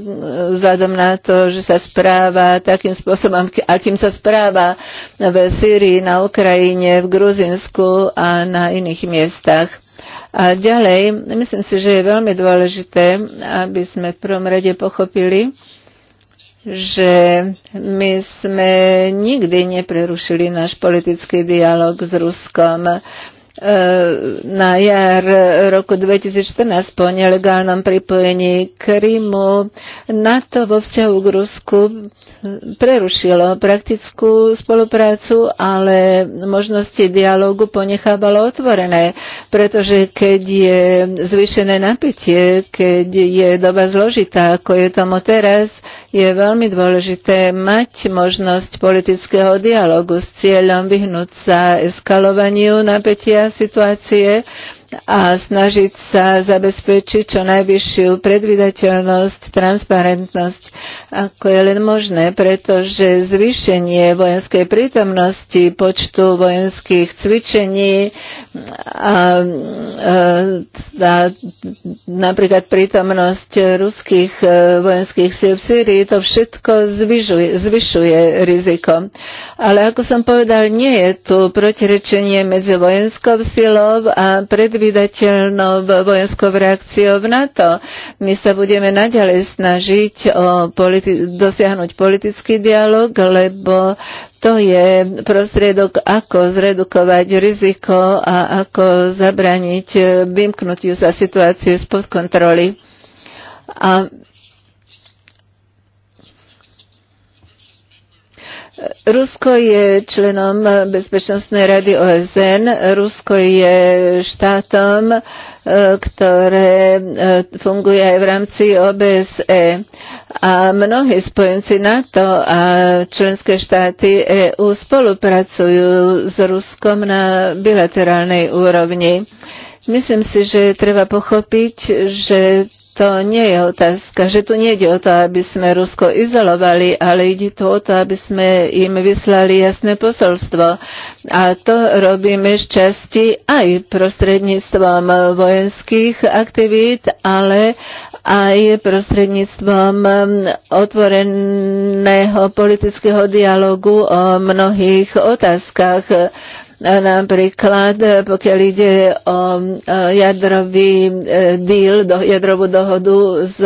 vzhľadom na to, že sa správa takým spôsobom, akým sa správa v Sýrii, na Ukrajine, v Gruzinsku a na iných miestach. A ďalej, myslím si, že je veľmi dôležité, aby sme v prvom rade pochopili, že my sme nikdy neprerušili náš politický dialog s Ruskom na jar roku 2014 po nelegálnom pripojení Krymu NATO vo vzťahu k Rusku prerušilo praktickú spoluprácu, ale možnosti dialogu ponechávalo otvorené, pretože keď je zvýšené napätie, keď je doba zložitá, ako je tomu teraz, je veľmi dôležité mať možnosť politického dialogu s cieľom vyhnúť sa eskalovaniu napätia situácie a snažiť sa zabezpečiť čo najvyššiu predvydateľnosť, transparentnosť, ako je len možné, pretože zvýšenie vojenskej prítomnosti, počtu vojenských cvičení a, a, a napríklad prítomnosť ruských e, vojenských síl v Syrii, to všetko zvyšuje, zvyšuje riziko. Ale ako som povedal, nie je tu protirečenie medzi vojenskou silou a predvydateľnosťou predvydateľnou vojenskou reakciou v NATO. My sa budeme naďalej snažiť o politi- dosiahnuť politický dialog, lebo to je prostriedok, ako zredukovať riziko a ako zabraniť vymknutiu sa situácie spod kontroly. A Rusko je členom Bezpečnostnej rady OSN. Rusko je štátom, e, ktoré e, funguje aj v rámci OBSE. A mnohí spojenci NATO a členské štáty EU spolupracujú s Ruskom na bilaterálnej úrovni. Myslím si, že treba pochopiť, že to nie je otázka, že tu nejde o to, aby sme Rusko izolovali, ale ide tu o to, aby sme im vyslali jasné posolstvo. A to robíme z časti aj prostredníctvom vojenských aktivít, ale aj prostredníctvom um, otvoreného politického dialogu o mnohých otázkach Napríklad, e, pokiaľ ide o e, jadrový e, deal, do, jadrovú dohodu s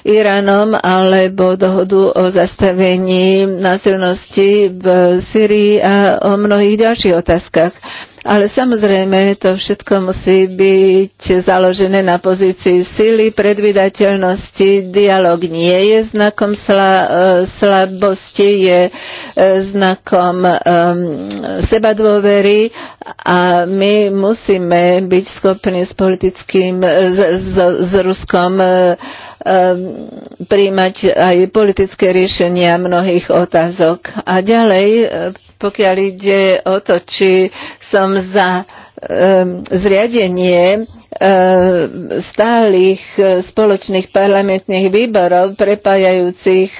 Iránom alebo dohodu o zastavení násilnosti v Syrii a o mnohých ďalších otázkach. Ale samozrejme, to všetko musí byť založené na pozícii sily, predvydateľnosti. Dialóg nie je znakom sla, e, slabosti, je e, znakom um, e, sebadôvery a my musíme byť schopní s politickým, s, s, s Ruskom uh, Ehm, príjmať aj politické riešenia mnohých otázok. A ďalej, e, pokiaľ ide o to, či som za ehm, zriadenie e, stálych e, spoločných parlamentných výborov prepájajúcich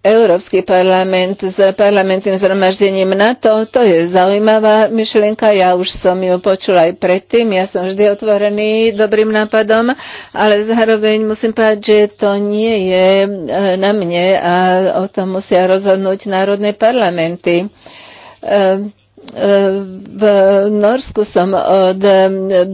Európsky parlament s parlamentným zhromaždením NATO, to je zaujímavá myšlienka, ja už som ju počula aj predtým, ja som vždy otvorený dobrým nápadom, ale zároveň musím povedať, že to nie je eh, na mne a o tom musia rozhodnúť národné parlamenty eh, v Norsku som od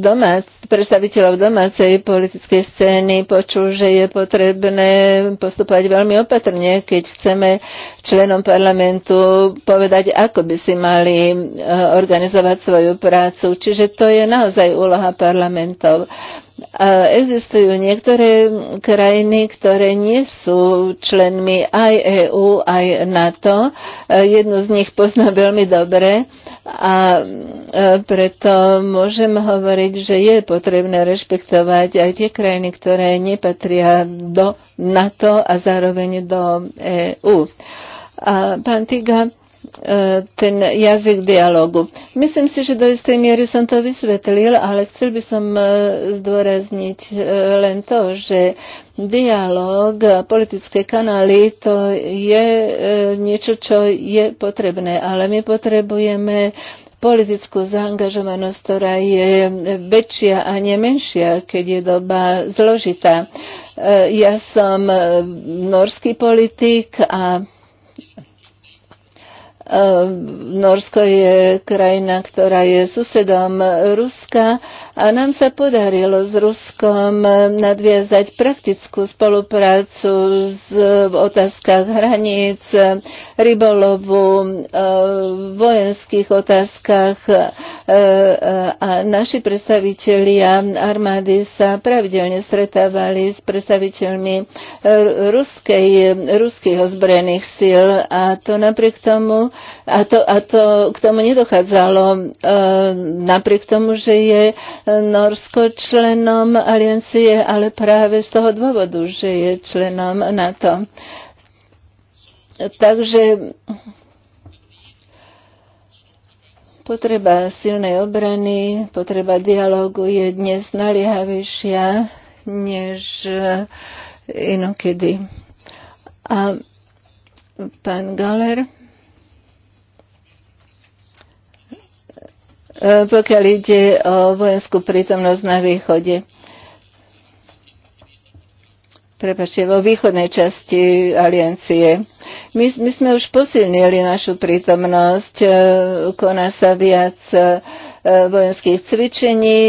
domác, predstaviteľov domácej politickej scény počul, že je potrebné postupovať veľmi opatrne, keď chceme členom parlamentu povedať, ako by si mali e, organizovať svoju prácu. Čiže to je naozaj úloha parlamentov. A existujú niektoré krajiny, ktoré nie sú členmi aj EÚ, aj NATO. E, jednu z nich poznám veľmi dobre a e, preto môžem hovoriť, že je potrebné rešpektovať aj tie krajiny, ktoré nepatria do NATO a zároveň do EÚ. A pán Tiga, E, ten jazyk dialogu. Myslím si, že do istej miery som to vysvetlil, ale chcel by som e, zdôrazniť e, len to, že dialog a politické kanály to je niečo, čo je potrebné, ale my potrebujeme politickú zaangažovanosť, ktorá je väčšia a nemenšia, keď je doba zložitá. Ja som norský politik a Ehm, Norsko je krajina, ktorá je susedom Ruska a nám sa podarilo s Ruskom nadviazať praktickú spoluprácu z, v otázkach hraníc, rybolovu, e, vojenských otázkach e, a naši predstavitelia armády sa pravidelne stretávali s predstaviteľmi e, ruskej, ruských ozbrojených síl a to napriek tomu, a to, a to k tomu nedochádzalo napriek tomu, že je Norsko členom aliancie, ale práve z toho dôvodu, že je členom NATO. Takže potreba silnej obrany, potreba dialogu je dnes naliehavejšia než inokedy. A pán Galer E, pokiaľ ide o vojenskú prítomnosť na východe. Prepačte, vo východnej časti aliancie. My, my sme už posilnili našu prítomnosť, e, koná sa viac e, vojenských cvičení.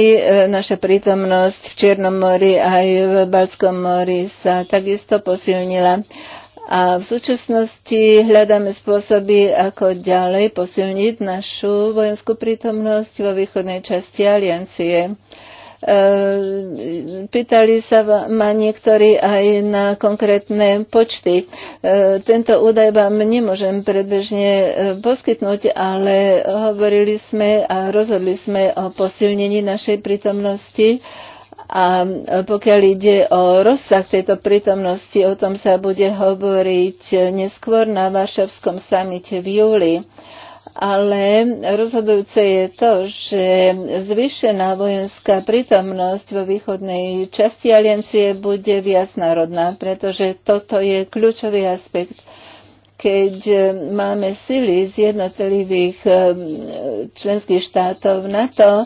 Naša prítomnosť v Čiernom mori aj v Balskom mori sa takisto posilnila. A v súčasnosti hľadáme spôsoby, ako ďalej posilniť našu vojenskú prítomnosť vo východnej časti aliancie. E, pýtali sa ma niektorí aj na konkrétne počty. E, tento údaj vám nemôžem predbežne e, poskytnúť, ale hovorili sme a rozhodli sme o posilnení našej prítomnosti a pokiaľ ide o rozsah tejto prítomnosti, o tom sa bude hovoriť neskôr na Varšavskom samite v júli ale rozhodujúce je to, že zvýšená vojenská prítomnosť vo východnej časti aliancie bude viac národná, pretože toto je kľúčový aspekt. Keď e, máme sily z jednotlivých e, členských štátov NATO, to,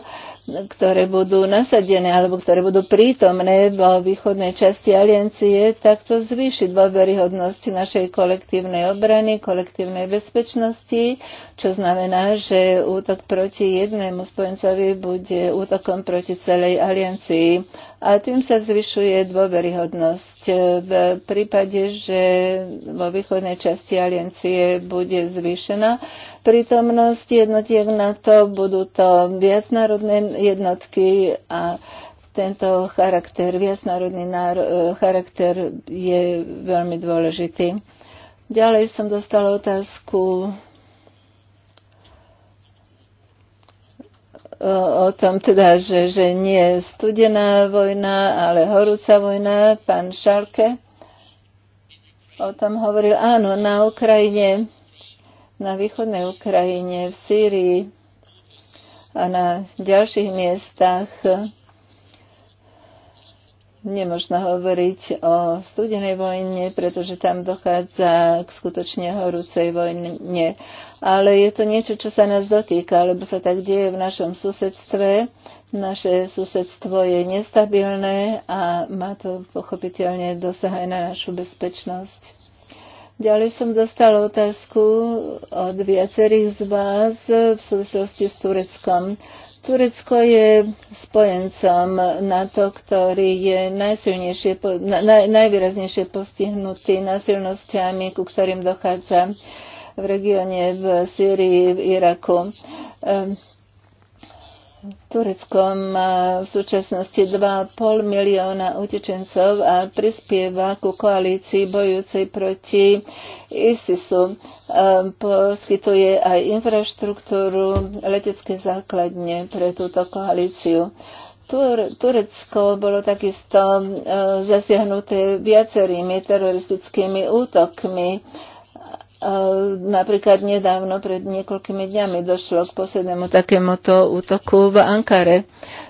ktoré budú nasadené alebo ktoré budú prítomné vo východnej časti aliancie, tak to zvýši dôveryhodnosť našej kolektívnej obrany, kolektívnej bezpečnosti, čo znamená, že útok proti jednému spojencovi bude útokom proti celej aliancii a tým sa zvyšuje dôveryhodnosť. V prípade, že vo východnej časti aliancie bude zvýšená, prítomnosť jednotiek NATO, budú to viacnárodné jednotky a tento charakter, viacnárodný e, charakter je veľmi dôležitý. Ďalej som dostala otázku e, o tom teda, že, že nie studená vojna, ale horúca vojna. Pán Šalke o tom hovoril. Áno, na Ukrajine na východnej Ukrajine, v Sýrii a na ďalších miestach nemožno hovoriť o studenej vojne, pretože tam dochádza k skutočne horúcej vojne. Ale je to niečo, čo sa nás dotýka, lebo sa tak deje v našom susedstve. Naše susedstvo je nestabilné a má to pochopiteľne dosah aj na našu bezpečnosť. Ďalej som dostal otázku od viacerých z vás v súvislosti s Tureckom. Turecko je spojencom NATO, ktorý je najsilnejšie, naj, najvýraznejšie postihnutý násilnosťami, ku ktorým dochádza v regióne v Sýrii, v Iraku. Ehm, Turecko má v súčasnosti 2,5 milióna utečencov a prispieva ku koalícii bojúcej proti ISISu. E, poskytuje aj infraštruktúru letecké základne pre túto koalíciu. Turecko bolo takisto e, zasiahnuté viacerými teroristickými útokmi. Napríklad nedávno, pred niekoľkými dňami, došlo k poslednému takémuto útoku v Ankare.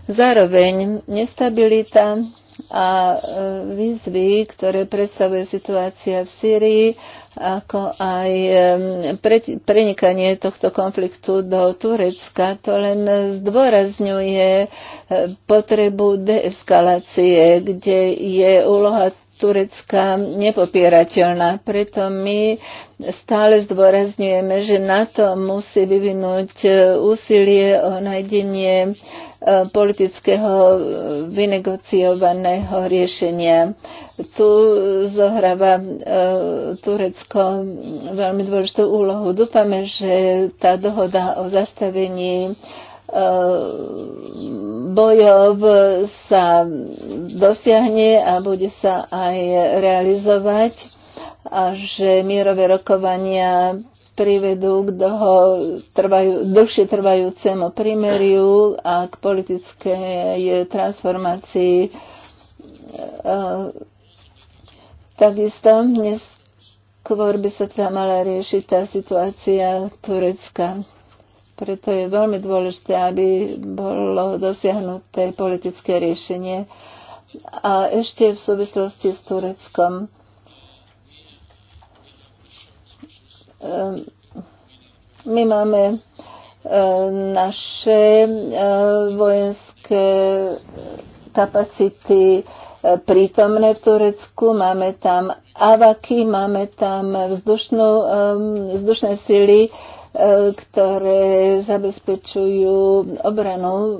Zároveň nestabilita a e, výzvy, ktoré predstavuje situácia v Sýrii, ako aj e, prenikanie tohto konfliktu do Turecka, to len zdôrazňuje e, potrebu deeskalácie, kde je úloha Turecka nepopierateľná. Preto my stále zdôrazňujeme, že NATO musí vyvinúť e, úsilie o nájdenie e, politického e, vynegociovaného riešenia. Tu zohráva Turecko veľmi dôležitú úlohu. Dúfame, že tá dohoda o zastavení Eh, bojov sa dosiahne a bude sa aj realizovať a že mierové rokovania privedú k dlho, trvajú, dlhšie trvajúcemu primeriu a k politickej transformácii. Eh, takisto dnes skôr by sa tam mala riešiť tá situácia Turecka. Preto je veľmi dôležité, aby bolo dosiahnuté politické riešenie. A ešte v súvislosti s Tureckom. Ehm, my máme ehm, naše ehm, vojenské kapacity prítomné v Turecku, máme tam avaky, máme tam vzdušnú, vzdušné sily, E, ktoré zabezpečujú obranu e,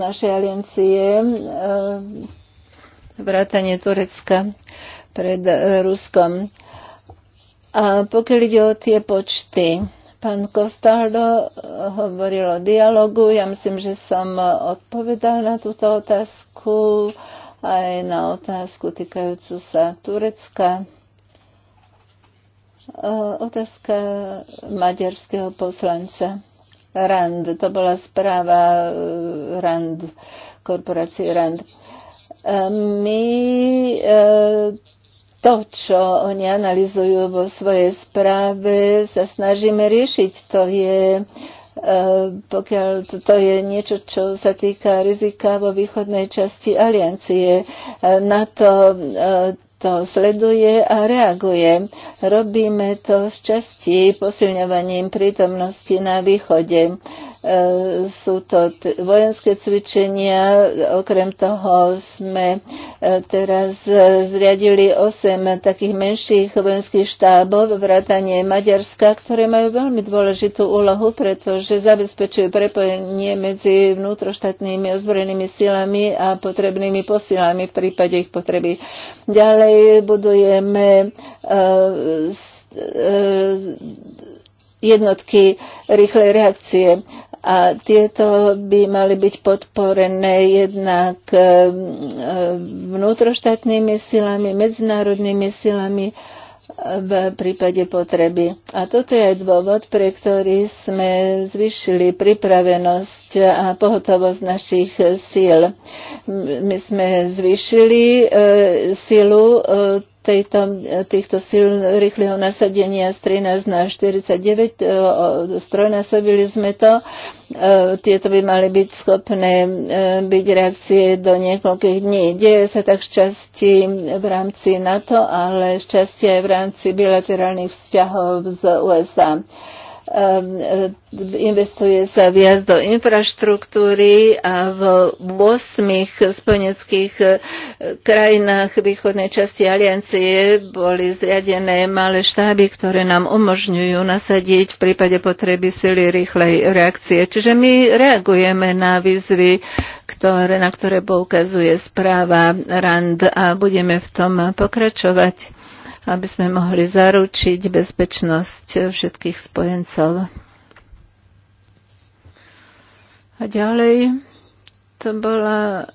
našej aliancie e, vrátanie Turecka pred Ruskom. A pokiaľ ide o tie počty, pán Kostaldo hovoril o dialogu. Ja myslím, že som odpovedal na túto otázku aj na otázku týkajúcu sa Turecka. Eh, otázka maďarského poslanca. Rand, to bola správa eh, Rand, korporácie Rand. Eh, my to, čo oni analizujú vo svojej správe, sa snažíme riešiť. To je pokiaľ to je niečo, čo sa týka rizika vo východnej časti aliancie. to to sleduje a reaguje. Robíme to s časti posilňovaním prítomnosti na východe. E, sú to vojenské cvičenia, okrem toho sme e, teraz e, zriadili 8 takých menších vojenských štábov, vrátanie Maďarska, ktoré majú veľmi dôležitú úlohu, pretože zabezpečujú prepojenie medzi vnútroštátnymi ozbrojenými silami a potrebnými posilami v prípade ich potreby. Ďalej budujeme jednotky rýchlej reakcie a tieto by mali byť podporené jednak e, e, vnútroštátnymi silami, medzinárodnými silami e, v prípade potreby. A toto je aj dôvod, pre ktorý sme zvyšili pripravenosť a pohotovosť našich síl. My sme zvyšili silu tejto, týchto síl rýchleho nasadenia z 13 na 49, e, strojnásobili sme to. E, tieto by mali byť schopné e, byť reakcie do niekoľkých dní. Deje sa tak šťastí v rámci NATO, ale šťastie aj v rámci bilaterálnych vzťahov z USA. Ehm, e, investuje sa viac do infraštruktúry a v 8 spojeneckých e, krajinách východnej časti aliancie boli zriadené malé štáby, ktoré nám umožňujú nasadiť v prípade potreby sily rýchlej reakcie. Čiže my reagujeme na výzvy, ktoré, na ktoré poukazuje správa RAND a budeme v tom pokračovať aby sme mohli zaručiť bezpečnosť všetkých spojencov. A ďalej to bola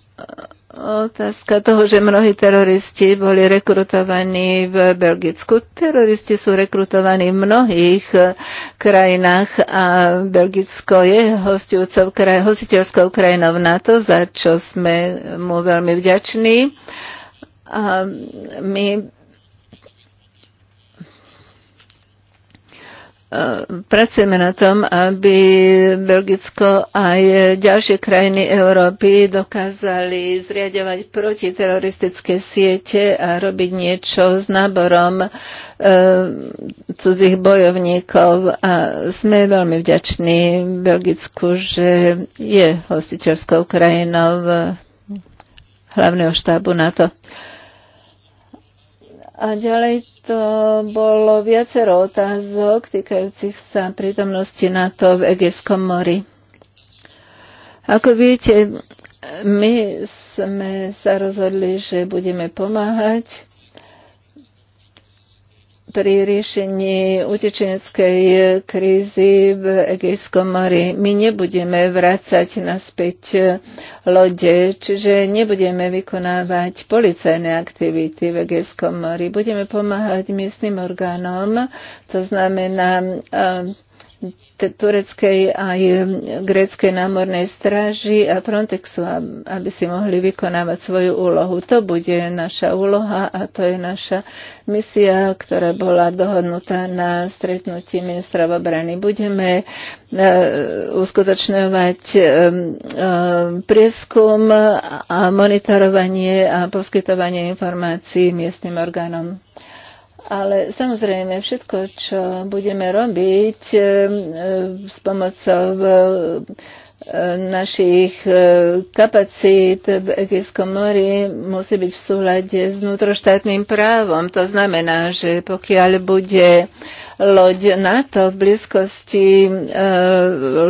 otázka toho, že mnohí teroristi boli rekrutovaní v Belgicku. Teroristi sú rekrutovaní v mnohých krajinách a Belgicko je kraj, hostiteľskou krajinou NATO, za čo sme mu veľmi vďační. A my E, pracujeme na tom, aby Belgicko aj ďalšie krajiny Európy dokázali zriadovať protiteroristické siete a robiť niečo s náborom e, cudzích bojovníkov. A sme veľmi vďační Belgicku, že je hostiteľskou krajinou hlavného štábu NATO. A ďalej to bolo viacero otázok týkajúcich sa prítomnosti NATO v Egejskom mori. Ako viete, my sme sa rozhodli, že budeme pomáhať pri riešení utečeneckej krízy v Egejskom mori. My nebudeme vrácať naspäť lode, čiže nebudeme vykonávať policajné aktivity v Egejskom mori. Budeme pomáhať miestnym orgánom, to znamená tureckej aj e, gréckej námornej stráži a Frontexu, aby si mohli vykonávať svoju úlohu. To bude naša úloha a to je naša misia, ktorá bola dohodnutá na stretnutí ministra obrany. Budeme e, uskutočňovať e, prieskum a monitorovanie a poskytovanie informácií miestnym orgánom. Ale samozrejme, všetko, čo budeme robiť e, e, s pomocou e, našich kapacít v Egejskom mori musí byť v súlade s vnútroštátnym právom. To znamená, že pokiaľ bude loď NATO v blízkosti e,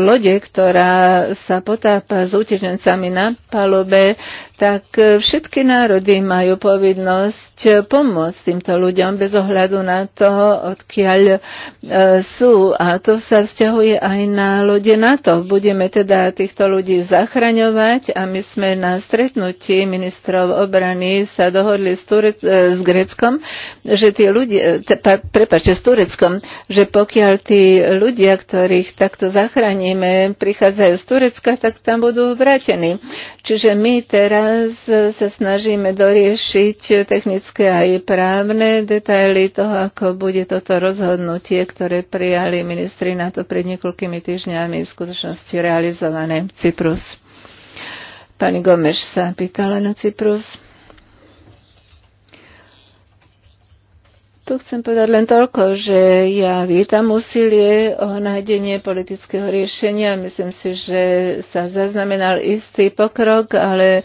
lode, ktorá sa potápa s utečencami na palube, tak e, všetky národy majú povinnosť e, pomôcť týmto ľuďom bez ohľadu na to, odkiaľ e, sú. A to sa vzťahuje aj na na NATO. Budeme teda týchto ľudí zachraňovať a my sme na stretnutí ministrov obrany sa dohodli s, Turec- s Greckom, že tí ľudia, prepáčte, s Tureckom, že pokiaľ tí ľudia, ktorých takto zachránime, prichádzajú z Turecka, tak tam budú vrátení. Čiže my teraz sa snažíme doriešiť technické aj právne detaily toho, ako bude toto rozhodnutie, ktoré prijali ministri na to pred niekoľkými týždňami v skutočnosti realizované. Cyprus. Pani Gomeš sa pýtala na Cyprus. tu chcem povedať len toľko, že ja vítam úsilie o nájdenie politického riešenia. Myslím si, že sa zaznamenal istý pokrok, ale e,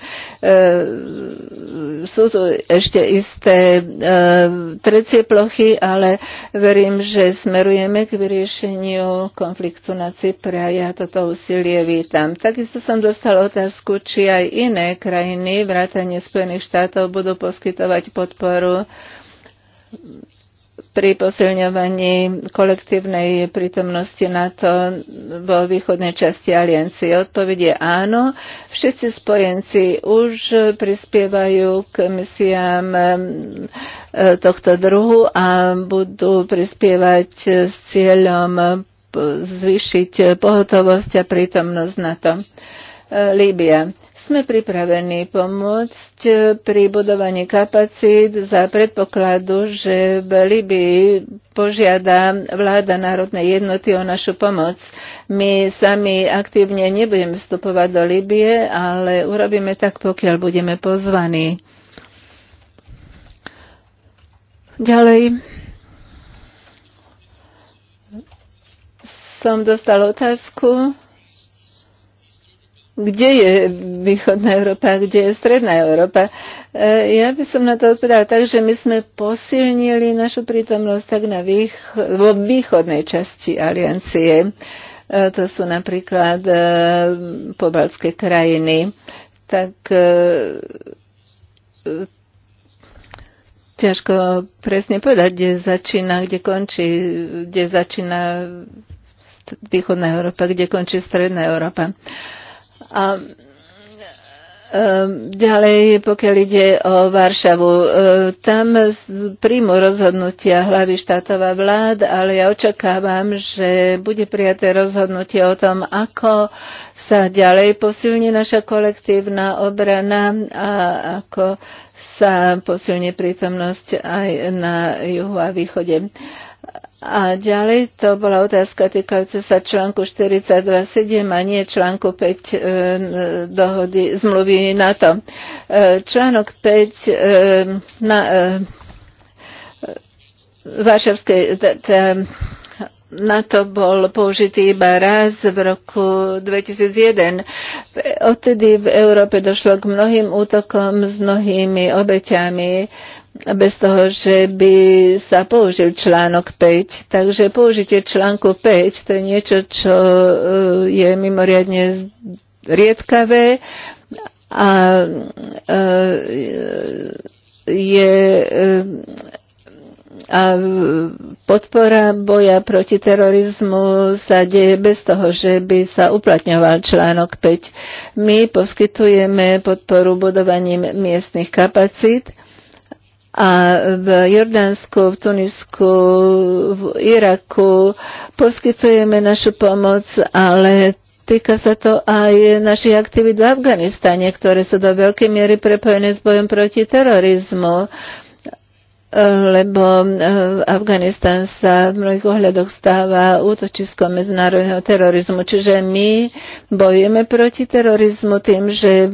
sú tu ešte isté e, trecie plochy, ale verím, že smerujeme k vyriešeniu konfliktu na Cypre a ja toto úsilie vítam. Takisto som dostal otázku, či aj iné krajiny, vrátane Spojených štátov, budú poskytovať podporu pri posilňovaní kolektívnej prítomnosti NATO vo východnej časti aliancie? Odpovedie áno. Všetci spojenci už prispievajú k misiám e, tohto druhu a budú prispievať s cieľom zvýšiť pohotovosť a prítomnosť NATO. E, Líbia. Sme pripravení pomôcť pri budovaní kapacít za predpokladu, že v Libii požiada vláda národnej jednoty o našu pomoc. My sami aktívne nebudeme vstupovať do Libie, ale urobíme tak, pokiaľ budeme pozvaní. Ďalej som dostal otázku kde je východná Európa, kde je stredná Európa. E, ja by som na to odpovedala tak, že my sme posilnili našu prítomnosť tak na vých- vo východnej časti aliancie. E, to sú napríklad e, pobaltské krajiny. Tak ťažko presne povedať, kde začína, kde končí, kde začína východná Európa, kde končí stredná Európa. Uh, a ehm, Ďalej, pokiaľ ide o Varšavu, e, tam príjmu rozhodnutia hlavy štátov a vlád, ale ja očakávam, že bude prijaté rozhodnutie o tom, ako sa ďalej posilní naša kolektívna obrana a ako sa posilní prítomnosť aj na juhu a východe. A ďalej to bola otázka týkajúca sa článku 42.7 a nie článku 5 e, dohody zmluvy NATO. E, článok 5 e, na, e, Varšavskej NATO bol použitý iba raz v roku 2001. Odtedy v Európe došlo k mnohým útokom s mnohými obeťami bez toho, že by sa použil článok 5. Takže použitie článku 5 to je niečo, čo e, je mimoriadne riedkavé a e, je e, a podpora boja proti terorizmu sa deje bez toho, že by sa uplatňoval článok 5. My poskytujeme podporu budovaním miestnych kapacít a v Jordánsku, v Tunisku, v Iraku poskytujeme našu pomoc, ale týka sa to aj našich aktivít v Afganistane, ktoré sú do veľkej miery prepojené s bojom proti terorizmu lebo e, Afganistan sa v mnohých ohľadoch stáva útočiskom medzinárodného terorizmu. Čiže my bojujeme proti terorizmu tým, že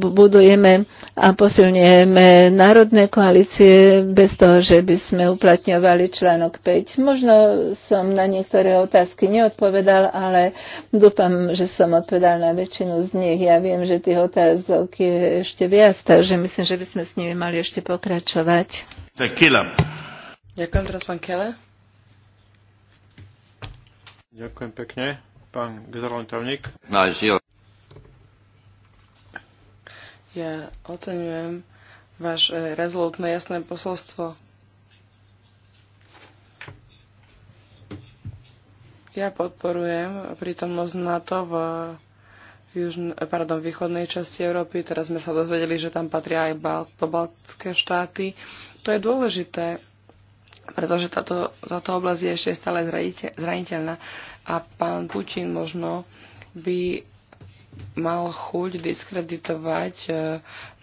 budujeme a posilňujeme národné koalície bez toho, že by sme uplatňovali článok 5. Možno som na niektoré otázky neodpovedal, ale dúfam, že som odpovedal na väčšinu z nich. Ja viem, že tých otázok je ešte viac, takže myslím, že by sme s nimi mali ešte pokračovať. Ďakujem Ďakujem pekne, pán generálny tajomník. Ja oceňujem váš e, rezolutné jasné posolstvo. Ja podporujem prítomnosť NATO v južn- pardon, východnej časti Európy. Teraz sme sa dozvedeli, že tam patria aj Bal- pobaltské štáty. To je dôležité, pretože táto, táto oblasť je ešte stále zraniteľná a pán Putin možno by mal chuť diskreditovať e,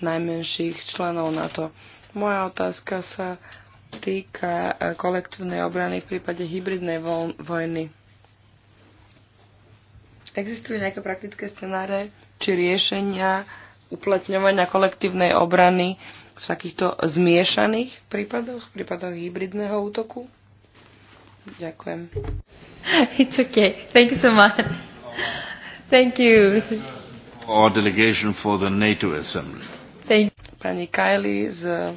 najmenších členov NATO. Moja otázka sa týka e, kolektívnej obrany v prípade hybridnej vojny. Existujú nejaké praktické scenáre či riešenia uplatňovania kolektívnej obrany v takýchto zmiešaných prípadoch, prípadoch hybridného útoku? Ďakujem. It's okay. Thank you so much. Thank you. Our delegation for the NATO Assembly. Thank you. Pani Kylie z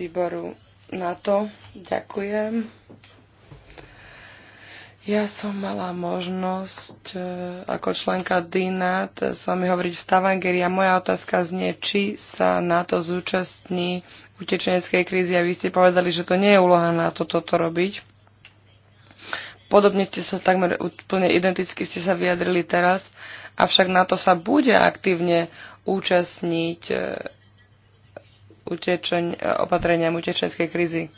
výboru NATO. Ďakujem. Ja som mala možnosť e, ako členka DINAT s vami hovoriť v Stavangeri a moja otázka znie, či sa NATO zúčastní utečeneckej krízy a vy ste povedali, že to nie je úloha to, toto robiť. Podobne ste sa takmer úplne identicky ste sa vyjadrili teraz, avšak NATO sa bude aktívne účastniť e, utečen, e, opatreniam utečenskej krízy.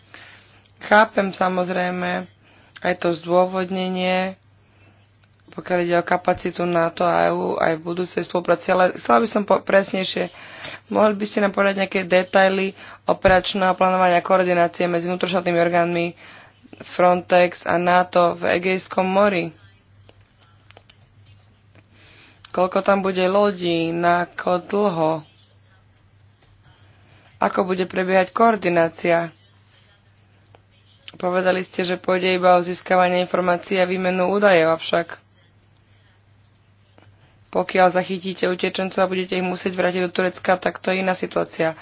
Chápem samozrejme, aj to zdôvodnenie, pokiaľ ide o kapacitu NATO a EU aj v budúcej spolupráci. Ale chcela by som po- presnejšie, mohli by ste nám povedať nejaké detaily operačného plánovania koordinácie medzi vnútroštátnymi orgánmi Frontex a NATO v Egejskom mori? Koľko tam bude lodí, na ako dlho? Ako bude prebiehať koordinácia? Povedali ste, že pôjde iba o získavanie informácií a výmenu údajov, avšak pokiaľ zachytíte utečencov a budete ich musieť vrátiť do Turecka, tak to je iná situácia.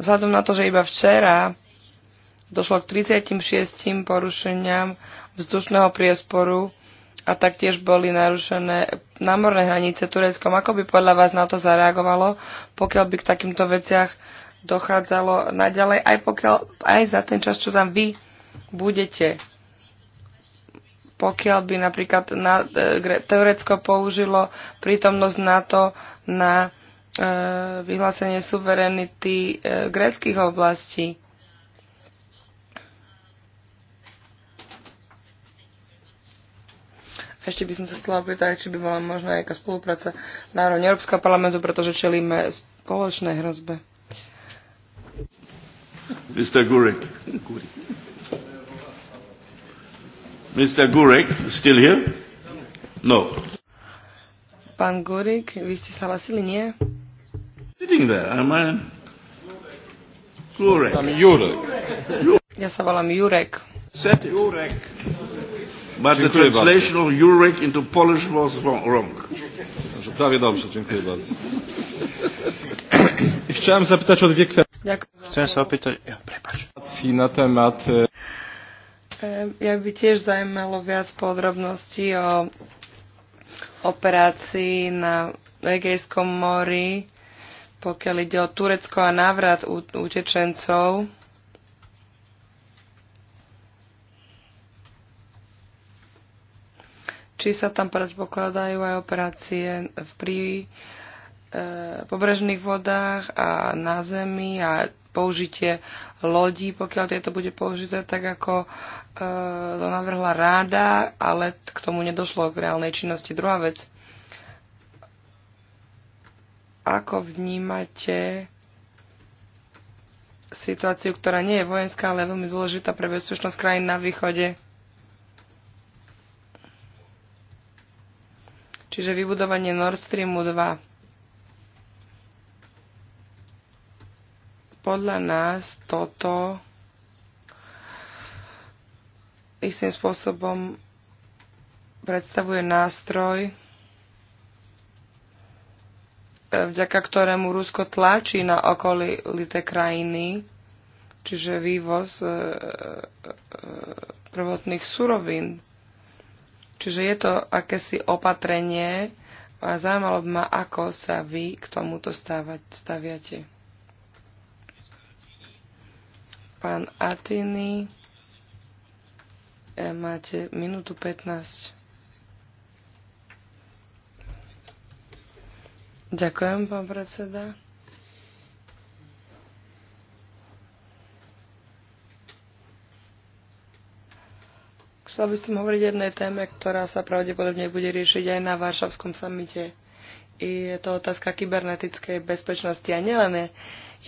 Vzhľadom na to, že iba včera došlo k 36 porušeniam vzdušného priesporu a taktiež boli narušené námorné hranice Tureckom. Ako by podľa vás na to zareagovalo, pokiaľ by k takýmto veciach dochádzalo naďalej, aj, pokiaľ, aj za ten čas, čo tam vy budete. Pokiaľ by napríklad na, e, Turecko použilo prítomnosť NATO na e, vyhlásenie suverenity e, greckých oblastí. Ešte by som sa chcela opýtať, či by bola možná nejaká spolupráca národne Európskeho parlamentu, pretože čelíme spoločnej hrozbe. Mr. Gurek. Gurek. Mr. Gurek, still here? No. Pán Gurek, vy ste sa hlasili, nie? Sitting there, am I? Gurek. Jurek. Ja sa volám Jurek. Set Jurek. But the translation of Jurek into Polish was wrong. Prawie dobrze, dziękuję bardzo. I chciałem zapytać o dwie kwestie. Chciałem zapytać... Ja, ...na temat... E, Eh, ja by tiež zaujímalo viac podrobností o operácii na Egejskom mori, pokiaľ ide o Turecko a návrat utečencov. Či sa tam predpokladajú aj operácie pri e, pobrežných vodách a na zemi a použitie lodí, pokiaľ tieto bude použité tak, ako e, to navrhla ráda, ale k tomu nedošlo k reálnej činnosti. Druhá vec, ako vnímate situáciu, ktorá nie je vojenská, ale je veľmi dôležitá pre bezpečnosť krajín na východe. Čiže vybudovanie Nord Streamu 2. Podľa nás toto istým spôsobom predstavuje nástroj, e, vďaka ktorému Rusko tlačí na okolité krajiny, čiže vývoz e, e, prvotných surovín. Čiže je to akési opatrenie a zaujímalo by ma, ako sa vy k tomuto stávať, staviate. Pán Atiny, e, máte minútu 15. Ďakujem, pán predseda. Chcel by som hovoriť o jednej téme, ktorá sa pravdepodobne bude riešiť aj na Varšavskom samite. je to otázka kybernetickej bezpečnosti a nielen je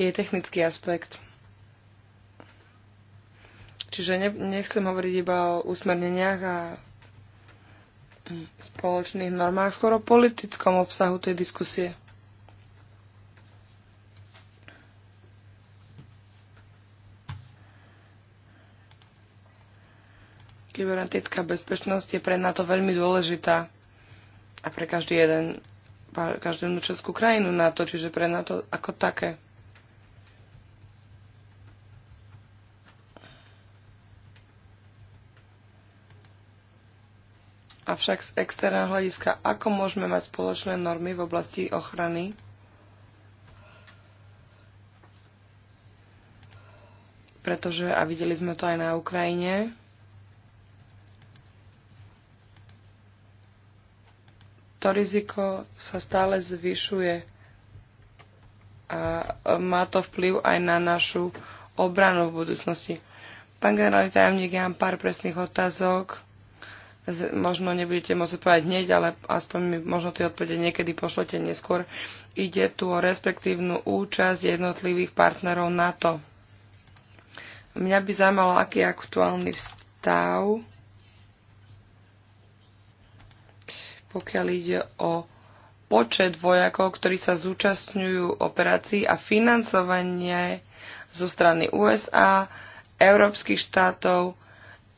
jej technický aspekt. Čiže nechcem hovoriť iba o usmerneniach a spoločných normách, skoro o politickom obsahu tej diskusie. Kybernetická bezpečnosť je pre NATO veľmi dôležitá a pre každý jeden, každú českú krajinu NATO, čiže pre NATO ako také. Avšak z externého hľadiska, ako môžeme mať spoločné normy v oblasti ochrany? Pretože, a videli sme to aj na Ukrajine, to riziko sa stále zvyšuje a má to vplyv aj na našu obranu v budúcnosti. Pán generálny tajomník, ja mám pár presných otázok možno nebudete môcť odpovedať hneď, ale aspoň mi možno tie odpovede niekedy pošlete neskôr. Ide tu o respektívnu účasť jednotlivých partnerov na to. Mňa by zaujímalo, aký je aktuálny stav, pokiaľ ide o počet vojakov, ktorí sa zúčastňujú operácií a financovanie zo strany USA, európskych štátov,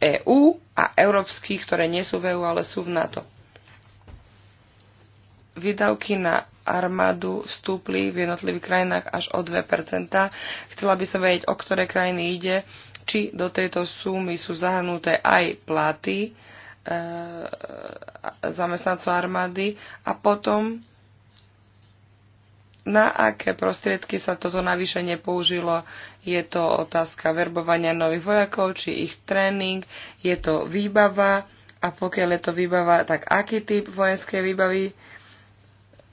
EÚ EU a európskych, ktoré nie sú v EÚ, ale sú v NATO. Výdavky na armádu vstúpli v jednotlivých krajinách až o 2%. Chcela by sa vedieť, o ktoré krajiny ide, či do tejto sumy sú zahrnuté aj platy e, zamestnancov armády a potom na aké prostriedky sa toto navýšenie použilo. Je to otázka verbovania nových vojakov, či ich tréning, je to výbava a pokiaľ je to výbava, tak aký typ vojenskej výbavy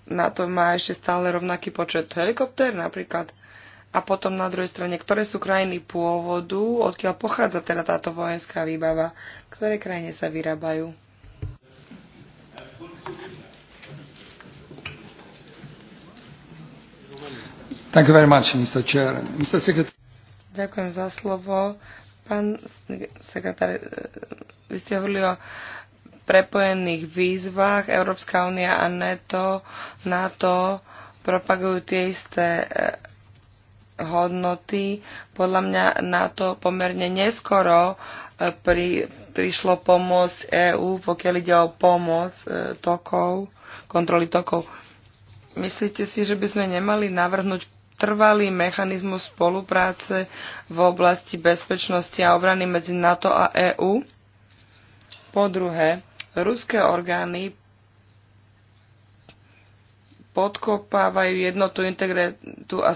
na to má ešte stále rovnaký počet helikoptér napríklad. A potom na druhej strane, ktoré sú krajiny pôvodu, odkiaľ pochádza teda táto vojenská výbava, ktoré krajine sa vyrábajú. Thank you very much, Mr. Chair. Mr. Secretary... Ďakujem za slovo. Pán sekretár, eh, vy ste hovorili o prepojených výzvach. Európska únia a NATO, NATO propagujú tie isté eh, hodnoty. Podľa mňa NATO pomerne neskoro eh, pri, prišlo pomôcť EÚ, pokiaľ ide o pomoc tokov, kontroly tokov. Myslíte si, že by sme nemali navrhnúť trvalý mechanizmus spolupráce v oblasti bezpečnosti a obrany medzi NATO a EÚ. Po druhé, ruské orgány podkopávajú jednotu, integritu a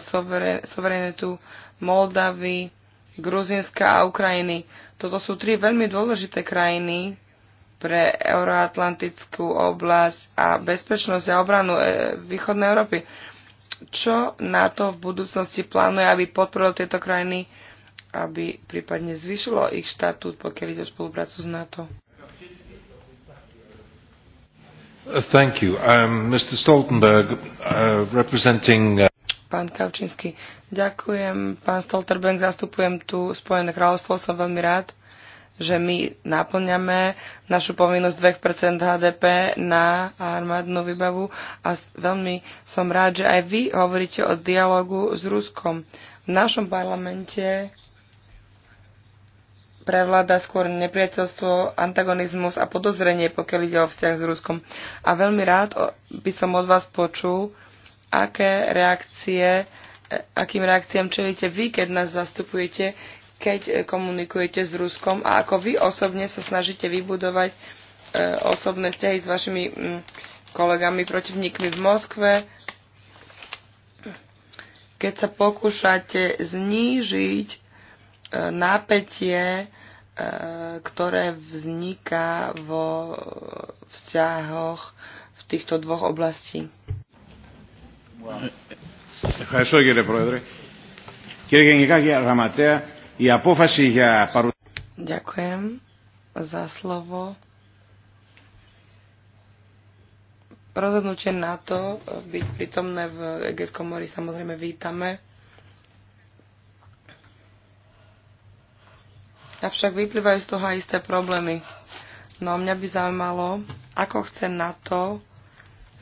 suverenitu Moldavy, Gruzinska a Ukrajiny. Toto sú tri veľmi dôležité krajiny pre euroatlantickú oblasť a bezpečnosť a obranu e, východnej Európy. Čo NATO v budúcnosti plánuje, aby podporil tieto krajiny, aby prípadne zvyšilo ich štatút, pokiaľ ide o spoluprácu s NATO? Uh, thank you. Um, Mr. Stoltenberg, uh, representing... Uh... Pán Kavčinsky, ďakujem. Pán Stoltenberg, zastupujem tu Spojené kráľovstvo, som veľmi rád že my naplňame našu povinnosť 2% HDP na armádnu výbavu a veľmi som rád, že aj vy hovoríte o dialogu s Ruskom. V našom parlamente prevláda skôr nepriateľstvo, antagonizmus a podozrenie, pokiaľ ide o vzťah s Ruskom. A veľmi rád by som od vás počul, aké reakcie, e, akým reakciám čelíte vy, keď nás zastupujete, keď e, komunikujete s Ruskom a ako vy osobne sa snažíte vybudovať e, osobné vzťahy s vašimi mm, kolegami protivníkmi v Moskve, keď sa pokúšate znížiť e, napätie, ktoré vzniká vo vzťahoch v týchto dvoch oblastí. Wow. Ευχαριστώ κύριε Πρόεδρε. Κύριε Γενικά Η απόφαση για Ďakujem za slovo. Rozhodnutie na to byť prítomné v Egejskom mori samozrejme vítame. Avšak vyplývajú z toho aj isté problémy. No mňa by zaujímalo, ako chce na to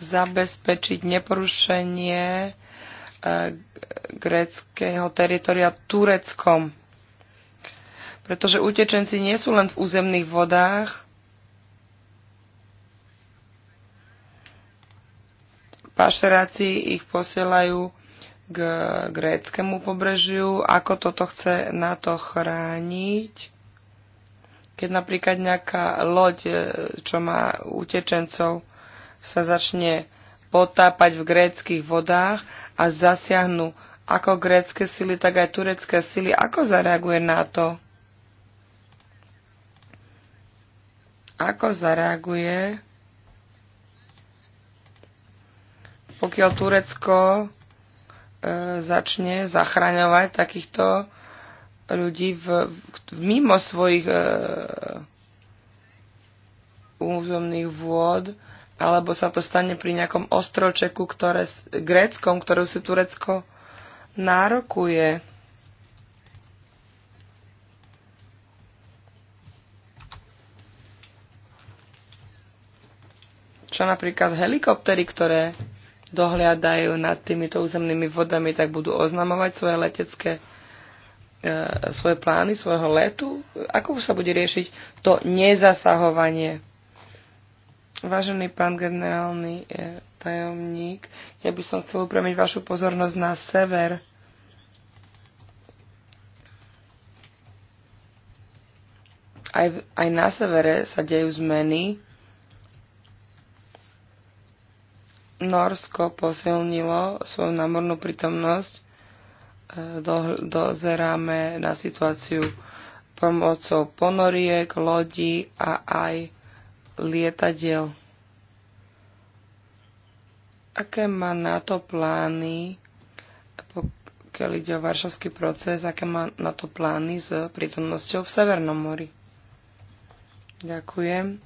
zabezpečiť neporušenie eh, gréckého teritoria Tureckom pretože utečenci nie sú len v územných vodách, pašeráci ich posielajú k gréckému pobrežiu, ako toto chce na to chrániť. Keď napríklad nejaká loď, e, čo má utečencov, sa začne potápať v gréckých vodách a zasiahnu ako grécké sily, tak aj turecké sily, ako zareaguje na to? ako zareaguje, pokiaľ Turecko e, začne zachraňovať takýchto ľudí v, v, mimo svojich e, územných vôd, alebo sa to stane pri nejakom ostročeku, ktoré, gréckom, ktorú si Turecko nárokuje. čo napríklad helikoptery, ktoré dohliadajú nad týmito územnými vodami, tak budú oznamovať svoje letecké e, svoje plány, svojho letu. Ako sa bude riešiť to nezasahovanie? Vážený pán generálny e, tajomník, ja by som chcel upremiť vašu pozornosť na sever. Aj, aj na severe sa dejú zmeny Norsko posilnilo svoju námornú prítomnosť. E, do, dozeráme na situáciu pomocou ponoriek, lodí a aj lietadiel. Aké má na to plány, pokiaľ ide o varšovský proces, aké má na to plány s prítomnosťou v Severnom mori? Ďakujem.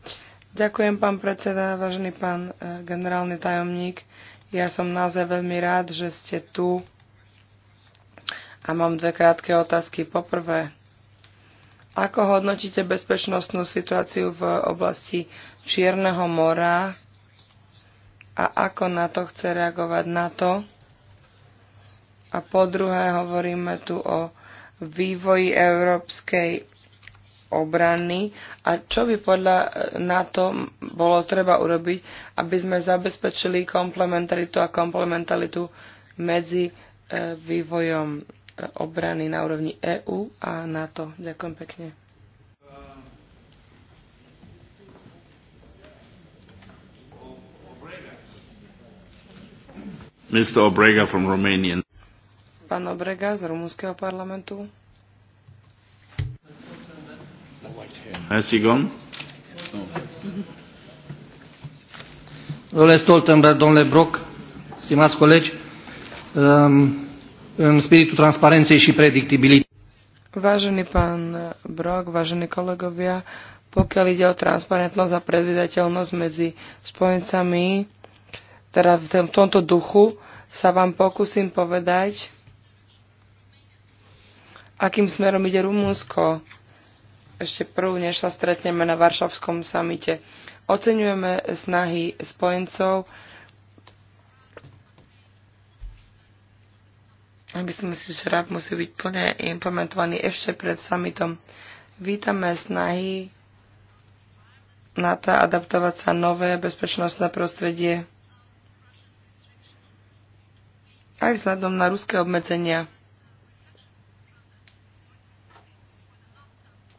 Ďakujem, pán predseda, vážený pán e, generálny tajomník. Ja som naozaj veľmi rád, že ste tu. A mám dve krátke otázky. Poprvé, ako hodnotíte bezpečnostnú situáciu v oblasti Čierneho mora a ako na to chce reagovať na to? A po druhé, hovoríme tu o vývoji európskej obrany a čo by podľa e, NATO bolo treba urobiť, aby sme zabezpečili komplementaritu a komplementaritu medzi e, vývojom e, obrany na úrovni EÚ a NATO. Ďakujem pekne. Mr. Obrega from Romanian. Pán Obrega z rumúnskeho parlamentu. Has he Domnule Stoltenberg, domnule Brock, stimați colegi, um, în spiritul transparenței și predictibilității. Vážený pán Brok, vážení kolegovia, pokiaľ ide o transparentnosť a predvydateľnosť medzi spojencami, teda v tomto duchu sa vám pokúsim povedať, akým smerom ide Rumúnsko ešte prv, než sa stretneme na Varšavskom samite. Oceňujeme snahy spojencov, aby som si, že RAP musí byť plne implementovaný ešte pred summitom. Vítame snahy Na to adaptovať sa nové bezpečnostné prostredie aj vzhľadom na ruské obmedzenia.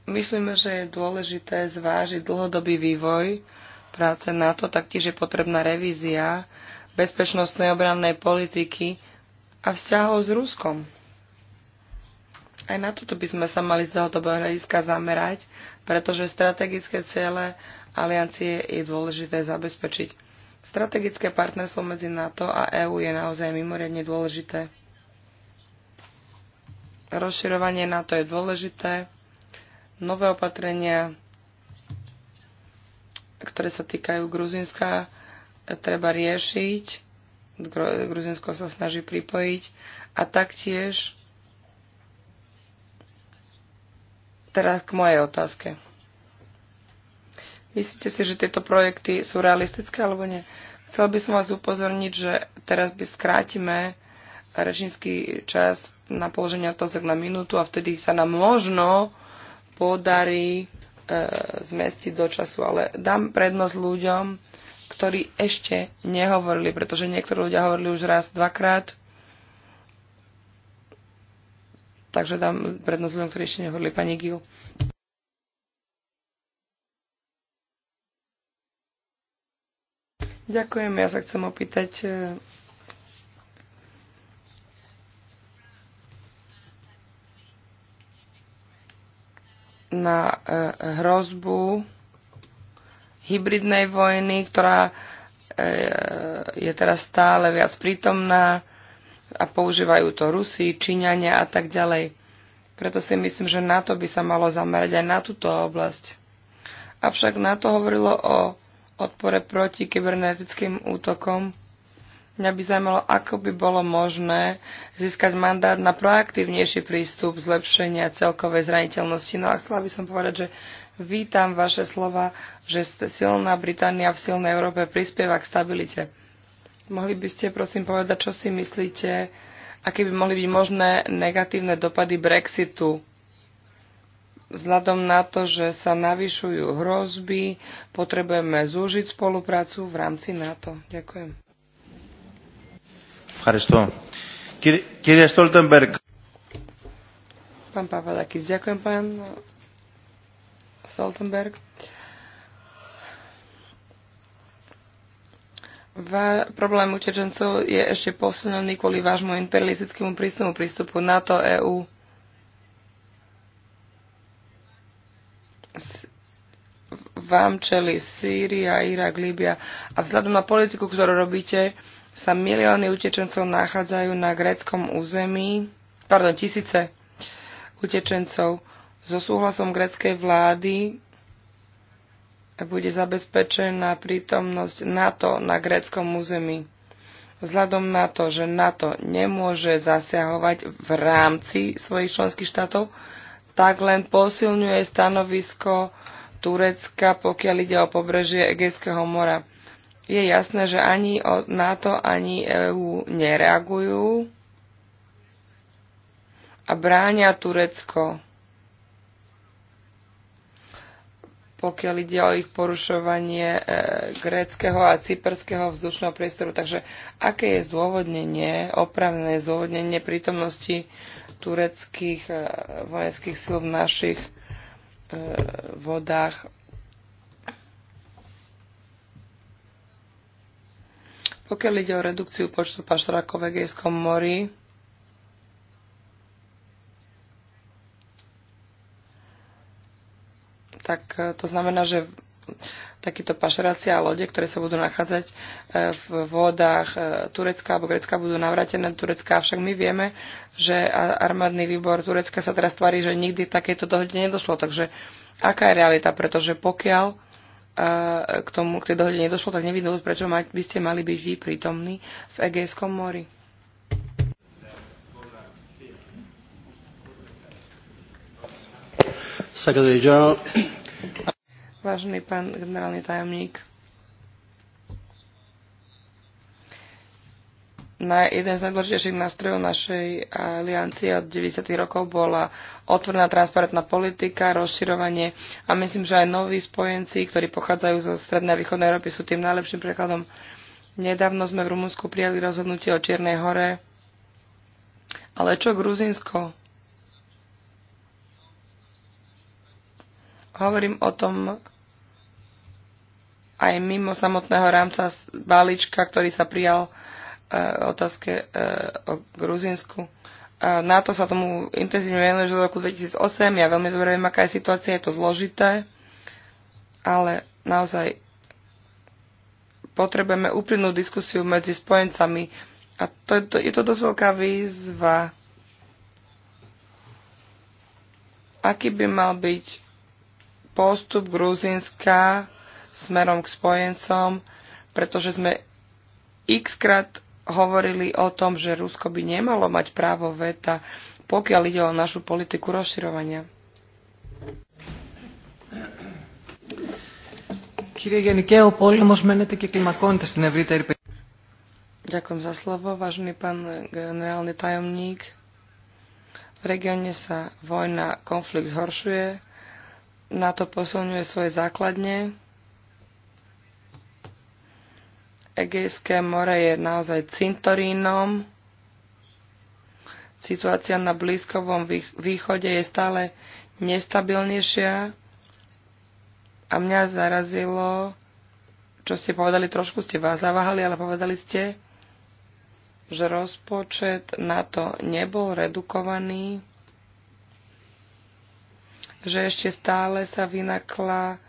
Myslíme, že je dôležité zvážiť dlhodobý vývoj práce NATO, taktiež je potrebná revízia bezpečnostnej obrannej politiky a vzťahov s Ruskom. Aj na toto by sme sa mali z dlhodobého hľadiska zamerať, pretože strategické ciele aliancie je dôležité zabezpečiť. Strategické partnerstvo medzi NATO a EÚ je naozaj mimoriadne dôležité. Rozširovanie NATO je dôležité, nové opatrenia, ktoré sa týkajú Gruzinska, treba riešiť. Gruzinsko sa snaží pripojiť. A taktiež teraz k mojej otázke. Myslíte si, že tieto projekty sú realistické alebo nie? Chcel by som vás upozorniť, že teraz by skrátime rečnícky čas na položenie otázok na minútu a vtedy sa nám možno podarí e, zmestiť do času, ale dám prednosť ľuďom, ktorí ešte nehovorili, pretože niektorí ľudia hovorili už raz, dvakrát, takže dám prednosť ľuďom, ktorí ešte nehovorili. Pani Gil. Ďakujem, ja sa chcem opýtať e, na e, hrozbu hybridnej vojny, ktorá e, je teraz stále viac prítomná a používajú to Rusi, Číňania a tak ďalej. Preto si myslím, že na to by sa malo zamerať aj na túto oblasť. Avšak na to hovorilo o odpore proti kybernetickým útokom Mňa by zaujímalo, ako by bolo možné získať mandát na proaktívnejší prístup zlepšenia celkovej zraniteľnosti. No a chcela by som povedať, že vítam vaše slova, že silná Británia v silnej Európe prispieva k stabilite. Mohli by ste prosím povedať, čo si myslíte, aké by mohli byť možné negatívne dopady Brexitu Vzhľadom na to, že sa navyšujú hrozby, potrebujeme zúžiť spoluprácu v rámci NATO. Ďakujem. Ευχαριστώ. Κύριε, Στόλτεμπεργκ. Pán Papadakis, ďakujem pán Stoltenberg. problém utečencov je ešte posilnený kvôli vášmu imperialistickému prístupu, prístupu NATO, EÚ. Vám čeli Sýria, Irak, Líbia. A vzhľadom na politiku, ktorú robíte, sa milióny utečencov nachádzajú na gréckom území, pardon, tisíce utečencov so súhlasom gréckej vlády bude zabezpečená prítomnosť NATO na gréckom území. Vzhľadom na to, že NATO nemôže zasiahovať v rámci svojich členských štátov, tak len posilňuje stanovisko Turecka, pokiaľ ide o pobrežie Egejského mora je jasné, že ani NATO, ani EÚ nereagujú a bránia Turecko, pokiaľ ide o ich porušovanie e, gréckého a cyperského vzdušného priestoru. Takže aké je zdôvodnenie, opravné zdôvodnenie prítomnosti tureckých e, vojenských síl v našich e, vodách Pokiaľ ide o redukciu počtu pašrákov v Egejskom mori, tak e, to znamená, že takíto pašeráci a lode, ktoré sa budú nachádzať e, v vodách e, Turecka alebo Grecka, budú navrátené do Turecka. Avšak my vieme, že armádny výbor Turecka sa teraz tvári, že nikdy takéto dohode nedošlo. Takže aká je realita? Pretože pokiaľ k tomu, k tej dohode nedošlo, tak nevidno, prečo mať, by ste mali byť vy prítomní v Egejskom mori. Vážený pán generálny tajomník, na jeden z najdôležitejších nástrojov našej aliancie od 90. rokov bola otvorená transparentná politika, rozširovanie a myslím, že aj noví spojenci, ktorí pochádzajú zo strednej a východnej Európy, sú tým najlepším príkladom. Nedávno sme v Rumunsku prijali rozhodnutie o Čiernej hore. Ale čo Gruzinsko? Hovorím o tom aj mimo samotného rámca balíčka, ktorý sa prijal E, otázke e, o Gruzinsku. E, NATO sa tomu intenzívne venuje už od roku 2008. Ja veľmi dobre viem, aká je situácia, je to zložité, ale naozaj potrebujeme úprimnú diskusiu medzi spojencami a to, to, je to dosť veľká výzva. Aký by mal byť postup Gruzinska smerom k spojencom, pretože sme x krát hovorili o tom, že Rusko by nemalo mať právo veta, pokiaľ ide o našu politiku rozširovania. Ďakujem za slovo, vážený pán generálny tajomník. V regióne sa vojna, konflikt zhoršuje, NATO posilňuje svoje základne Egejské more je naozaj cintorínom. Situácia na Blízkovom východe je stále nestabilnejšia a mňa zarazilo, čo ste povedali, trošku ste vás zaváhali, ale povedali ste, že rozpočet na to nebol redukovaný, že ešte stále sa vynakla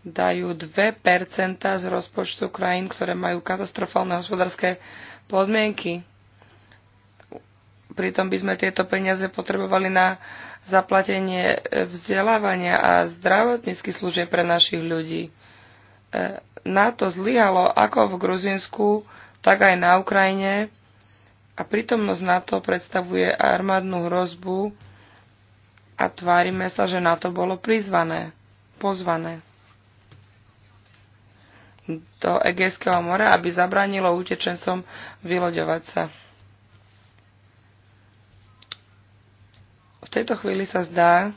dajú 2% z rozpočtu krajín, ktoré majú katastrofálne hospodárske podmienky. Pritom by sme tieto peniaze potrebovali na zaplatenie vzdelávania a zdravotníckých služieb pre našich ľudí. E, na to zlyhalo ako v Gruzinsku, tak aj na Ukrajine a prítomnosť NATO predstavuje armádnu hrozbu a tvárime sa, že NATO bolo prizvané, pozvané do Egejského mora, aby zabránilo utečencom vyloďovať sa. V tejto chvíli sa zdá,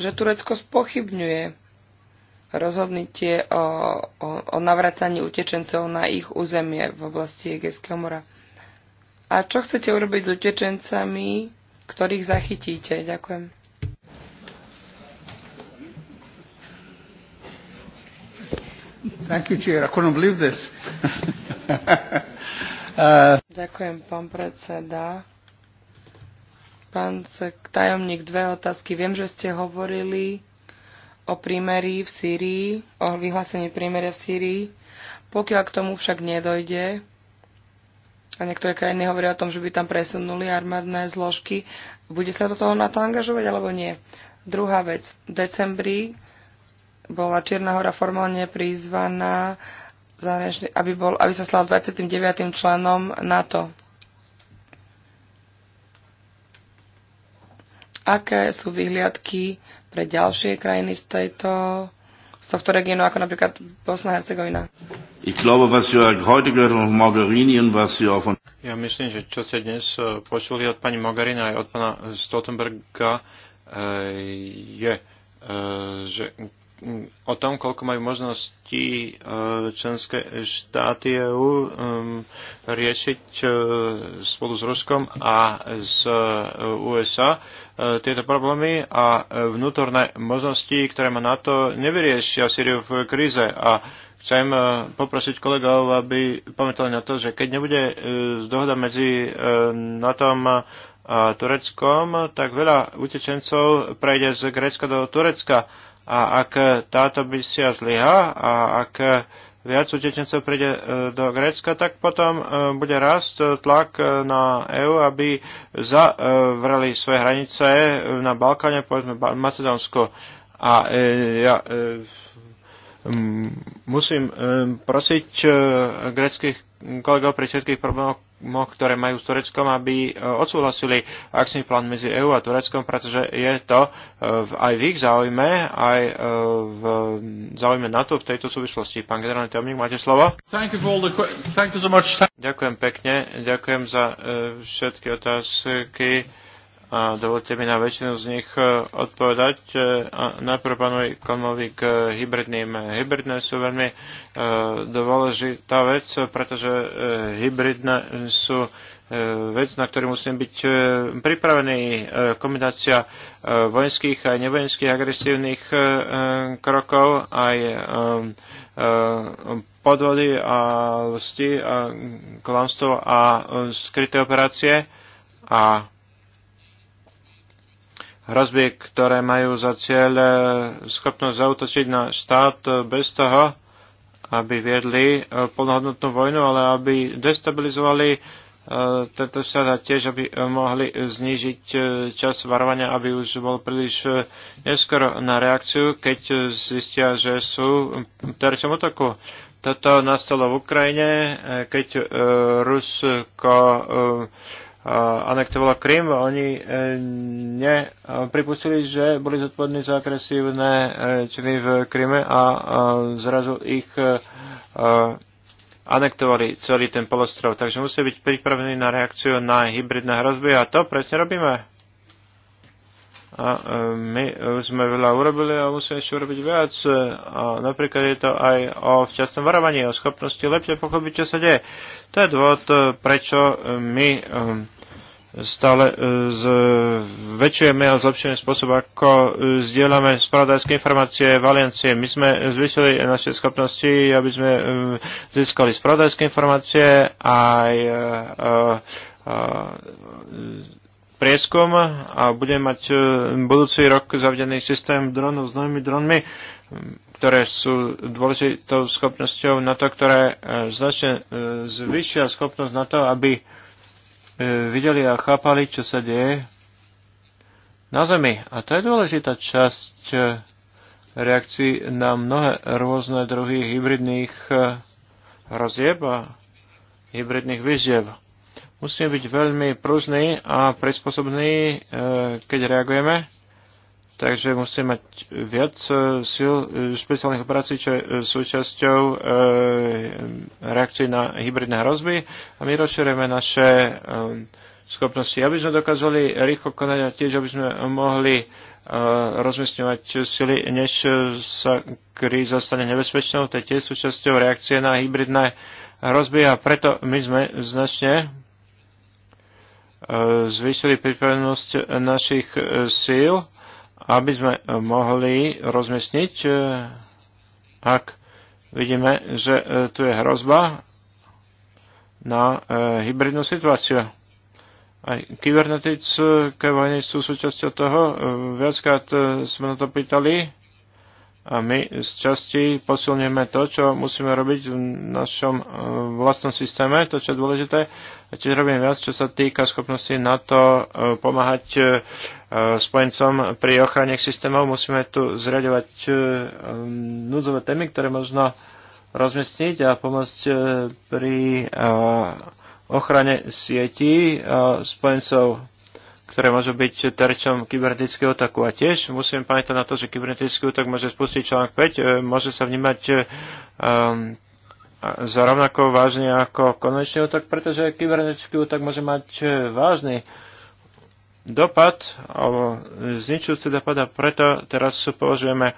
že Turecko spochybňuje rozhodnutie o, o, o navracaní utečencov na ich územie v oblasti Egejského mora. A čo chcete urobiť s utečencami, ktorých zachytíte? Ďakujem. Thank you, Chair. I couldn't believe this. uh... Ďakujem, pán predseda. Pán tajomník, dve otázky. Viem, že ste hovorili o prímerí v Sýrii, o vyhlásení prímeria v Sýrii. Pokiaľ k tomu však nedojde, a niektoré krajiny hovoria o tom, že by tam presunuli armádne zložky, bude sa do toho na to angažovať alebo nie? Druhá vec. V decembri bola Čierna hora formálne prizvaná, aby, bol, aby sa stala 29. členom NATO. Aké sú vyhliadky pre ďalšie krajiny z, tejto, z tohto regiónu, ako napríklad Bosna a Hercegovina? Ja myslím, že čo ste dnes eh, počuli od pani Mogherini aj od pana Stoltenberga eh, je, eh, že o tom, koľko majú možnosti e, členské štáty EU riešiť e, spolu s Ruskom a s e, USA tieto problémy a vnútorné možnosti, ktoré má NATO, nevyriešia Syriu v kríze. A chcem poprosiť kolegov, aby pamätali na to, že keď nebude dohoda medzi NATO a Tureckom, tak veľa utečencov prejde z Grécka do Turecka a ak táto misia zlyha a ak viac utečencov príde e, do Grécka, tak potom e, bude rast e, tlak na EÚ, aby zavrali svoje hranice na Balkáne, povedzme Macedónsko. A ja musím prosiť greckých kolegov pri všetkých problémoch, ktoré majú s Tureckom, aby e, odsúhlasili akčný plán medzi EÚ a Tureckom, pretože je to e, aj v ich záujme, aj e, v záujme NATO v tejto súvislosti. Pán generálny tajomník, máte slovo? Ďakujem pekne, ďakujem za všetky otázky a dovolte mi na väčšinu z nich e, odpovedať. E, najprv pánovi konovi k hybridným. Hybridné sú veľmi e, dôležitá vec, pretože hybridné sú vec, na ktorý musím byť pripravení. Kombinácia vojenských a nevojenských agresívnych krokov, aj podvody a lsti, a klamstvo a skryté operácie a hrozby, ktoré majú za cieľ e, schopnosť zautočiť na štát bez toho, aby viedli e, plnohodnotnú vojnu, ale aby destabilizovali e, tento štát a tiež, aby mohli znížiť čas varovania, aby už bol príliš neskoro na reakciu, keď zistia, že sú terčom útoku. Toto nastalo v Ukrajine, keď Rusko anektovala Krym, oni e, nepripustili, že boli zodpovední za agresívne e, činy v Kryme a zrazu ich e, anektovali celý ten polostrov. Takže musíme byť pripravení na reakciu na hybridné hrozby a to presne robíme. A e, my už sme veľa urobili a musíme ešte urobiť viac. E, a napríklad je to aj o včasnom varovaní, o schopnosti lepšie pochopiť, čo sa deje. To je dôvod, e, prečo my stále zväčšujeme a zlepšujeme spôsob, ako zdieľame spravodajské informácie v aliancie. My sme zvýšili naše schopnosti, aby sme získali spravodajské informácie aj prieskum a budeme mať e, budúci rok zavedený systém dronov s novými dronmi, ktoré sú dôležitou schopnosťou na to, ktoré e, značne e, zvyšia schopnosť na to, aby videli a chápali, čo sa deje na Zemi. A to je dôležitá časť reakcií na mnohé rôzne druhy hybridných hrozieb a hybridných výziev. Musíme byť veľmi pružní a prispôsobní, e, keď reagujeme. Takže musíme mať viac e, síl e, špeciálnych operácií, čo je súčasťou reakcií na hybridné hrozby. A my rozširujeme naše schopnosti, aby sme dokázali rýchlo konať a tiež, aby sme mohli rozmiestňovať sily, než sa kríza stane nebezpečnou. To je tiež súčasťou reakcie na hybridné hrozby a preto my sme značne zvýšili pripravenosť našich e, síl, aby sme e, mohli rozmiestniť, e, ak vidíme, že tu je hrozba na hybridnú situáciu. Aj kybernetické vojny sú súčasťou toho. Viackrát sme na to pýtali a my z časti posilneme to, čo musíme robiť v našom e, vlastnom systéme, to, čo je dôležité. A čiže robím viac, čo sa týka schopnosti na to e, pomáhať e, spojencom pri ochrane systémov. Musíme tu zriadovať núdzové témy, ktoré možno rozmestniť a pomôcť pri ochrane sietí spojencov ktoré môžu byť terčom kybernetického útoku. A tiež musím pamätať na to, že kybernetický útok môže spustiť článok 5, e, môže sa vnímať um, e, za e, rovnako vážne ako konvenčný útok, pretože kybernetický útok môže mať vážny dopad alebo zničujúci dopad a preto teraz považujeme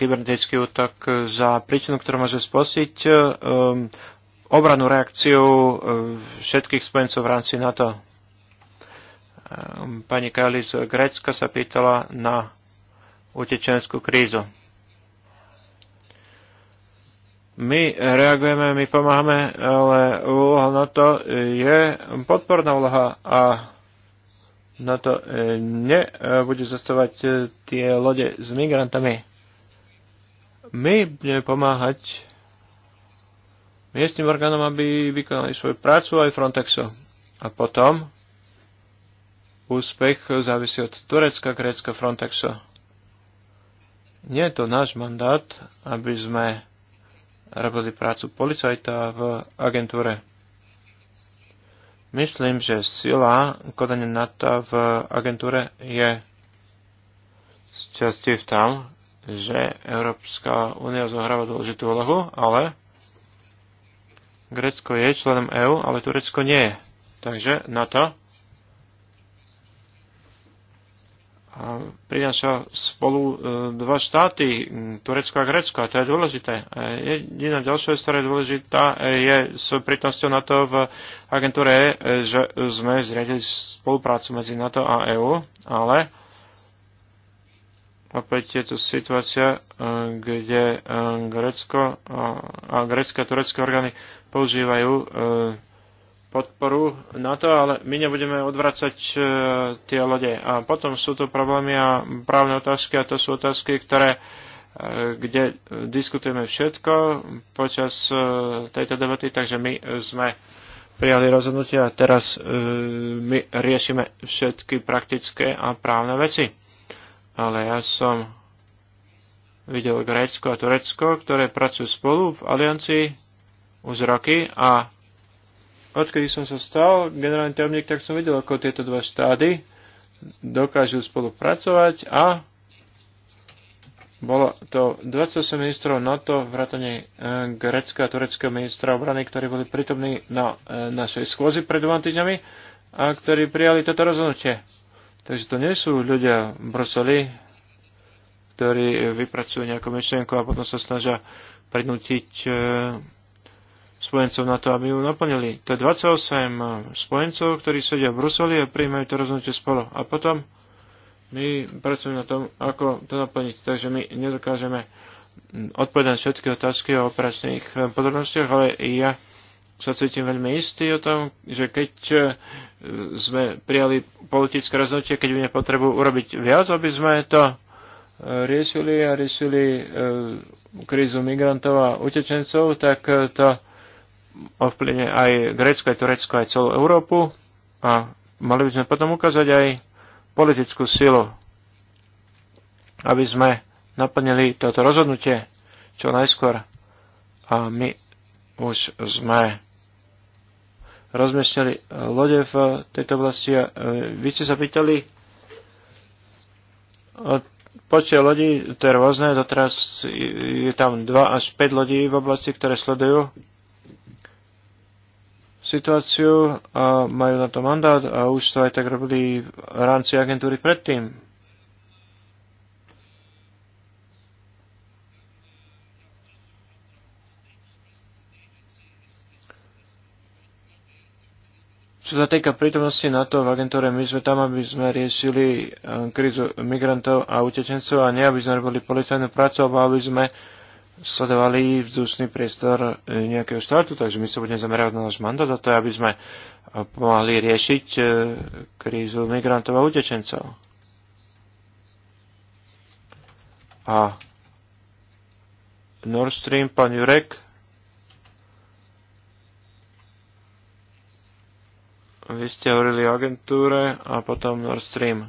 kybernetický útok za príčinu, ktorá môže spustiť um, obranú reakciu všetkých spojencov v rámci NATO pani Kali z Grécka sa pýtala na utečenskú krízu. My reagujeme, my pomáhame, ale úloha na to je podporná úloha a na to e, nebude zastávať e, tie lode s migrantami. My budeme pomáhať miestnym orgánom, aby vykonali svoju prácu aj Frontexu. A potom úspech závisí od Turecka, Grécka, Frontexu. Nie je to náš mandát, aby sme robili prácu policajta v agentúre. Myslím, že sila kodania NATO v agentúre je z časti v tom, že Európska únia zohráva dôležitú úlohu, ale Grécko je členom EÚ, ale Turecko nie je. Takže NATO prináša spolu e, dva štáty, Turecko a Grécko, a to je dôležité. E, jediná ďalšia vec, ktorá je dôležitá, e, je s prítomstvom NATO v agentúre, že sme zriadili spoluprácu medzi NATO a EÚ, ale opäť je tu situácia, kde Grécko a, a a turecké orgány používajú podporu na to, ale my nebudeme odvracať e, tie lode. A potom sú tu problémy a právne otázky a to sú otázky, ktoré e, kde diskutujeme všetko počas e, tejto debaty, takže my sme prijali rozhodnutie a teraz e, my riešime všetky praktické a právne veci. Ale ja som videl Grécko a Turecko, ktoré pracujú spolu v aliancii už roky a Odkedy som sa stal generálny tajomník, tak som videl, ako tieto dva štády dokážu spolupracovať a bolo to 28 ministrov NATO, vrátane e, grecka a tureckého ministra obrany, ktorí boli prítomní na e, našej schôzi pred dvoma týždňami a ktorí prijali toto rozhodnutie. Takže to nie sú ľudia v Bruseli, ktorí vypracujú nejakú myšlienku a potom sa snažia prinútiť e, spojencov na to, aby ju naplnili. To je 28 spojencov, ktorí sedia v Bruseli a príjmajú to rozhodnutie spolu. A potom my pracujeme na tom, ako to naplniť. Takže my nedokážeme odpovedať všetky otázky o operačných podrobnostiach, ale ja sa cítim veľmi istý o tom, že keď e, sme prijali politické rozhodnutie, keď budeme potrebu urobiť viac, aby sme to e, riešili a riešili e, krízu migrantov a utečencov, tak to ovplyvne aj Grécko, aj Turecko, aj celú Európu a mali by sme potom ukázať aj politickú silu, aby sme naplnili toto rozhodnutie čo najskôr. A my už sme rozmiestnili lode v tejto oblasti a e, vy ste sa pýtali počet lodí, to je rôzne, doteraz je tam 2 až 5 lodí v oblasti, ktoré sledujú situáciu a majú na to mandát a už to aj tak robili v rámci agentúry predtým. Čo sa týka prítomnosti NATO v agentúre, my sme tam, aby sme riešili eh, krízu migrantov a utečencov a nie, aby sme robili policajnú prácu, alebo aby sme uh, sledovali vzdušný priestor e, nejakého štátu, takže my sa budeme zamerať na náš mandát a to je, aby sme e, pomohli riešiť e, krízu migrantov a utečencov. A Nord Stream, pán Jurek, vy ste hovorili o agentúre a potom Nord Stream.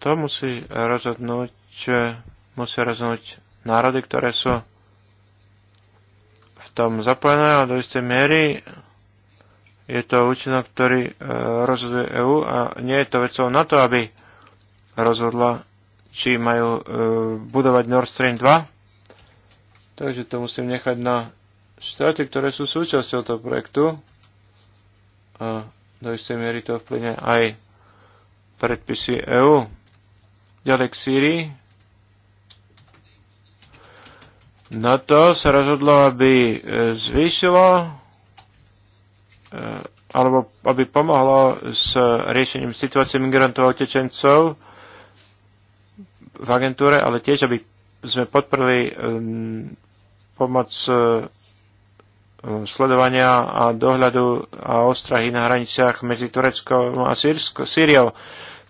To musí rozhodnúť Eh, musia rozhodnúť národy, ktoré sú v tom zapojené a do istej miery je to účinok, ktorý eh, rozhoduje EÚ a nie je to vecou na to, aby rozhodla, či majú eh, budovať Nord Stream 2. Takže to musím nechať na štáty, ktoré sú súčasťou toho projektu. A do istej miery to vplyne aj predpisy EÚ. Ďalej k Sýrii. na to sa rozhodlo, aby e, zvýšilo e, alebo aby pomohlo s riešením situácie migrantov a utečencov v agentúre, ale tiež, aby sme podporili e, pomoc sledovania a dohľadu a ostrahy na hraniciach medzi Tureckom a Sýriou.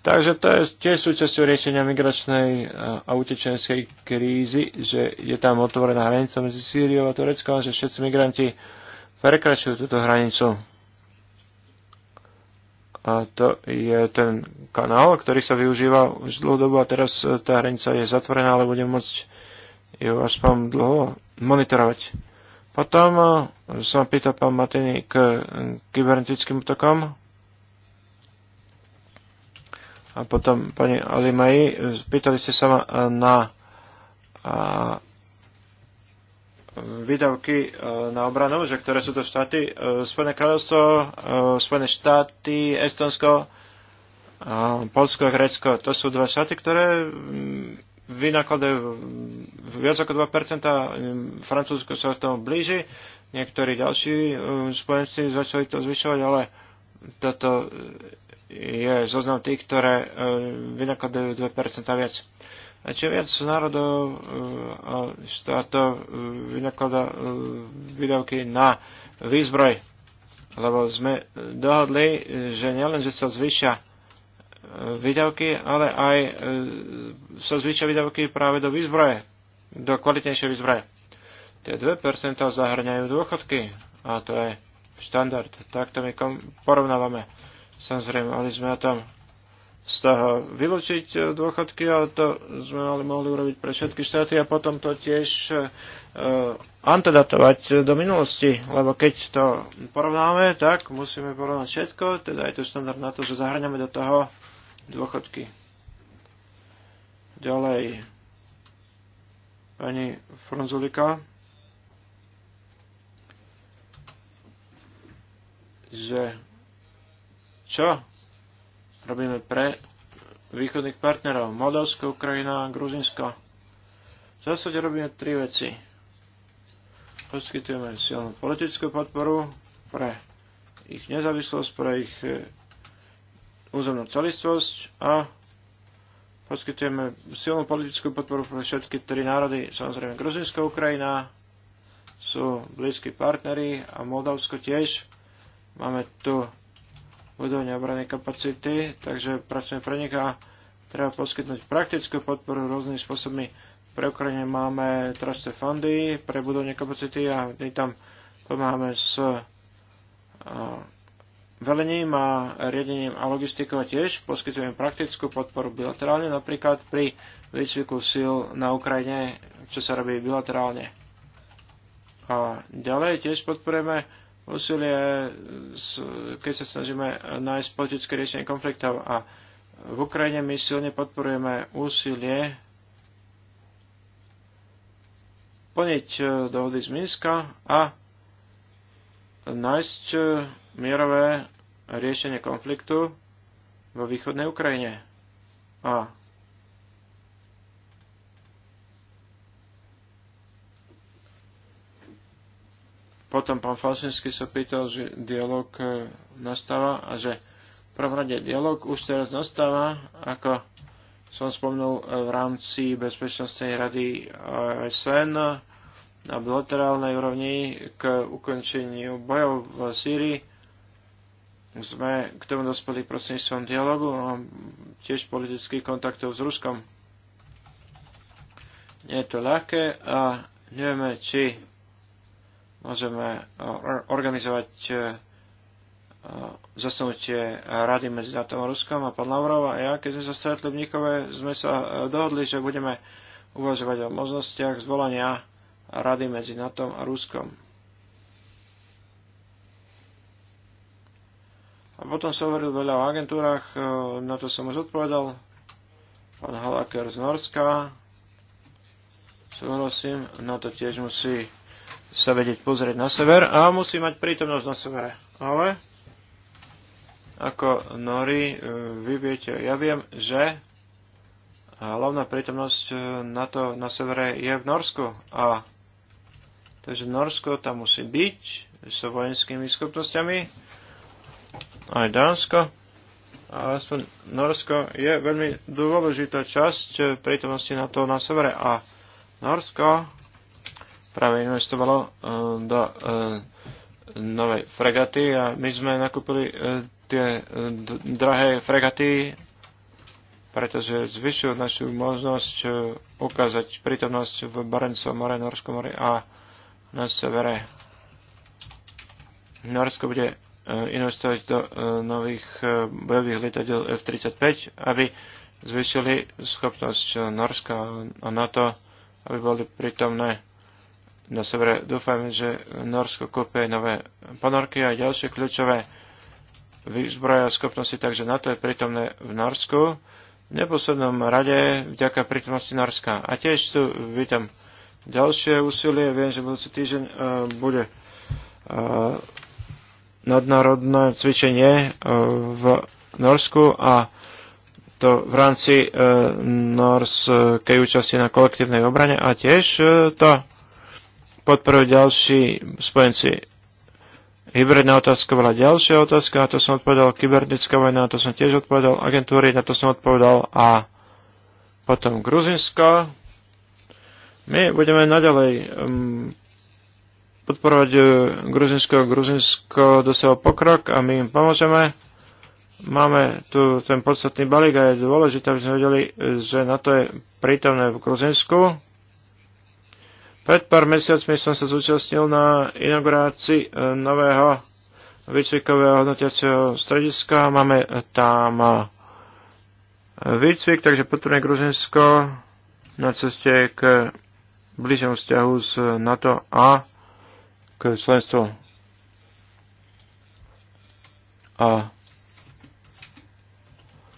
Takže to je tiež súčasťou riešenia migračnej eh, a utečenskej krízy, že je tam otvorená hranica medzi Sýriou a Tureckom, že všetci migranti prekračujú túto hranicu. A to je ten kanál, ktorý sa využíva už dobu a teraz eh, tá hranica je zatvorená, ale budem môcť ju aspoň dlho monitorovať. Potom eh, som pýtal pán Matiny k kybernetickým útokom. A potom, pani Alimaji, pýtali ste sa e, na a, výdavky e, na obranu, že ktoré sú to štáty. E, Spojené kráľovstvo, Spojené štáty, Estonsko, Polsko a Grécko. To sú dva štáty, ktoré mm, vynakladajú viac ako 2%. Francúzsko sa k tomu blíži. Niektorí ďalší spojenci začali to zvyšovať, ale toto e, je zoznam tých, ktoré e, vynakladajú 2% a viac. A čo viac národov e, a štátov vynakladá výdavky na výzbroj, lebo sme dohodli, že nielen, že sa zvyšia výdavky, ale aj sa zvyšia výdavky práve do výzbroje, do kvalitnejšej výzbroje. Tie 2% zahrňajú dôchodky a to je štandard. Takto my porovnávame. Samozrejme, mali sme tam z toho vylúčiť e, dôchodky, ale to sme ale mohli urobiť pre všetky štáty a potom to tiež uh, antedatovať do minulosti, lebo keď to porovnáme, tak musíme porovnať všetko, teda je to štandard na to, že zahrňame do toho dôchodky. Ďalej pani Frunzulika. že čo robíme pre východných partnerov, Moldavsko, Ukrajina a Gruzinsko. V zásade robíme tri veci. Poskytujeme silnú politickú podporu pre ich nezávislosť, pre ich e, územnú celistvosť a poskytujeme silnú politickú podporu pre všetky tri národy. Samozrejme, Gruzinsko, Ukrajina sú blízki partneri a Moldavsko tiež Máme tu budovne obranej kapacity, takže pracujeme pre nich a treba poskytnúť praktickú podporu rôznymi spôsobmi. Pre Ukrajine máme traste fondy pre budovne kapacity a my tam pomáhame s velením a riadením a logistikou tiež poskytujeme praktickú podporu bilaterálne, napríklad pri výcviku síl na Ukrajine, čo sa robí bilaterálne. A ďalej tiež podporujeme úsilie, keď sa snažíme nájsť politické riešenie konfliktov a v Ukrajine my silne podporujeme úsilie plniť e, dohody z Minska a nájsť e, mierové riešenie konfliktu vo východnej Ukrajine. A Potom pán Falšinský sa pýtal, že dialog e, nastáva a že v prvom rade dialog už teraz nastáva, ako som spomnul e, v rámci Bezpečnostnej rady OSN na bilaterálnej úrovni k ukončeniu bojov v Sýrii. Sme k tomu dospeli prostredníctvom dialogu a tiež politických kontaktov s Ruskom. Nie je to ľahké a nevieme, či môžeme e, organizovať e, e, zasunutie rady medzi NATO a Ruskom a pán Lavrov a ja, keď sme sa stretli v Nikove, sme sa dohodli, že budeme uvažovať o možnostiach zvolania rady medzi NATO a Ruskom. A potom sa hovoril veľa o agentúrach, na to som už odpovedal. Pán Halaker z Norska, súhlasím, na to tiež musí sa vedieť pozrieť na sever a musí mať prítomnosť na severe. Ale ako Nori, e, vy viete, ja viem, že hlavná prítomnosť e, to na severe je v Norsku. A takže Norsko tam musí byť so vojenskými schopnosťami. Aj Dánsko. A aspoň Norsko je veľmi dôležitá časť e, prítomnosti na to na severe. A Norsko práve investovalo e, do e, novej fregaty a my sme nakúpili e, tie drahé fregaty, pretože zvyšujú našu možnosť ukázať prítomnosť v Barencovom more, Norskom more a na severe. Norsko bude investovať do nových bojových lietadiel F-35, aby zvyšili schopnosť Norska a NATO, aby boli prítomné No severe. Dúfam, že Norsko kúpe nové ponorky a ďalšie kľúčové a schopnosti, takže na to je prítomné v Norsku. V neposlednom rade vďaka prítomnosti Norska. A tiež tu vítam ďalšie úsilie. Viem, že budúci týždeň uh, bude uh, nadnárodné cvičenie uh, v Norsku a to v rámci uh, norskej účasti na kolektívnej obrane a tiež uh, to podporujú ďalší spojenci. Hybridná otázka bola ďalšia otázka, na to som odpovedal, kybernetická vojna, na to som tiež odpovedal, agentúry, na to som odpovedal a potom Gruzinsko. My budeme naďalej um, podporovať uh, Gruzinsko. Gruzinsko dosiaľ pokrok a my im pomôžeme. Máme tu ten podstatný balík a je dôležité, aby sme vedeli, že na to je prítomné v Gruzinsku. Pred pár mesiacmi som sa zúčastnil na inaugurácii e, nového výcvikového hodnotiaceho strediska. Máme tam e, výcvik, takže potrebné Gruzinsko na ceste k bližšom vzťahu s NATO a k členstvu. A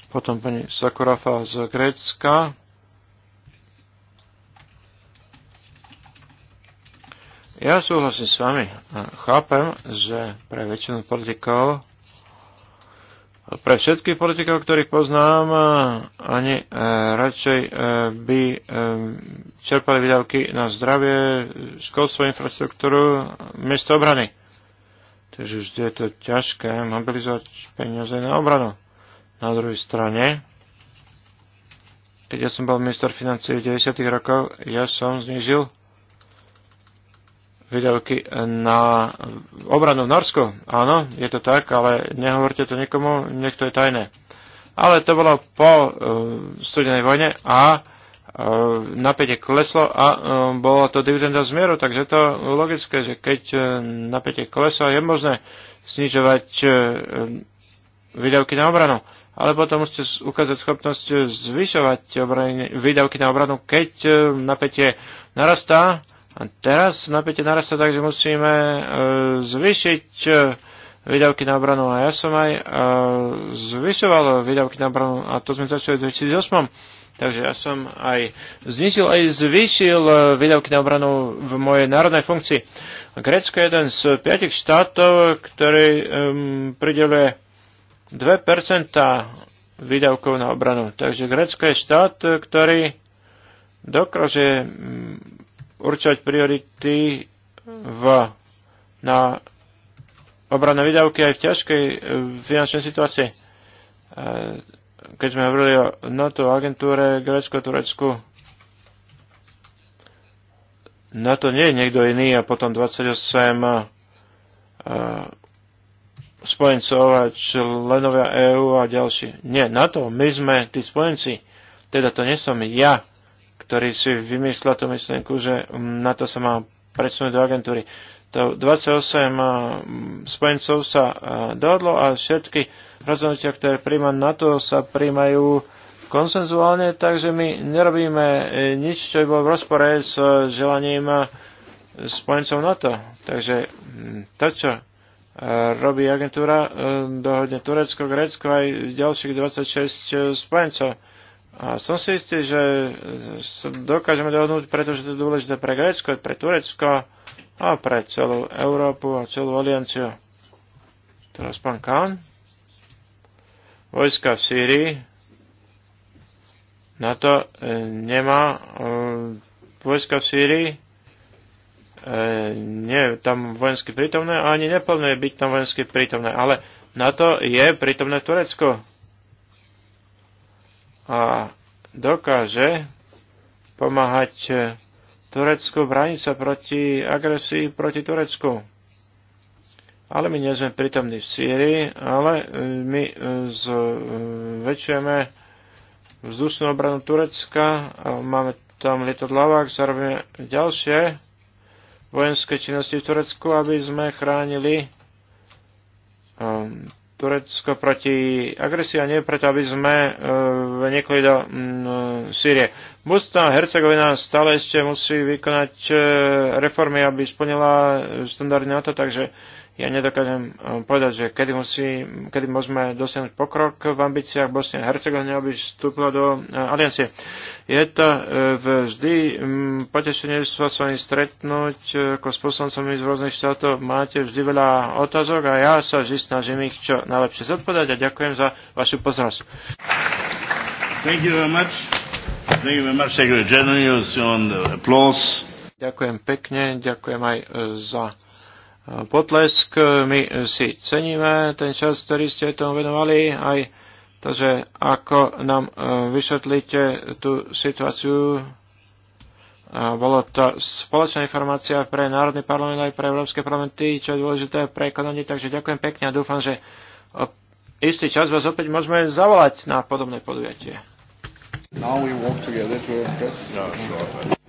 potom pani Sakurafa z Grécka Ja súhlasím s vami. Chápem, že pre väčšinu politikov, pre všetkých politikov, ktorých poznám, ani e, radšej e, by e, čerpali výdavky na zdravie, školstvo, infraštruktúru, miesto obrany. Takže vždy je to ťažké mobilizovať peniaze na obranu. Na druhej strane, keď ja som bol minister financí v 90. rokoch, ja som znižil výdavky na obranu v Norsku. Áno, je to tak, ale nehovorte to nikomu, nech to je tajné. Ale to bolo po uh, studenej vojne a e, napätie kleslo a e, bola to dividenda z mieru, takže to logické, že keď napätie kleslo, je možné znižovať výdavky na obranu. Ale potom musíte ukázať schopnosť zvyšovať výdavky na obranu, keď napätie narastá a teraz napätie narasta, takže musíme e, zvýšiť e, výdavky na obranu. A ja som aj e, zvyšoval výdavky na obranu a to sme začali v 2008. Takže ja som aj znižil, aj zvýšil e, výdavky na obranu v mojej národnej funkcii. Grécko je jeden z piatich štátov, ktorý um, prideluje 2% výdavkov na obranu. Takže Grécko je štát, ktorý dokáže určovať priority v, na obranné výdavky aj v ťažkej e, finančnej situácii. E, keď sme hovorili o NATO agentúre Grécko, Turecku, NATO nie je niekto iný a potom 28 e, spojencov a členovia EÚ a ďalší. Nie, NATO, my sme tí spojenci. Teda to nie som ja, ktorý si vymyslel tú myšlienku, že mm, na to sa má predsunúť do agentúry. To 28 eh, spojencov sa eh, dohodlo a všetky rozhodnutia, ktoré príjma na to, sa príjmajú konsenzuálne, takže my nerobíme eh, nič, čo by bolo v rozpore s želaním spojencov NATO. Takže mm, to, čo robí agentúra, dohodne Turecko, Grécko aj ďalších 26 spojencov. A som si istý, že sa dokážeme dohodnúť, pretože to je dôležité pre Grécko, pre Turecko a pre celú Európu a celú alianciu. Teraz pán Kahn. Vojska v Sýrii. Na to e, nemá. E, vojska v Sýrii e, nie je tam vojensky prítomné, ani neplánuje byť tam vojensky prítomné, ale na to je prítomné v Turecku a dokáže pomáhať Turecku braniť sa proti agresii proti Turecku. Ale my nie sme prítomní v Sýrii, ale e, my e, zväčšujeme vzdušnú obranu Turecka, máme tam lietodlavák, zároveň ďalšie vojenské činnosti v Turecku, aby sme chránili e, Turecko proti agresii a nie preto, aby sme e, eh, vnikli do mm, eh, Sýrie. Bosna a Hercegovina stále ešte musí vykonať e, reformy, aby splnila štandardy NATO, takže e, ja nedokážem eh, povedať, že kedy, musí, kedy môžeme dosiahnuť pokrok v ambíciách Bosnia a Hercegovina, aby vstúpila do eh, aliancie. Je to eh, vždy mm, potešenie sa s vami stretnúť ako s poslancami z rôznych štátov. Máte vždy veľa otázok a ja sa vždy snažím ich čo najlepšie zodpovedať a ďakujem za vašu pozornosť. Thank you very much. Thank you very much, Secretary General, Ďakujem pekne, ďakujem aj za potlesk. My si ceníme ten čas, ktorý ste tomu venovali, aj to, že ako nám e, vysvetlíte tú situáciu. Bolo to spoločná informácia pre Národný parlament aj pre Európske parlamenty, čo je dôležité pre konanie, takže ďakujem pekne a dúfam, že istý čas vás opäť môžeme zavolať na podobné podujatie. Now we walk together to a press. Yeah, sure.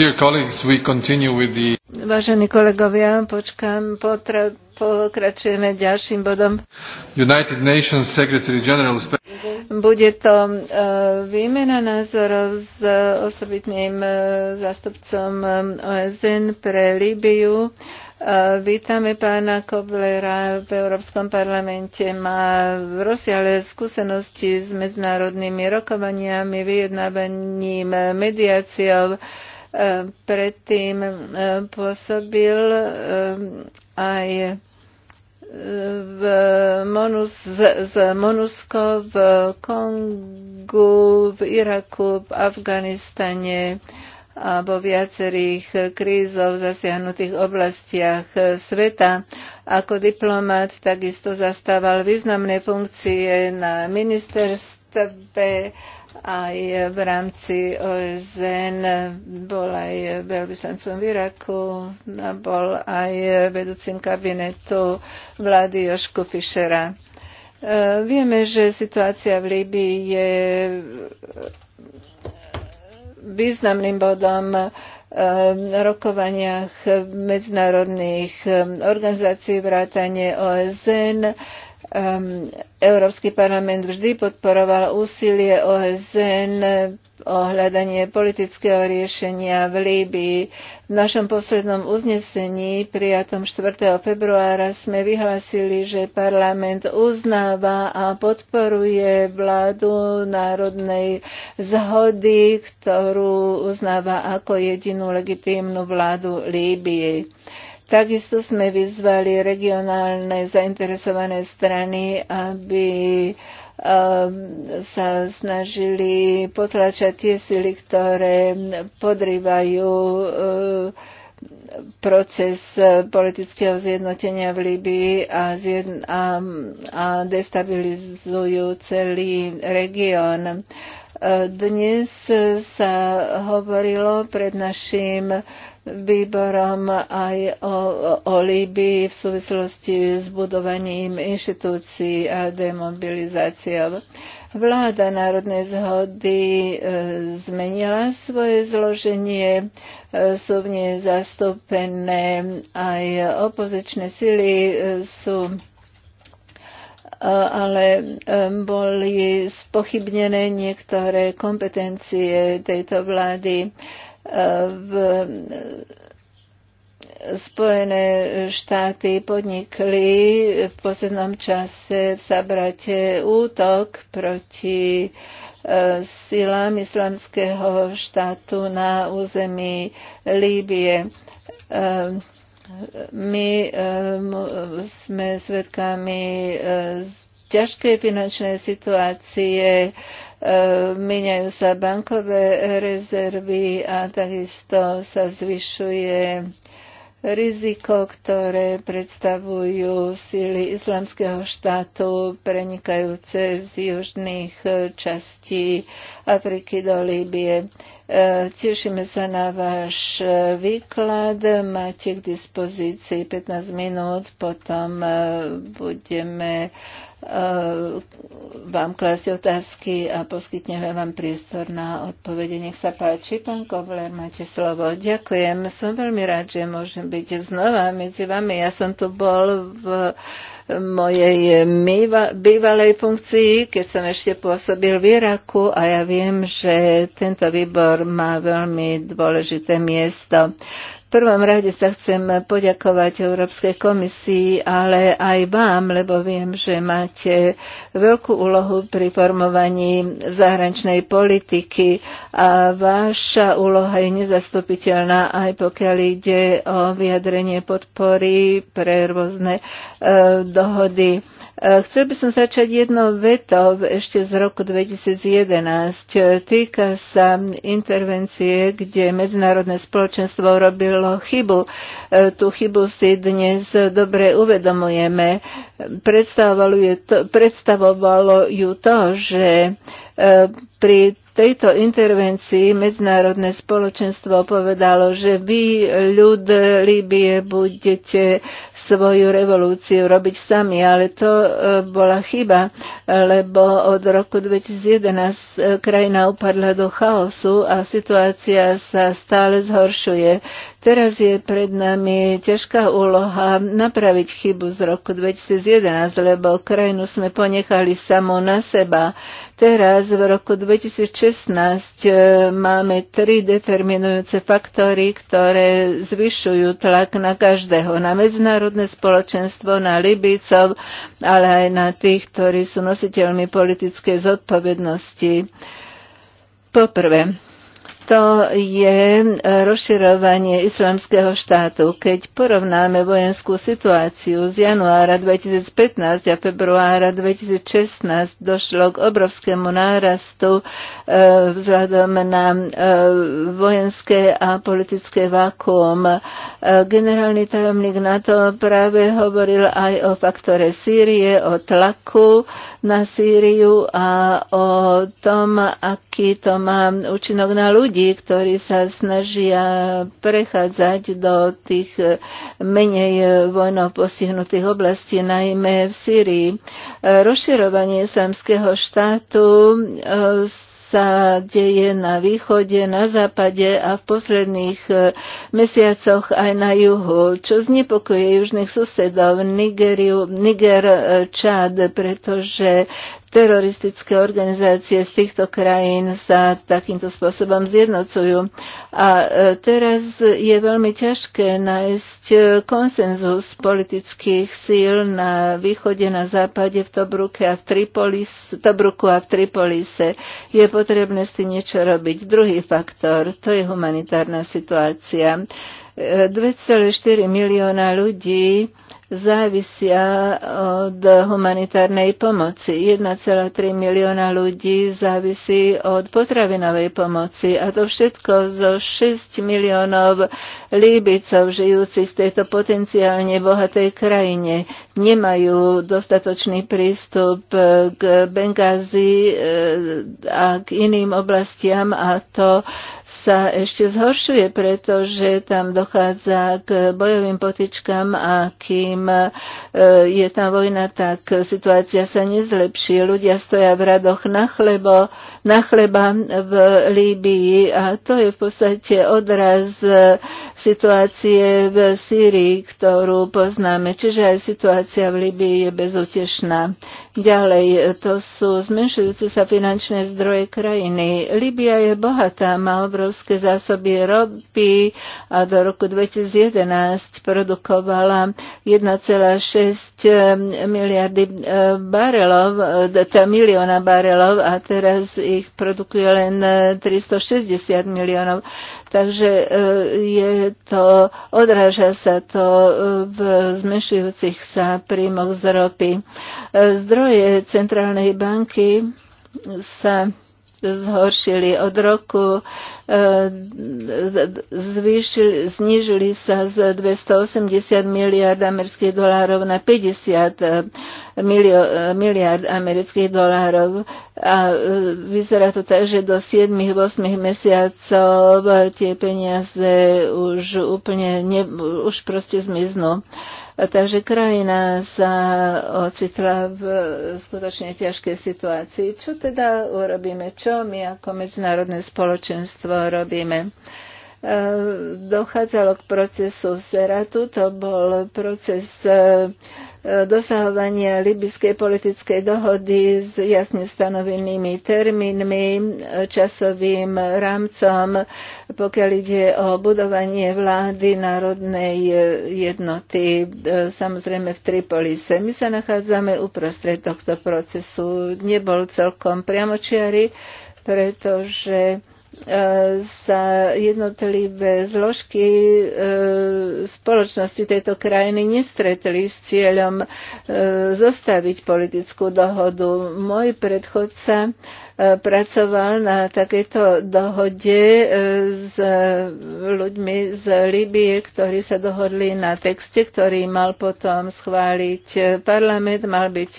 Dear colleagues, we continue with The... Vážení kolegovia, počkám, potra, pokračujeme ďalším bodom. United Nations Secretary General Bude to uh, výmena názorov s uh, osobitným uh, zástupcom um, e, OSN pre Líbiu. Uh, Vítame pána Koblera v Európskom parlamente. Má rozsiahle skúsenosti s medzinárodnými rokovaniami, vyjednávaním, mediáciou Predtým e, pôsobil e, aj e, v Monus, z Monusko v Kongu, v Iraku, v Afganistane a vo viacerých krízov zasiahnutých oblastiach sveta. Ako diplomat takisto zastával významné funkcie na ministerstve aj v rámci OSN bol aj veľvyslancom v Iraku a bol aj vedúcim kabinetu vlády Jošku Fischera. E, vieme, že situácia v Líbii je významným bodom e, rokovaniach medzinárodných e, organizácií vrátane OSN Ehm, Európsky parlament vždy podporoval úsilie OSN o hľadanie politického riešenia v Líbii. V našom poslednom uznesení prijatom 4. februára sme vyhlasili, že parlament uznáva a podporuje vládu národnej zhody, ktorú uznáva ako jedinú legitímnu vládu Líbii. Takisto sme vyzvali regionálne zainteresované strany, aby um, sa snažili potlačať tie sily, ktoré podrývajú uh, proces politického zjednotenia v Líbii a, zjedn- a, a destabilizujú celý región. Uh, dnes sa hovorilo pred našim výborom aj o, o Líbii v súvislosti s budovaním inštitúcií a demobilizáciou. Vláda národnej zhody e, zmenila svoje zloženie, e, sú v nej zastúpené aj opozičné sily, e, sú ale boli spochybnené niektoré kompetencie tejto vlády v Spojené štáty podnikli v poslednom čase v Sabrate útok proti e, silám islamského štátu na území Líbie my eh, sme svedkami eh, ťažkej finančnej situácie, eh, miňajú sa bankové rezervy a takisto sa zvyšuje riziko, ktoré predstavujú síly islamského štátu prenikajúce z južných eh, častí Afriky do Líbie. Eh, tešíme sa na váš eh, výklad. Máte k dispozícii 15 minút, potom budeme Ehm, vám klásť otázky a poskytneme vám priestor na odpovede. Nech sa páči, pán Kovler, máte slovo. Ďakujem, som veľmi rád, že môžem byť znova medzi vami. Ja som tu bol v mojej bývalej funkcii, keď som ešte pôsobil v Iraku a ja viem, že tento výbor má veľmi dôležité miesto prvom rade sa chcem poďakovať Európskej komisii, ale aj vám, lebo viem, že máte veľkú úlohu pri formovaní zahraničnej politiky a vaša úloha je nezastupiteľná, aj pokiaľ ide o vyjadrenie podpory pre rôzne e, dohody Eh, chcel by som začať jednou vetou ešte z roku 2011. Eh, týka sa intervencie, kde medzinárodné spoločenstvo robilo chybu. Eh, tú chybu si dnes dobre uvedomujeme. Predstavovalo ju to, predstavovalo ju to že E, pri tejto intervencii medzinárodné spoločenstvo povedalo, že vy, ľud Líbie, budete svoju revolúciu robiť sami, ale to e, bola chyba, lebo od roku 2011 krajina upadla do chaosu a situácia sa stále zhoršuje. Teraz je pred nami ťažká úloha napraviť chybu z roku 2011, lebo krajinu sme ponechali samo na seba. Teraz v roku 2016 e, máme tri determinujúce faktory, ktoré zvyšujú tlak na každého, na medzinárodné spoločenstvo, na Libícov, ale aj na tých, ktorí sú nositeľmi politickej zodpovednosti. Poprvé, to je e, rozširovanie islamského štátu. Keď porovnáme vojenskú situáciu z januára 2015 a februára 2016, došlo k obrovskému nárastu e, vzhľadom na e, vojenské a politické vákuum. Generálny tajomník NATO práve hovoril aj o faktore Sýrie, o tlaku, na Sýriu a o tom, aký to má účinok na ľudí, ktorí sa snažia prechádzať do tých menej vojnov postihnutých oblastí, najmä v Sýrii. Rozširovanie islamského štátu e, sa deje na východe, na západe a v posledných e, mesiacoch aj na juhu, čo znepokoje južných susedov Nigeriu, Niger, e, Čad, pretože teroristické organizácie z týchto krajín sa takýmto spôsobom zjednocujú. A e, teraz je veľmi ťažké nájsť e, konsenzus politických síl na východe, na západe, v Tobruke a v Tripolis, Tobruku a v Tripolise. Je potrebné s tým niečo robiť. Druhý faktor, to je humanitárna situácia. 2,4 e, milióna ľudí závisia od humanitárnej pomoci. 1,3 milióna ľudí závisí od potravinovej pomoci a to všetko zo 6 miliónov Líbicov žijúcich v tejto potenciálne bohatej krajine. Nemajú dostatočný prístup k Bengázi eh, a k iným oblastiam a to sa ešte zhoršuje, pretože tam dochádza k bojovým potičkám a kým eh, je tam vojna, tak situácia sa nezlepší. Ľudia stoja v radoch na chlebo, na chleba v Líbii. A to je v podstate odraz situácie v Sýrii, ktorú poznáme. Čiže aj situácia v Líbii je bezutešná. Ďalej, to sú zmenšujúce sa finančné zdroje krajiny. Libia je bohatá, má obrovské zásoby ropy a do roku 2011 produkovala 1,6 eh, miliardy eh, barelov, eh, teda milióna barelov a teraz ich produkuje len 360 miliónov. Takže e, je to, odráža sa to e, v zmenšujúcich sa príjmoch z ropy. E, zdroje centrálnej banky sa zhoršili od roku zvýšili, znižili sa z 280 miliard amerických dolárov na 50 eh, milio, eh, miliard amerických dolárov a eh, vyzerá to tak, že do 7-8 mesiacov tie peniaze už úplne ne, už proste zmiznú. Uh, Takže krajina sa ocitla v skutočne ťažkej situácii. Čo teda urobíme? Čo my ako medzinárodné spoločenstvo robíme? E, Dochádzalo k procesu v Seratu, to bol proces e, dosahovania libyskej politickej dohody s jasne stanovenými termínmi, časovým rámcom, pokiaľ ide o budovanie vlády národnej jednoty, e, samozrejme v Tripolise. My sa nachádzame uprostred tohto procesu. Nebol celkom priamočiary, pretože sa e, jednotlivé zložky e, spoločnosti tejto krajiny nestretli s cieľom e, zostaviť politickú dohodu. Môj predchodca pracoval na takejto dohode s ľuďmi z Libie, ktorí sa dohodli na texte, ktorý mal potom schváliť parlament, mal byť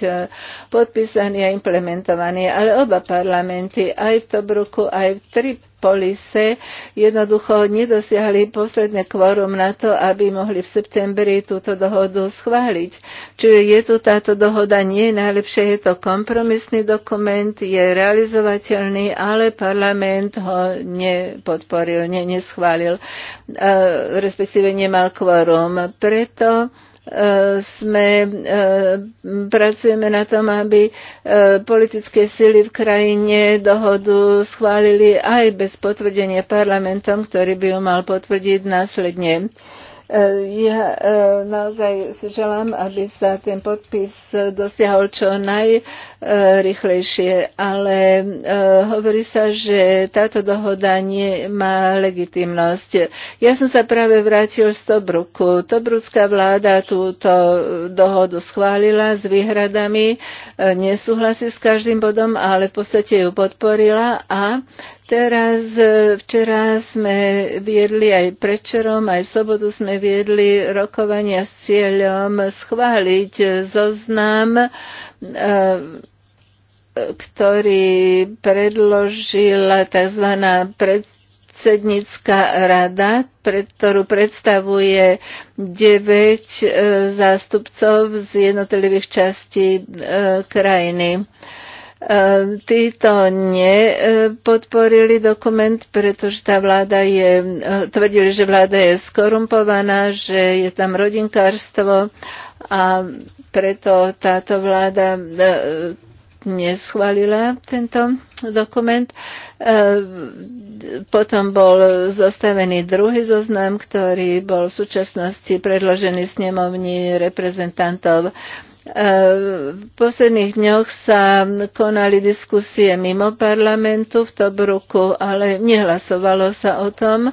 podpísaný a implementovaný. Ale oba parlamenty, aj v Tobruku, aj v Trip, polise jednoducho nedosiahli posledné kvorum na to, aby mohli v septembri túto dohodu schváliť. Čiže je tu táto dohoda nie najlepšie, je to kompromisný dokument, je realizovateľný, ale parlament ho nepodporil, ne, neschválil, e, respektíve nemal kvorum. Preto Eh, sme, eh, pracujeme na tom, aby eh, politické sily v krajine dohodu schválili aj bez potvrdenia parlamentom, ktorý by ju mal potvrdiť následne. Ja naozaj si želám, aby sa ten podpis dosiahol čo naj E, rýchlejšie, ale e, hovorí sa, že táto dohoda nemá legitimnosť. Ja som sa práve vrátil z Tobruku. Tobrucká vláda túto dohodu schválila s výhradami, e, nesúhlasí s každým bodom, ale v podstate ju podporila a Teraz včera sme viedli aj predčerom, aj v sobotu sme viedli rokovania s cieľom schváliť zoznam ktorý predložila tzv. predsednická rada, pred ktorú predstavuje 9 e, zástupcov z jednotlivých častí e, krajiny. E, títo nepodporili dokument, pretože tá vláda je, tvrdili, že vláda je skorumpovaná, že je tam rodinkárstvo a preto táto vláda neschválila tento dokument. E, potom bol zostavený druhý zoznam, ktorý bol v súčasnosti predložený snemovni reprezentantov E, v posledných dňoch sa konali diskusie mimo parlamentu v Tobruku, ale nehlasovalo sa o tom,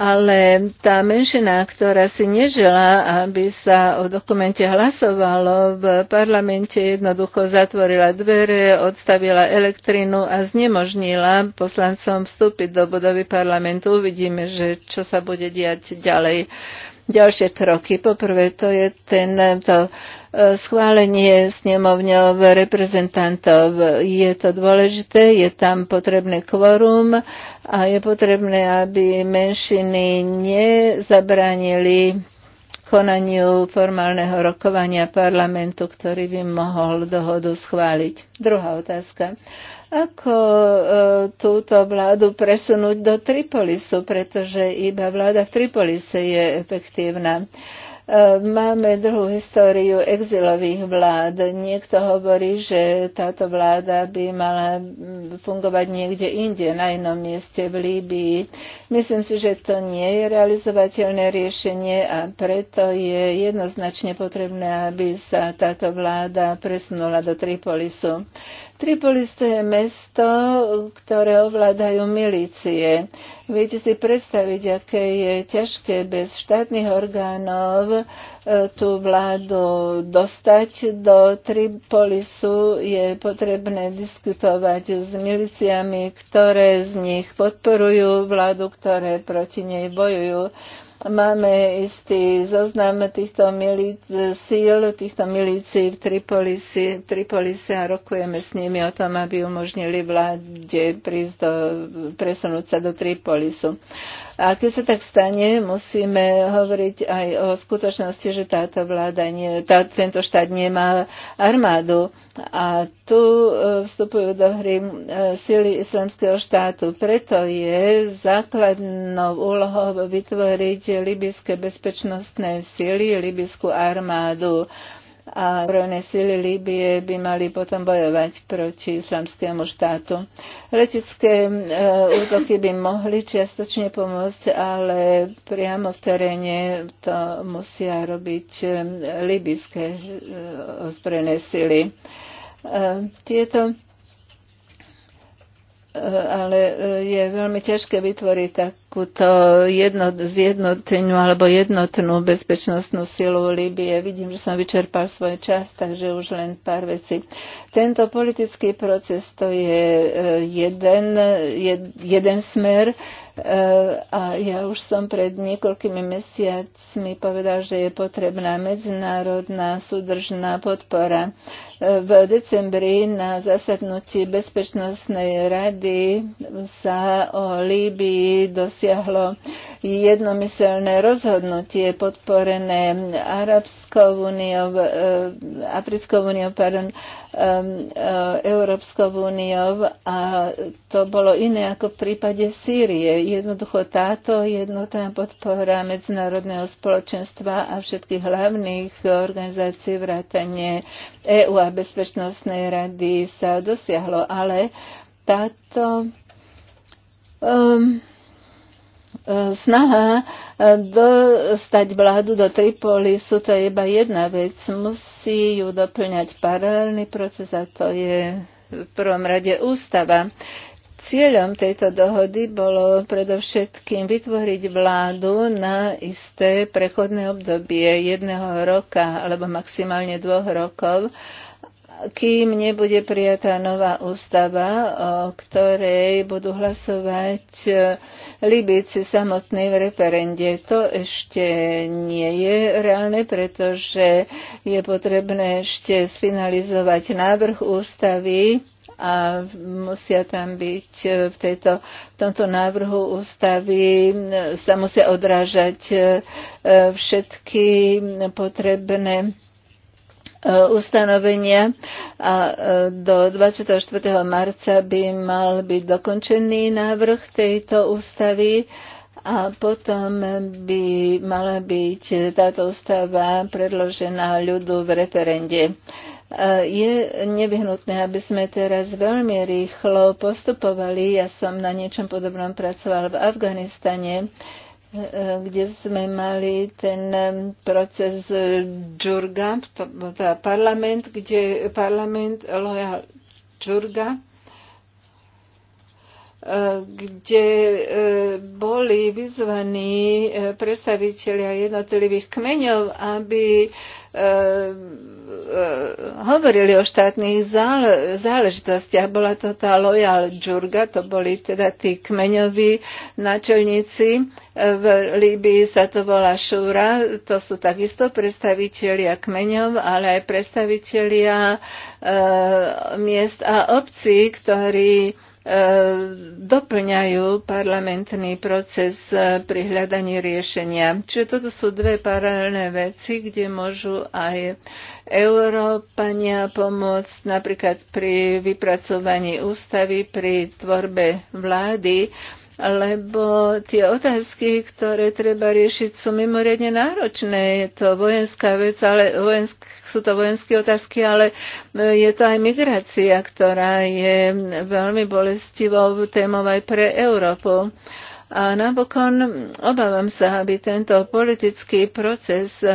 ale tá menšina, ktorá si nežela, aby sa o dokumente hlasovalo, v parlamente jednoducho zatvorila dvere, odstavila elektrinu a znemožnila poslancom vstúpiť do budovy parlamentu. Uvidíme, že čo sa bude diať ďalej. Ďalšie kroky. Poprvé to je ten, to, schválenie snemovňov reprezentantov. Je to dôležité, je tam potrebné kvorum a je potrebné, aby menšiny nezabránili konaniu formálneho rokovania parlamentu, ktorý by mohol dohodu schváliť. Druhá otázka. Ako e, túto vládu presunúť do Tripolisu, pretože iba vláda v Tripolise je efektívna. E, Máme druhú históriu exilových vlád. Niekto hovorí, že táto vláda by mala fungovať niekde inde, na inom mieste v Líbii. Myslím si, že to nie je realizovateľné riešenie a preto je jednoznačne potrebné, aby sa táto vláda presunula do Tripolisu. Tripolis to je mesto, ktoré ovládajú milície. Viete si predstaviť, aké je ťažké bez štátnych orgánov e, tú vládu dostať do Tripolisu. Je potrebné diskutovať s miliciami, ktoré z nich podporujú vládu, ktoré proti nej bojujú. Máme istý zoznam týchto milí- síl, týchto milícií v Tripolisi, Tripolise a rokujeme s nimi o tom, aby umožnili vláde prísť do, presunúť sa do Tripolisu. Uh, a keď sa tak stane, musíme hovoriť aj o skutočnosti, že táto vláda, nie, tá, tento štát nemá armádu. A tu e, vstupujú do hry e, sily islamského štátu. Preto je základnou úlohou vytvoriť libyské bezpečnostné sily, libyskú armádu a zbrojné sily Líbie by mali potom bojovať proti islamskému štátu. Letecké e, útoky by mohli čiastočne pomôcť, ale priamo v teréne to musia robiť e, líbyské e, ozbrojené sily. E, tieto ale e, je veľmi ťažké vytvoriť takúto jednot, zjednotenú alebo jednotnú bezpečnostnú silu Líbie. Vidím, že som vyčerpal svoj čas, takže už len pár vecí. Tento politický proces to je e, jeden, jed, jeden smer e, a ja už som pred niekoľkými mesiacmi povedal, že je potrebná medzinárodná súdržná podpora. V decembri na zasadnutí Bezpečnostnej rady sa o Líbii dosiahlo jednomyselné rozhodnutie podporené Arabskou úniou, e, Africkou úniou, pardon, e, e, Európskou úniou a to bolo iné ako v prípade Sýrie. Jednoducho táto jednotná podpora medzinárodného spoločenstva a všetkých hlavných organizácií vrátane EU a Bezpečnostnej rady sa dosiahlo, ale táto um, e, snaha e, dostať vládu do Tripolisu, to je iba jedna vec. Musí ju doplňať paralelný proces a to je v prvom rade ústava. Cieľom tejto dohody bolo predovšetkým vytvoriť vládu na isté prechodné obdobie jedného roka alebo maximálne dvoch rokov, kým nebude prijatá nová ústava, o ktorej budú hlasovať e, Libíci samotní v referende. To ešte nie je reálne, pretože je potrebné ešte sfinalizovať návrh ústavy a musia tam byť e, v, tejto, v tomto návrhu ústavy, e, sa musia odrážať e, všetky potrebné ustanovenia a do 24. marca by mal byť dokončený návrh tejto ústavy a potom by mala byť táto ústava predložená ľudu v referende. E, je nevyhnutné, aby sme teraz veľmi rýchlo postupovali. Ja som na niečom podobnom pracoval v Afganistane e, kde sme mali ten e, proces Džurga, parlament, kde parlament Loyal Džurga, kde boli vyzvaní predstavitelia jednotlivých kmeňov, aby E, e, hovorili o štátnych záležitostiach. Bola to tá Loyal Džurga, to boli teda tí kmeňoví načelníci. E, v Líbii sa to volá Šúra, to sú takisto predstavitelia kmeňov, ale aj predstavitelia e, miest a obcí, ktorí E, doplňajú parlamentný proces e, pri hľadaní riešenia. Čiže toto sú dve paralelné veci, kde môžu aj Európania pomôcť napríklad pri vypracovaní ústavy, pri tvorbe vlády lebo tie otázky, ktoré treba riešiť, sú mimoriadne náročné. Je to vojenská vec, ale vojensk, sú to vojenské otázky, ale e, je to aj migrácia, ktorá je veľmi bolestivou témou aj pre Európu. A napokon obávam sa, aby tento politický proces e,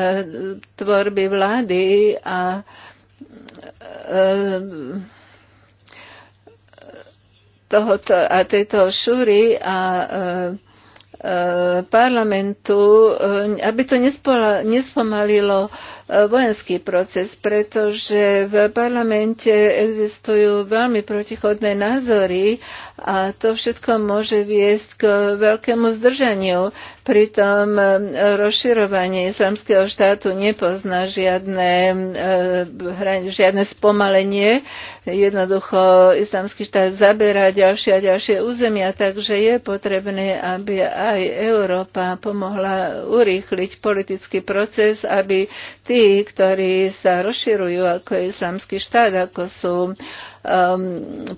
tvorby vlády a e, tohoto a tejto šúry a e, e, parlamentu, e, aby to nespomalilo E, vojenský proces, pretože v parlamente existujú veľmi protichodné názory a to všetko môže viesť k veľkému zdržaniu. Pritom e, rozširovanie islamského štátu nepozná žiadne, e, žiadne spomalenie. Jednoducho islamský štát zaberá ďalšie a ďalšie územia, takže je potrebné, aby aj Európa pomohla urýchliť politický proces, aby tí tí, ktorí sa rozširujú ako je islamský štát, ako sú um,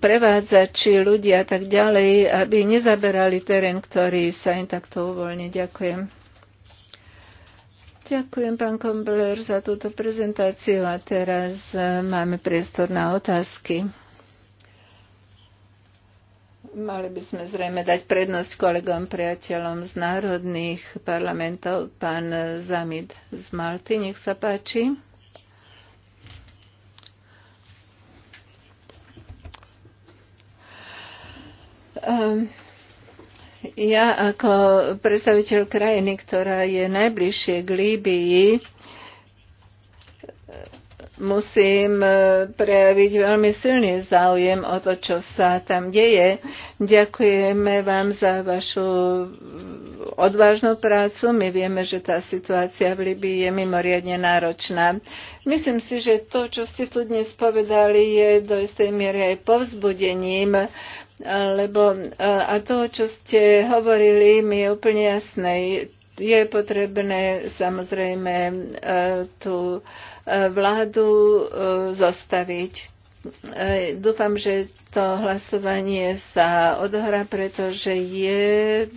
prevádzači ľudia a tak ďalej, aby nezaberali terén, ktorý sa im takto uvoľní. Ďakujem. Ďakujem, pán Kombler, za túto prezentáciu a teraz eh, máme priestor na otázky. Mali by sme zrejme dať prednosť kolegom, priateľom z národných parlamentov. Pán Zamid z Malty, nech sa páči. Um, ja ako predstaviteľ krajiny, ktorá je najbližšie k Líbii, musím e, prejaviť veľmi silný záujem o to, čo sa tam deje. Ďakujeme vám za vašu odvážnu prácu. My vieme, že tá situácia v Libii je mimoriadne náročná. Myslím si, že to, čo ste tu dnes povedali, je do istej miery aj povzbudením, lebo e, a to, čo ste hovorili, mi je úplne jasné. Je potrebné samozrejme e, tu vládu e, zostaviť. E, dúfam, že to hlasovanie sa odohrá, pretože je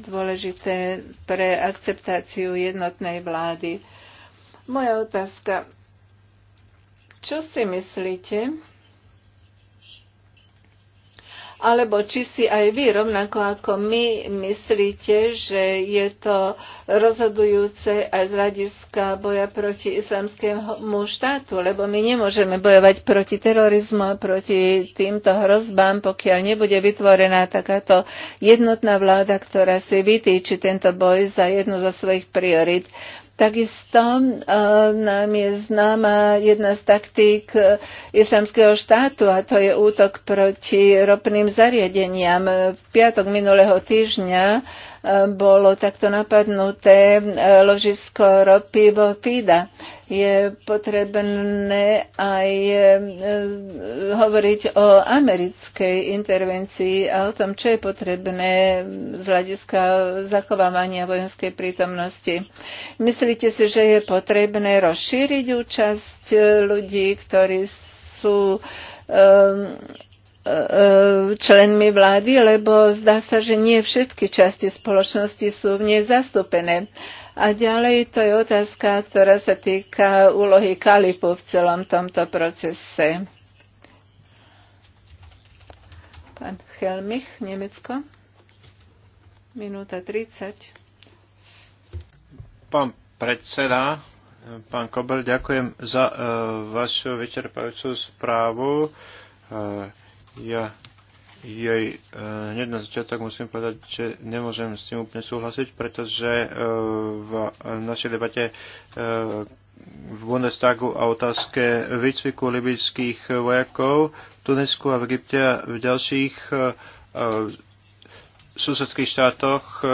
dôležité pre akceptáciu jednotnej vlády. Moja otázka. Čo si myslíte? alebo či si aj vy, rovnako ako my, myslíte, že je to rozhodujúce aj z hľadiska boja proti islamskému štátu, lebo my nemôžeme bojovať proti terorizmu proti týmto hrozbám, pokiaľ nebude vytvorená takáto jednotná vláda, ktorá si vytýči tento boj za jednu zo svojich priorit. Takisto e, nám je známa jedna z taktík e, islamského štátu a to je útok proti ropným zariadeniam. V piatok minulého týždňa bolo takto napadnuté e, ložisko ropy vo Fida. Je potrebné aj e, e, hovoriť o americkej intervencii a o tom, čo je potrebné z hľadiska zachovávania vojenskej prítomnosti. Myslíte si, že je potrebné rozšíriť účasť ľudí, ktorí sú um, E, členmi vlády, lebo zdá sa, že nie všetky časti spoločnosti sú v nej zastúpené. A ďalej to je otázka, ktorá sa týka úlohy kalipu v celom tomto procese. Pán Helmich, Nemecko. Minúta 30. Pán predseda, pán Kobel, ďakujem za uh, vašu vyčerpajúcu správu. Uh, ja jej e, hneď na začiatok musím povedať, že nemôžem s tým úplne súhlasiť, pretože e, v našej debate e, v Bundestagu a otázke výcviku libyjských vojakov v Tunisku a v Egypte a v ďalších susedských štátoch. E, e,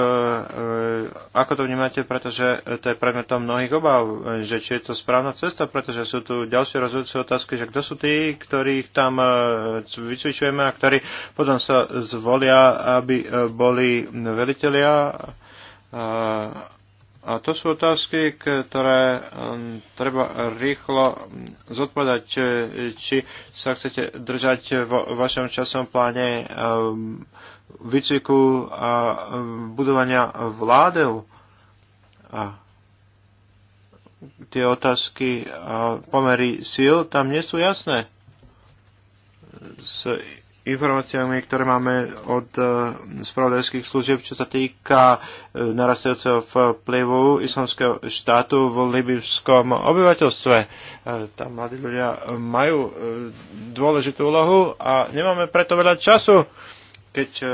ako to vnímate, pretože to je predmetom mnohých obav, že či je to správna cesta, pretože sú tu ďalšie rozhodujúce otázky, že kto sú tí, ktorých tam e, vycvičujeme a ktorí potom sa zvolia, aby boli velitelia. A to sú otázky, ktoré treba rýchlo zodpovedať, či sa chcete držať vo vašom časom pláne výcviku a e, budovania vládev. A tie otázky a pomery síl tam nie sú jasné. S informáciami, ktoré máme od e, spravodajských služieb, čo sa týka e, narastajúceho vplyvu islamského štátu v libyskom obyvateľstve. Tam mladí ľudia majú dôležitú úlohu a nemáme preto veľa času keď e,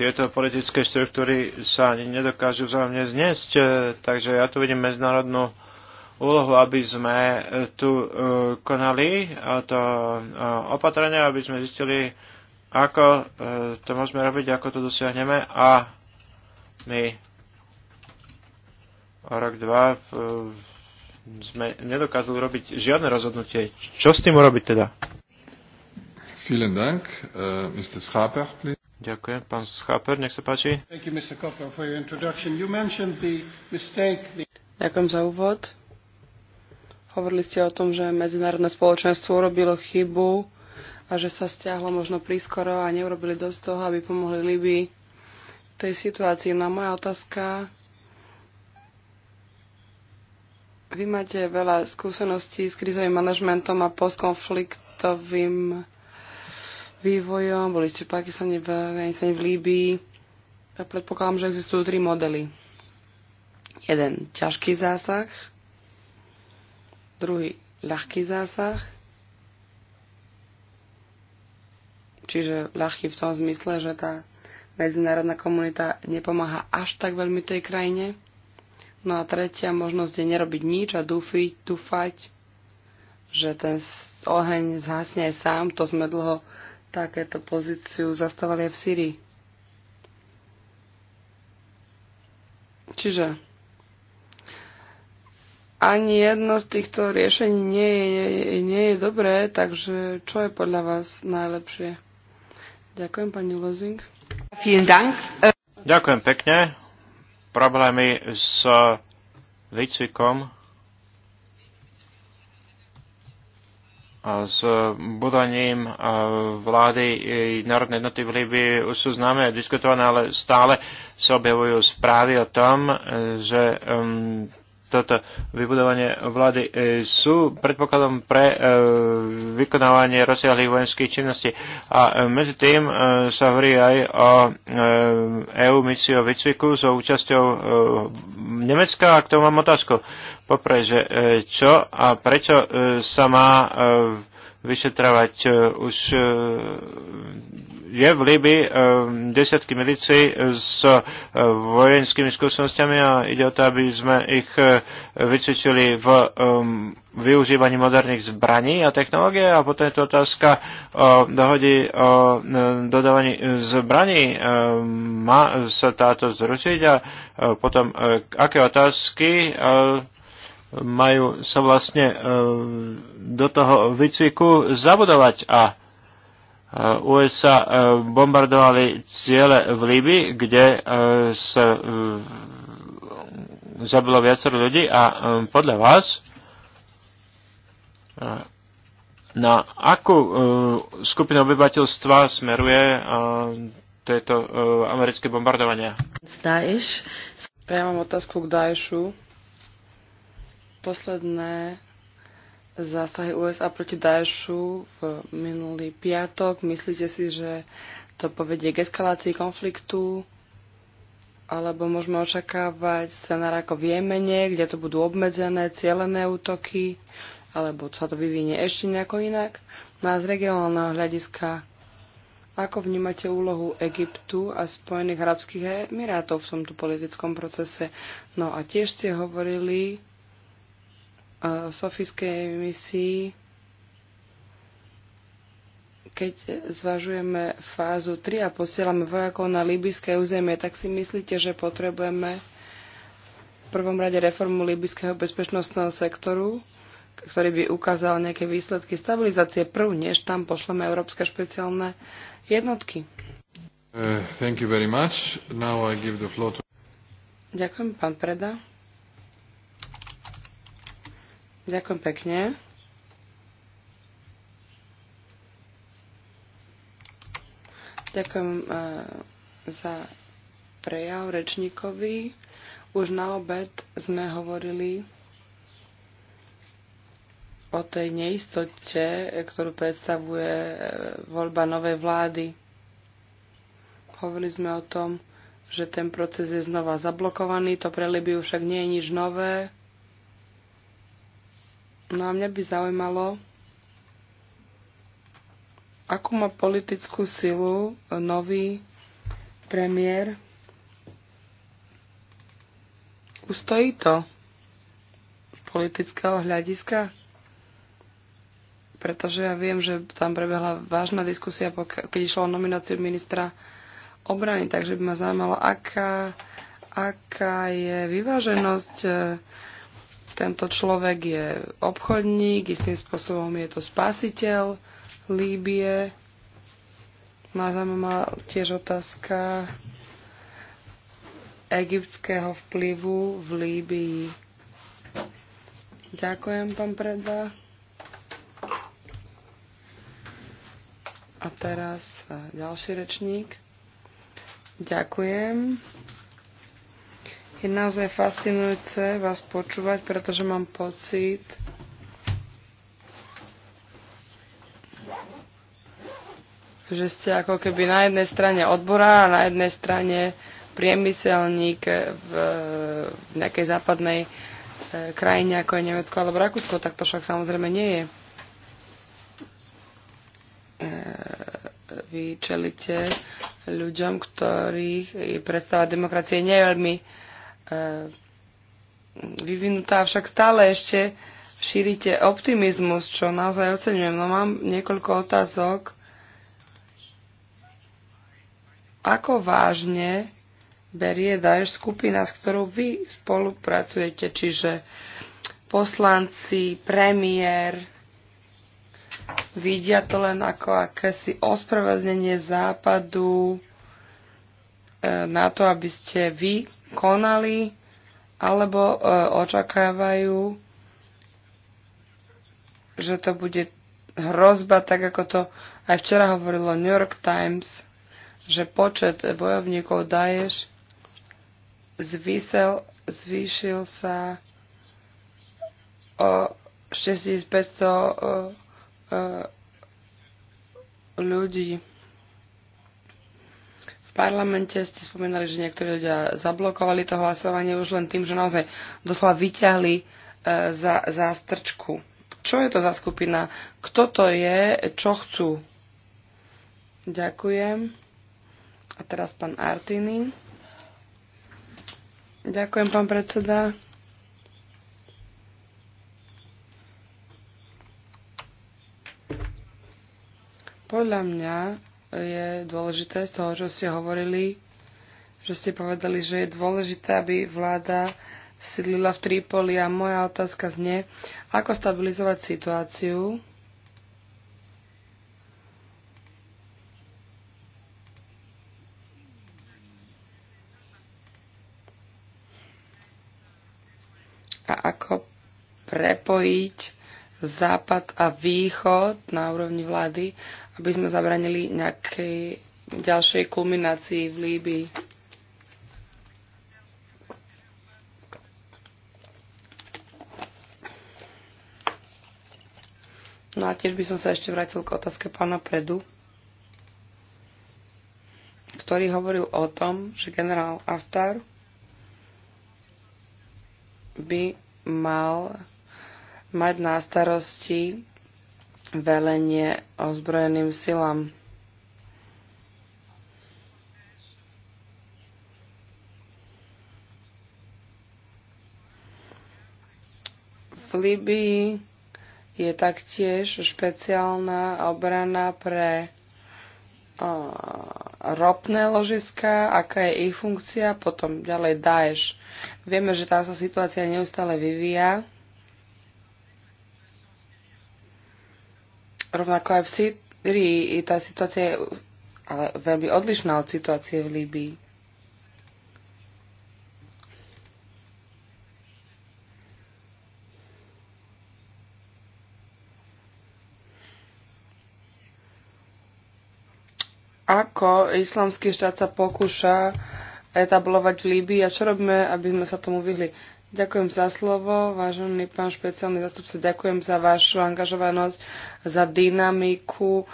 tieto politické štruktúry sa nedokážu vzájomne zniesť. E, takže ja tu vidím medzinárodnú úlohu, aby sme e, tu konali to opatrenie, aby sme zistili, ako to môžeme robiť, ako to dosiahneme a my rok, dva sme nedokázali robiť žiadne rozhodnutie. Čo s tým urobiť teda? Vielen Dank. Uh, äh, Mr. Schaper, please. Ďakujem. Pán Schaper, nech sa páči. Ďakujem za úvod. Hovorili ste o tom, že medzinárodné spoločenstvo urobilo chybu a že sa stiahlo možno prískoro a neurobili dosť toho, aby pomohli Libii tej situácii. Na no moja otázka, vy máte veľa skúseností s krizovým manažmentom a postkonfliktovým vývojom, boli ste v Pakistane, v Afganistane, v Líbii. A predpokladám, že existujú tri modely. Jeden ťažký zásah, druhý ľahký zásah, čiže ľahký v tom zmysle, že tá medzinárodná komunita nepomáha až tak veľmi tej krajine. No a tretia možnosť je nerobiť nič a dúfiť, dúfať, že ten oheň zhasne aj sám. To sme dlho takéto pozíciu zastávali aj v Syrii. Čiže ani jedno z týchto riešení nie je, nie je dobré, takže čo je podľa vás najlepšie? Ďakujem, pani Lozing. Ďakujem pekne. Problémy s výcvikom s budaním vlády i národnej jednoty v Líbii už sú známe a diskutované, ale stále sa objavujú správy o tom, e, že toto vybudovanie vlády e, sú predpokladom pre e, vykonávanie rozsiahlých vojenských činností. A e, medzi tým sa hovorí aj o EU misiu výcviku so účasťou Nemecka a k tomu mám otázku. Popre, že čo a prečo sa má v vyšetrovať. E, už e, je v Líbii e, desiatky milícií s vojenskými skúsenostiami a ide o to, aby sme ich vycvičili v využívaní moderných zbraní a technológie a potom je to otázka o dohody o dodávaní zbraní. Má sa táto zrušiť a potom aké otázky majú sa vlastne e, do toho výcviku zabudovať a e, USA e, bombardovali ciele v Líbi, kde sa zabilo viacero ľudí a podľa vás na akú skupinu obyvateľstva smeruje tieto americké bombardovania? Ja mám otázku k Daešu posledné zásahy USA proti Daešu v minulý piatok. Myslíte si, že to povedie k eskalácii konfliktu? Alebo môžeme očakávať scenár ako v Jemene, kde to budú obmedzené, cielené útoky? Alebo sa to vyvinie ešte nejako inak? No a z regionálneho hľadiska, ako vnímate úlohu Egyptu a Spojených arabských emirátov v tomto politickom procese? No a tiež ste hovorili sofiskej misii, keď zvažujeme fázu 3 a posielame vojakov na libyské územie, tak si myslíte, že potrebujeme v prvom rade reformu libyského bezpečnostného sektoru, ktorý by ukázal nejaké výsledky stabilizácie prv, než tam pošleme európske špeciálne jednotky. Uh, thank you very much. Now I give the floor to... Ďakujem, pán Preda. Ďakujem pekne. Ďakujem uh, za prejav rečníkovi. Už na obed sme hovorili o tej neistote, ktorú predstavuje e, voľba novej vlády. Hovorili sme o tom, že ten proces je znova zablokovaný, to pre Libiu však nie je nič nové. No a mňa by zaujímalo, akú má politickú silu nový premiér. Ustojí to z politického hľadiska? Pretože ja viem, že tam prebehla vážna diskusia, keď išlo o nomináciu ministra obrany, takže by ma zaujímalo, aká, aká je vyváženosť eh, tento človek je obchodník, istým spôsobom je to spasiteľ Líbie. Má zaujímavá tiež otázka egyptského vplyvu v Líbii. Ďakujem, pán Preda. A teraz eh, ďalší rečník. Ďakujem. Je naozaj fascinujúce vás počúvať, pretože mám pocit, že ste ako keby na jednej strane odborár a na jednej strane priemyselník v, v nejakej západnej e, krajine, ako je Nemecko alebo Rakúsko, tak to však samozrejme nie je. E, vy čelite ľuďom, ktorých predstava demokracie nie je veľmi E, vyvinutá, však stále ešte šírite optimizmus, čo naozaj oceňujem. No mám niekoľko otázok. Ako vážne berie Daesh skupina, s ktorou vy spolupracujete, čiže poslanci, premiér, vidia to len ako akési ospravedlnenie západu, E, na to, aby ste vy konali, alebo e, očakávajú, že to bude hrozba, tak ako to aj včera hovorilo New York Times, že počet bojovníkov Daesh zvysel, zvýšil sa o 6500 e, ľudí parlamente ste spomenali, že niektorí ľudia zablokovali to hlasovanie už len tým, že naozaj doslova vyťahli e, za, za, strčku. Čo je to za skupina? Kto to je? Čo chcú? Ďakujem. A teraz pán Artiny. Ďakujem, pán predseda. Podľa mňa je dôležité z toho, čo ste hovorili, že ste povedali, že je dôležité, aby vláda sídlila v Trípoli a moja otázka znie, ako stabilizovať situáciu, a ako prepojiť západ a východ na úrovni vlády, aby sme zabranili nejakej ďalšej kulminácii v Líbii. No a tiež by som sa ešte vrátil k otázke pána Predu, ktorý hovoril o tom, že generál Aftar by mal mať na starosti velenie ozbrojeným silám. V Libii je taktiež špeciálna obrana pre ropné ložiska, aká je ich funkcia, potom ďalej Daesh. Vieme, že tam sa situácia neustále vyvíja. Rovnako aj v Syrii tá situácia je ale veľmi odlišná od situácie v Líbii. Ako islamský štát sa pokúša etablovať v Líbii a čo robíme, aby sme sa tomu vyhli? Ďakujem za slovo, vážený pán špeciálny zastupca, ďakujem za vašu angažovanosť, za dynamiku e,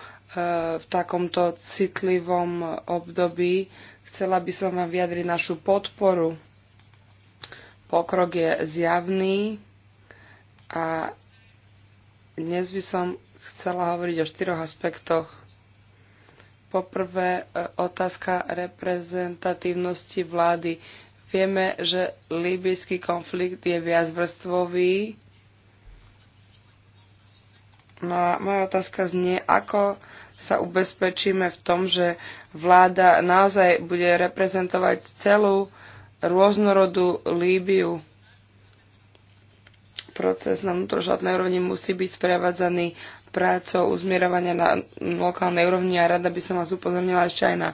v takomto citlivom období. Chcela by som vám vyjadriť našu podporu. Pokrok je zjavný a dnes by som chcela hovoriť o štyroch aspektoch. Poprvé e, otázka reprezentatívnosti vlády. Vieme, že líbyjský konflikt je viacvrstvový. No a moja otázka znie, ako sa ubezpečíme v tom, že vláda naozaj bude reprezentovať celú rôznorodú Líbiu. Proces na vnútroštátnej úrovni musí byť sprevádzaný prácou uzmierovania na lokálnej úrovni a rada by som vás upozornila ešte aj na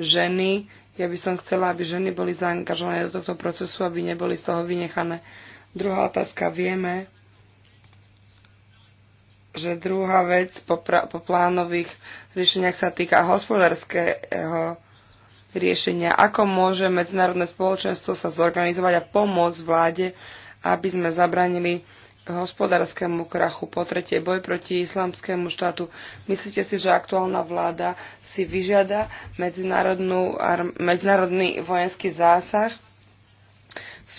ženy, ja by som chcela, aby ženy boli zaangažované do tohto procesu, aby neboli z toho vynechané. Druhá otázka. Vieme, že druhá vec po, po plánových riešeniach sa týka hospodárskeho riešenia. Ako môže medzinárodné spoločenstvo sa zorganizovať a pomôcť vláde, aby sme zabranili hospodárskému krachu, po tretie boj proti islamskému štátu. Myslíte si, že aktuálna vláda si vyžiada medzinárodný vojenský zásah?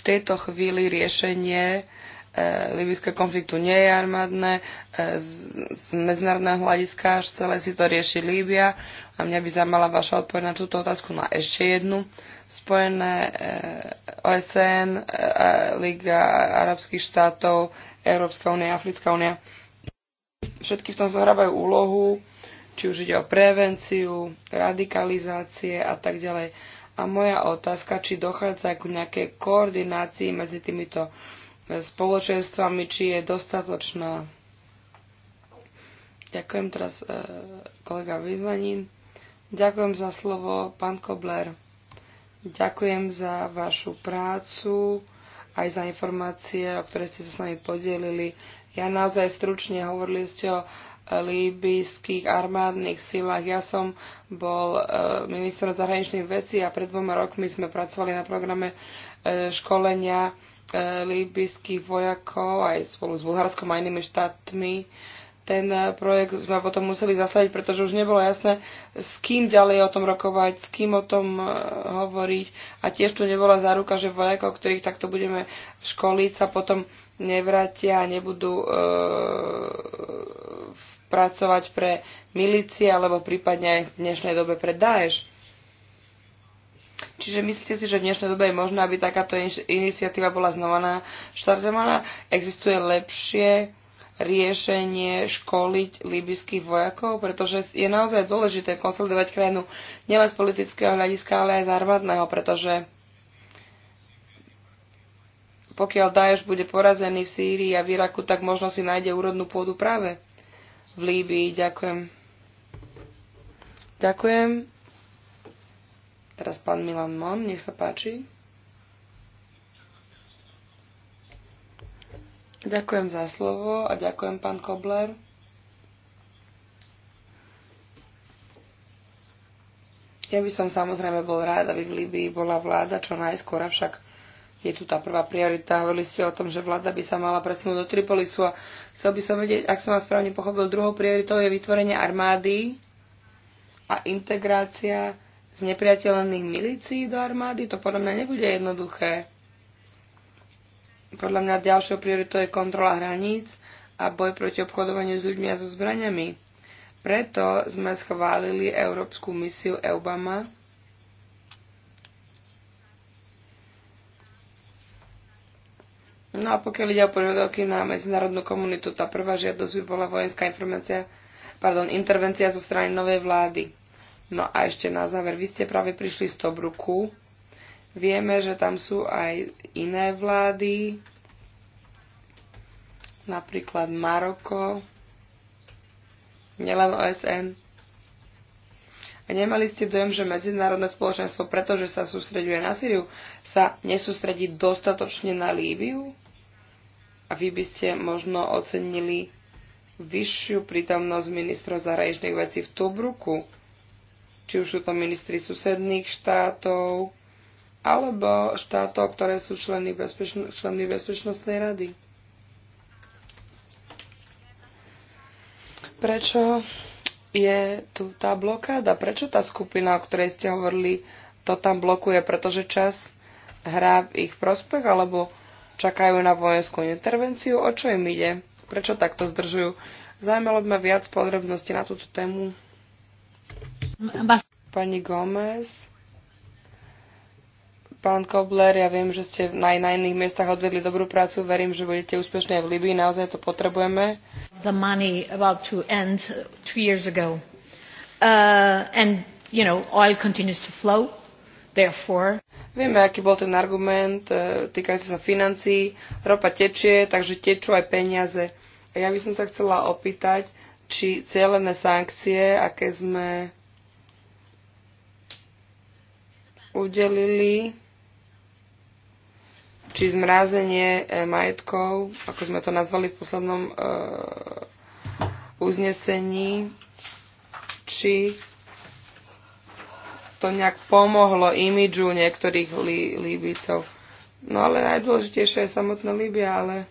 V tejto chvíli riešenie e, libyského konfliktu nie je armádne, e, z, z medzinárodného hľadiska až celé si to rieši Líbia a mňa by zaujímala vaša odpoveď na túto otázku na no ešte jednu. Spojené e, OSN, e, Liga arabských štátov, Európska únia, Africká únia. Všetky v tom zohrávajú úlohu, či už ide o prevenciu, radikalizácie a tak ďalej. A moja otázka, či dochádza k nejakej koordinácii medzi týmito e, spoločenstvami, či je dostatočná. Ďakujem teraz e, kolega Vyzvanín. Ďakujem za slovo, pán Kobler. Ďakujem za vašu prácu, aj za informácie, o ktoré ste sa s nami podielili. Ja naozaj stručne hovorili ste o e, líbyských armádnych silách. Ja som bol e, ministrom zahraničných vecí a pred dvoma rokmi sme pracovali na programe e, školenia líbyských vojakov aj spolu s Bulharskom a inými štátmi ten eh, projekt sme potom museli zastaviť, pretože už nebolo jasné, s kým ďalej o tom rokovať, s kým o tom eh, hovoriť a tiež tu nebola záruka, že vojakov, ktorých takto budeme školiť, sa potom nevrátia a nebudú e, pracovať pre milície alebo prípadne aj v dnešnej dobe pre Daesh. Čiže myslíte si, že v dnešnej dobe je možné, aby takáto iniciatíva bola znovaná štartovaná? Existuje lepšie riešenie školiť libyských vojakov, pretože je naozaj dôležité konsolidovať krajinu nielen z politického hľadiska, ale aj z armádneho, pretože pokiaľ Daesh bude porazený v Sýrii a v Iraku, tak možno si nájde úrodnú pôdu práve v Líbii. Ďakujem. Ďakujem. Teraz pán Milan Mon, nech sa páči. Ďakujem za slovo a ďakujem pán Kobler. Ja by som samozrejme bol rád, aby v Líbii bola vláda čo najskôr, avšak je tu tá prvá priorita. Hovorili ste o tom, že vláda by sa mala presunúť do Tripolisu a chcel by som vedieť, ak som vás správne pochopil, druhou prioritou je vytvorenie armády a integrácia z nepriateľných milícií do armády. To podľa mňa nebude jednoduché. Podľa mňa ďalšou prioritou je kontrola hraníc a boj proti obchodovaniu s ľuďmi a so zbraniami. Preto sme schválili Európsku misiu EUBAMA, No a pokiaľ ide o požiadavky na medzinárodnú komunitu, tá prvá žiadosť by bola vojenská informácia, pardon, intervencia zo strany novej vlády. No a ešte na záver, vy ste práve prišli z Tobruku, Vieme, že tam sú aj iné vlády, napríklad Maroko, nielen OSN. A nemali ste dojem, že medzinárodné spoločenstvo, pretože sa sústreďuje na Syriu, sa nesústredí dostatočne na Líbiu? A vy by ste možno ocenili vyššiu prítomnosť ministrov zahraničných vecí v Tobruku, či už sú to ministri susedných štátov, alebo štátov, ktoré sú členy bezpečno- členy Bezpečnostnej rady. Prečo je tu tá blokáda? Prečo tá skupina, o ktorej ste hovorili, to tam blokuje? Pretože čas hrá v ich prospech, alebo čakajú na vojenskú intervenciu? O čo im ide? Prečo takto zdržujú? Zajímalo by ma viac podrobností na túto tému. Pani Gomez. Pán Kobler, ja viem, že ste aj na iných miestach odvedli dobrú prácu. Verím, že budete úspešní aj v Libii. Naozaj to potrebujeme. The money about to end two years ago. Uh, and, you know, oil continues to flow. Therefore... Vieme, aký bol ten argument e, týkajúci sa financií. Ropa tečie, takže tečú aj peniaze. A ja by som sa chcela opýtať, či cieľené sankcie, aké sme udelili, či zmrázenie e, majetkov, ako sme to nazvali v poslednom e, uznesení, či to nejak pomohlo imidžu niektorých Lí- Líbicov. No ale najdôležitejšia je samotná Líbia, ale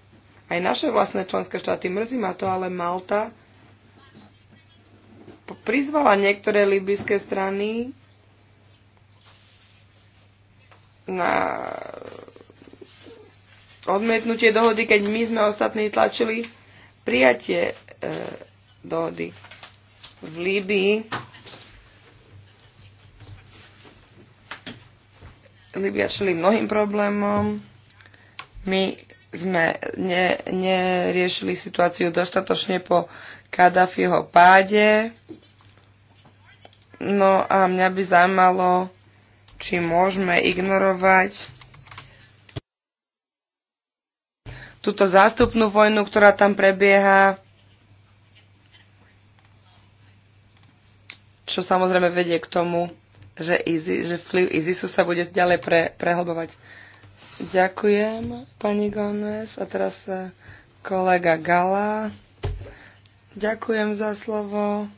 aj naše vlastné členské štáty, mrzí ma to, ale Malta prizvala niektoré libyské strany na odmietnutie dohody, keď my sme ostatní tlačili prijatie e, dohody v Líbii. Líbia čili mnohým problémom. My sme ne, neriešili situáciu dostatočne po Kadafiho páde. No a mňa by zaujímalo, či môžeme ignorovať túto zástupnú vojnu, ktorá tam prebieha, čo samozrejme vedie k tomu, že, Izi, že vplyv ISISu sa bude ďalej pre, prehlbovať. Ďakujem, pani Gomez. A teraz e, kolega Gala. Ďakujem za slovo.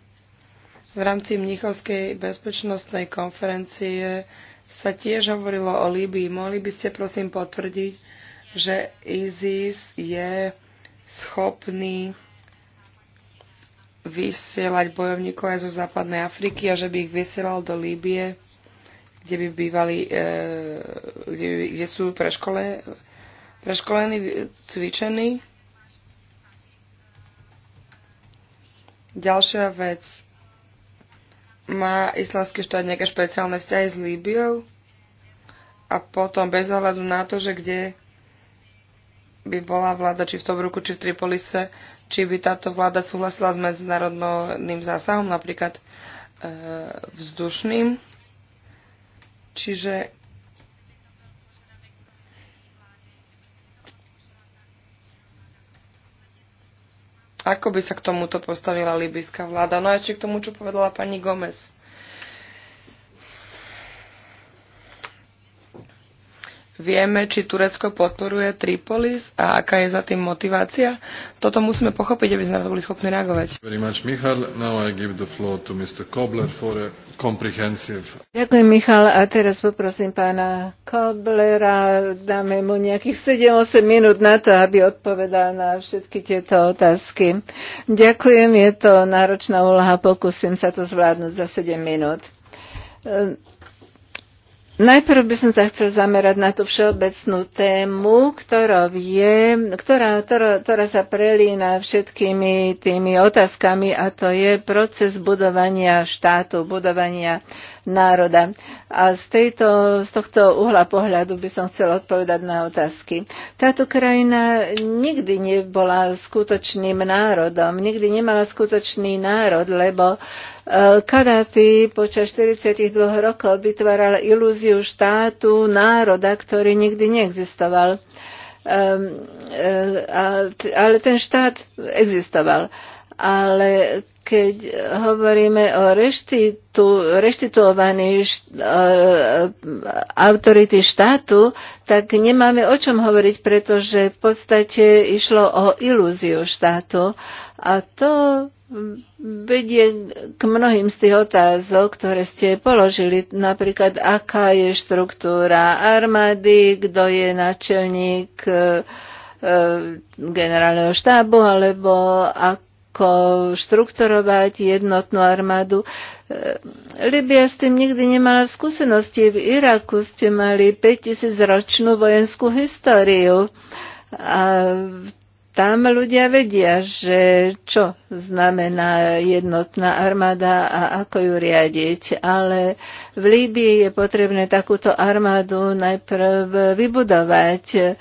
V rámci Mnichovskej bezpečnostnej konferencie sa tiež hovorilo o Líbii. Mohli by ste prosím potvrdiť, že ISIS je schopný vysielať bojovníkov aj zo západnej Afriky a že by ich vysielal do Líbie, kde by bývali, e, kde, by, kde sú preškole, preškolení, cvičení. Ďalšia vec. Má islamský štát nejaké špeciálne vzťahy s Líbiou? A potom, bez ohľadu na to, že kde by bola vláda, či v Tobruku, či v Tripolise, či by táto vláda súhlasila s medzinárodným zásahom, napríklad e, vzdušným. Čiže ako by sa k tomuto postavila libyská vláda. No a ešte k tomu, čo povedala pani Gomez. Vieme, či Turecko podporuje Tripolis a aká je za tým motivácia? Toto musíme pochopiť, aby sme na to boli schopní reagovať. Ďakujem, Michal. A teraz poprosím pána Koblera. Dáme mu nejakých 7-8 minút na to, aby odpovedal na všetky tieto otázky. Ďakujem, je to náročná úloha. Pokúsim sa to zvládnuť za 7 minút. Najprv by som sa chcel zamerať na tú všeobecnú tému, ktorá, je, ktorá, ktorá, ktorá sa prelína všetkými tými otázkami a to je proces budovania štátu, budovania národa. A z, tejto, z tohto uhla pohľadu by som chcel odpovedať na otázky. Táto krajina nikdy nebola skutočným národom, nikdy nemala skutočný národ, lebo Eh, Kadáfi počas 42 rokov vytváral ilúziu štátu, národa, ktorý nikdy neexistoval. Ehm, eh, ale ten štát existoval ale keď hovoríme o reštitu, reštituovaní št, e, e, autority štátu, tak nemáme o čom hovoriť, pretože v podstate išlo o ilúziu štátu a to vedie k mnohým z tých otázok, ktoré ste položili, napríklad aká je štruktúra armády, kto je načelník e, e, generálneho štábu, alebo ak ako štrukturovať jednotnú armádu. E, Libia s tým nikdy nemala skúsenosti. V Iraku ste mali 5000 ročnú vojenskú históriu. A tam ľudia vedia, že čo znamená jednotná armáda a ako ju riadiť. Ale v Líbii je potrebné takúto armádu najprv vybudovať.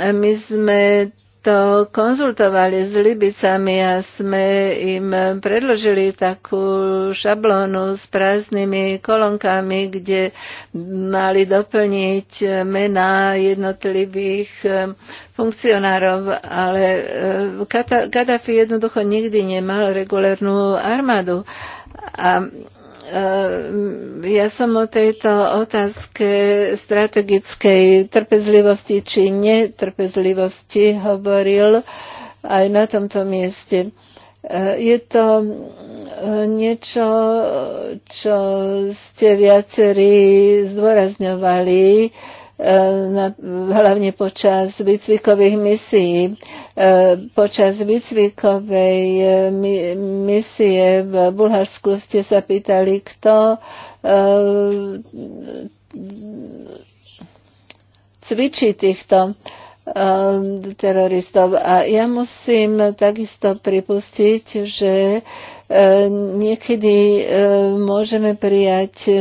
My sme to konzultovali s Libicami a sme im predložili takú šablónu s prázdnymi kolonkami, kde mali doplniť mená jednotlivých eh, funkcionárov, ale eh, Gaddafi jednoducho nikdy nemal regulárnu armádu. A Ehm, ja som o tejto otázke strategickej trpezlivosti či netrpezlivosti hovoril aj na tomto mieste. Ehm, je to ehm, niečo, čo ste viacerí zdôrazňovali, Eh, hlavne počas výcvikových misií. Eh, počas výcvikovej eh, misie v Bulharsku ste sa pýtali, kto cvičí týchto teroristov. A ja musím takisto pripustiť, že Niekedy e, môžeme prijať e,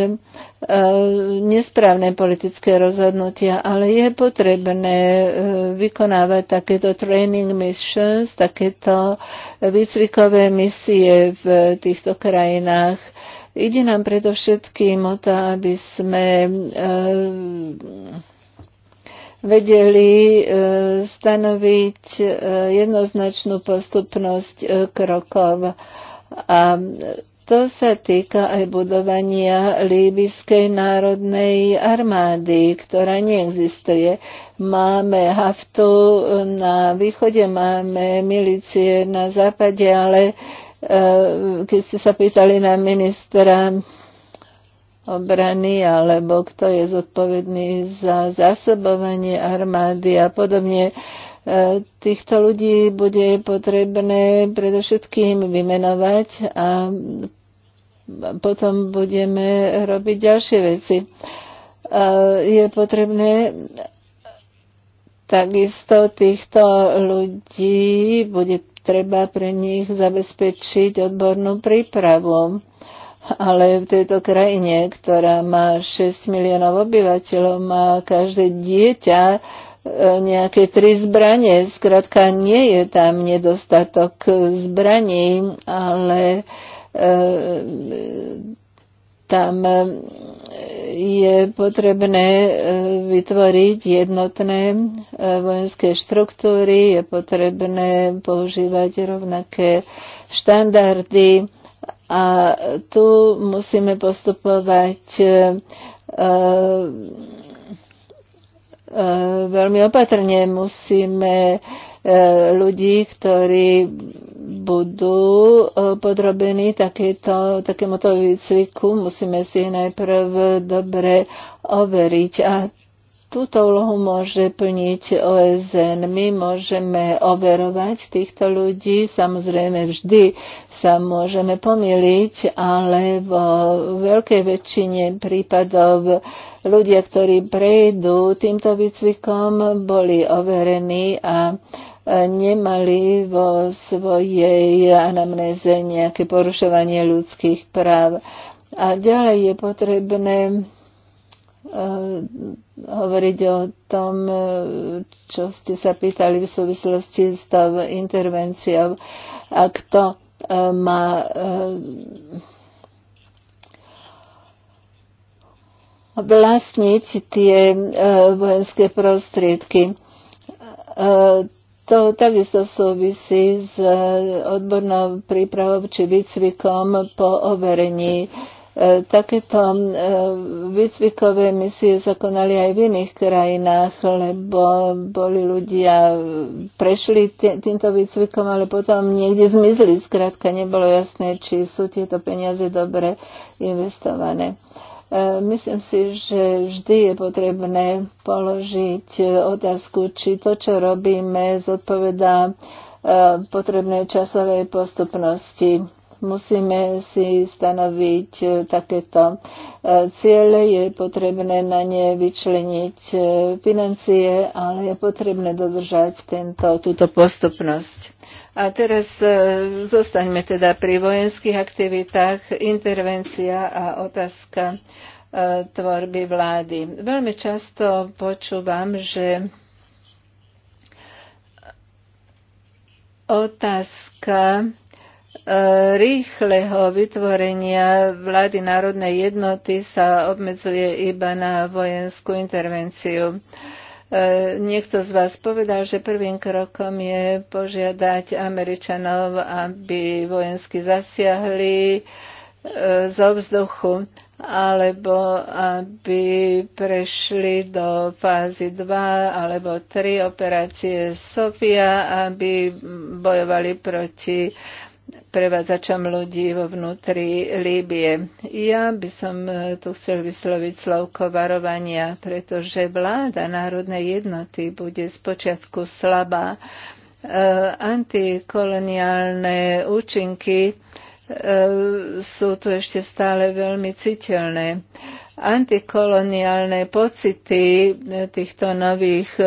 nesprávne politické rozhodnutia, ale je potrebné e, vykonávať takéto training missions, takéto výcvikové misie v týchto krajinách. Ide nám predovšetkým o to, aby sme vedeli stanoviť jednoznačnú postupnosť krokov a to sa týka aj budovania líbyskej národnej armády, ktorá neexistuje. Máme Haftu na východe, máme milície na západe, ale e, keď ste sa pýtali na ministra obrany alebo kto je zodpovedný za zásobovanie armády a podobne, E, týchto ľudí bude potrebné predovšetkým vymenovať a potom budeme robiť ďalšie veci. E, je potrebné takisto týchto ľudí, bude treba pre nich zabezpečiť odbornú prípravu. Ale v tejto krajine, ktorá má 6 miliónov obyvateľov, má každé dieťa nejaké tri zbranie. Zkrátka nie je tam nedostatok zbraní, ale e, tam e, je potrebné e, vytvoriť jednotné vojenské štruktúry, je potrebné používať rovnaké štandardy a tu musíme postupovať Eh, veľmi opatrne musíme eh, ľudí, ktorí budú eh, podrobení takéto, takémuto výcviku, musíme si ich najprv dobre overiť. A túto úlohu môže plniť OSN. My môžeme overovať týchto ľudí, samozrejme vždy sa môžeme pomýliť, ale vo veľkej väčšine prípadov ľudia, ktorí prejdú týmto výcvikom, boli overení a e, nemali vo svojej anamnéze nejaké porušovanie ľudských práv. A ďalej je potrebné e, hovoriť o tom, e, čo ste sa pýtali v súvislosti s tou intervenciou a kto má vlastniť tie e, vojenské prostriedky. E, to takisto súvisí s e, odbornou prípravou či výcvikom po overení. Takéto výcvikové misie sa konali aj v iných krajinách, lebo boli ľudia, prešli týmto výcvikom, ale potom niekde zmizli. Zkrátka nebolo jasné, či sú tieto peniaze dobre investované. E, myslím si, že vždy je potrebné položiť e, otázku, či to, čo robíme, zodpovedá e, potrebnej časovej postupnosti musíme si stanoviť takéto ciele, je potrebné na ne vyčleniť financie, ale je potrebné dodržať tento, túto postupnosť. A teraz e, zostaňme teda pri vojenských aktivitách, intervencia a otázka e, tvorby vlády. Veľmi často počúvam, že otázka e, rýchleho vytvorenia vlády národnej jednoty sa obmedzuje iba na vojenskú intervenciu. Uh, E, niekto z vás povedal, že prvým krokom je požiadať Američanov, aby vojensky zasiahli e, zo vzduchu alebo aby prešli do fázy 2 alebo 3 operácie Sofia, aby bojovali proti prevádzačom ľudí vo vnútri Líbie. Ja by som e, tu chcel vysloviť slovko varovania, pretože vláda národnej jednoty bude spočiatku slabá. E, antikoloniálne účinky e, sú tu ešte stále veľmi citeľné antikoloniálne pocity týchto nových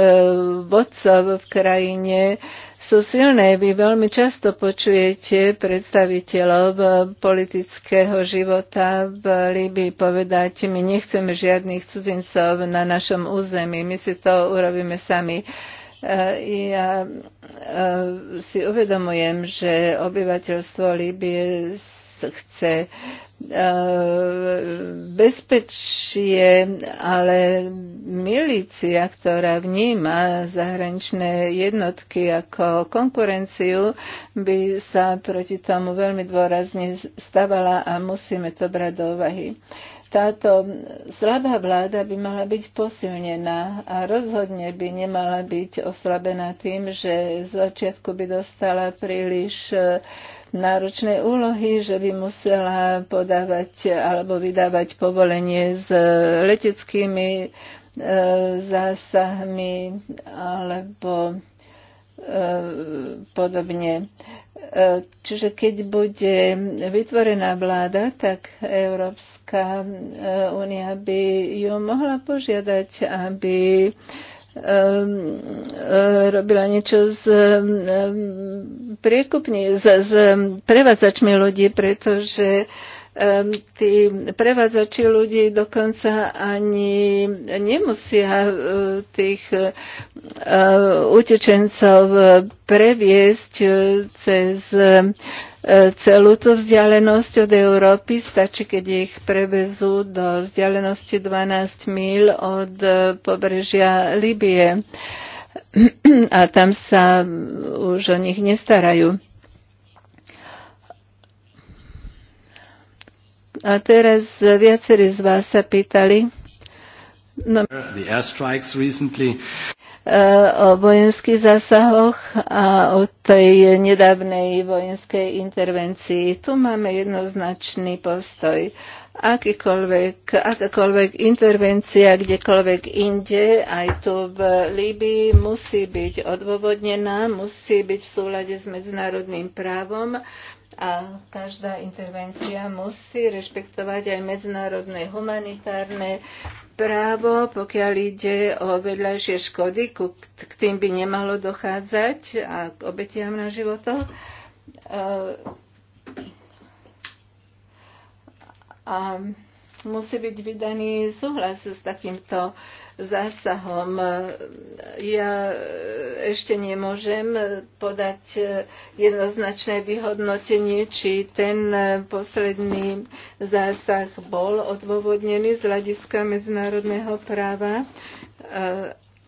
vodcov v krajine sú silné. Vy veľmi často počujete predstaviteľov politického života v Líbii povedať, my nechceme žiadnych cudzincov na našom území, my si to urobíme sami. E, ja e, si uvedomujem, že obyvateľstvo Líbie chce e, bezpečie, ale milícia, ktorá vníma zahraničné jednotky ako konkurenciu, by sa proti tomu veľmi dôrazne stavala a musíme to brať do úvahy. Táto slabá vláda by mala byť posilnená a rozhodne by nemala byť oslabená tým, že z začiatku by dostala príliš uh, náročné úlohy, že by musela podávať alebo vydávať povolenie s leteckými e, zásahmi alebo e, podobne. E, čiže keď bude vytvorená vláda, tak Európska únia by ju mohla požiadať, aby Ehm, ehm, robila niečo s ehm, priekupní, s, s prevádzačmi ľudí, pretože tí prevádzači ľudí dokonca ani nemusia e, tých e, utečencov e, previesť cez celú tú vzdialenosť od Európy. Stačí, keď ich prevezú do vzdialenosti 12 mil od pobrežia Libie. A tam sa už o nich nestarajú. A teraz viacerí z vás sa pýtali no, e, o vojenských zásahoch a o tej nedávnej vojenskej intervencii. Tu máme jednoznačný postoj akýkoľvek, akákoľvek intervencia kdekoľvek inde, aj tu v Líbii, musí byť odôvodnená, musí byť v súlade s medzinárodným právom a každá intervencia musí rešpektovať aj medzinárodné humanitárne právo, pokiaľ ide o vedľajšie škody, k tým by nemalo dochádzať a k obetiam na životo. A musí byť vydaný súhlas s takýmto zásahom. Ja ešte nemôžem podať jednoznačné vyhodnotenie, či ten posledný zásah bol odôvodnený z hľadiska medzinárodného práva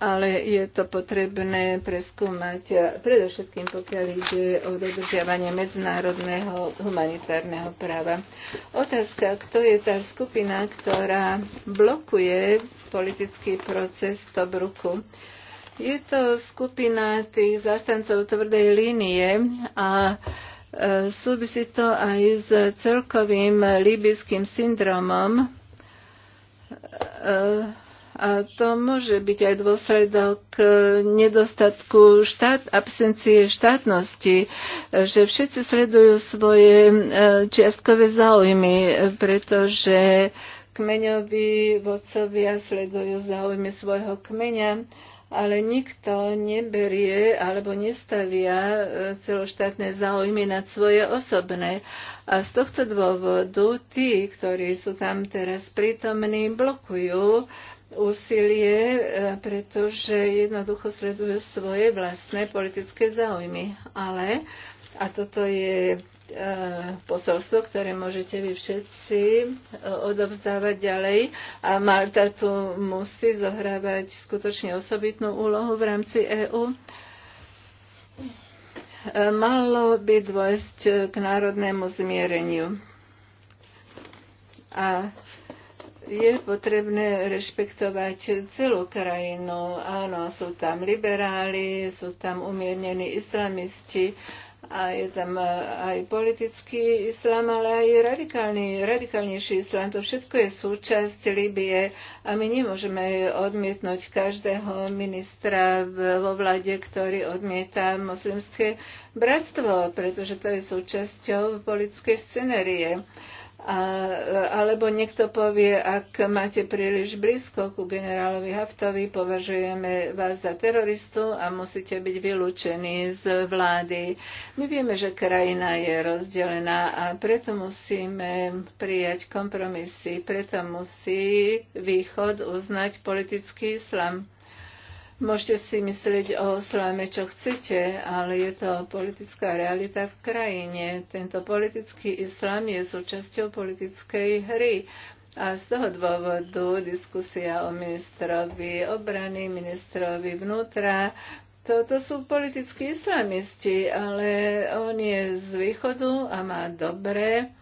ale je to potrebné preskúmať predovšetkým, pokiaľ ide o dodržiavanie medzinárodného humanitárneho práva. Otázka, kto je tá skupina, ktorá blokuje politický proces v Tobruku. Je to skupina tých zastancov tvrdej línie a e, súvisí to aj s celkovým líbyským syndromom, e, a to môže byť aj dôsledok e, nedostatku štát, absencie štátnosti, e, že všetci sledujú svoje e, čiastkové záujmy, pretože kmeňoví vodcovia sledujú záujmy svojho kmeňa, ale nikto neberie alebo nestavia celoštátne záujmy nad svoje osobné. A z tohto dôvodu tí, ktorí sú tam teraz prítomní, blokujú úsilie, e, pretože jednoducho sledujú svoje vlastné politické záujmy. Ale, a toto je e, posolstvo, ktoré môžete vy všetci e, odovzdávať ďalej. A Malta tu musí zohrávať skutočne osobitnú úlohu v rámci EÚ malo by dôjsť k národnému zmiereniu. A je potrebné rešpektovať celú krajinu. Áno, sú tam liberáli, sú tam umiernení islamisti a je tam e, aj politický islám, ale aj radikálny, radikálnejší islám. To všetko je súčasť Libie a my nemôžeme odmietnúť každého ministra vo vlade, ktorý odmieta moslimské bratstvo, pretože to je súčasťou politickej scenérie. A, alebo niekto povie, ak máte príliš blízko ku generálovi Haftovi, považujeme vás za teroristu a musíte byť vylúčení z vlády. My vieme, že krajina je rozdelená a preto musíme prijať kompromisy. Preto musí Východ uznať politický islam. Môžete si myslieť o sláme, čo chcete, ale je to politická realita v krajine. Tento politický islám je súčasťou politickej hry. A z toho dôvodu diskusia o ministrovi obrany, ministrovi vnútra, toto sú politickí islamisti, ale on je z východu a má dobré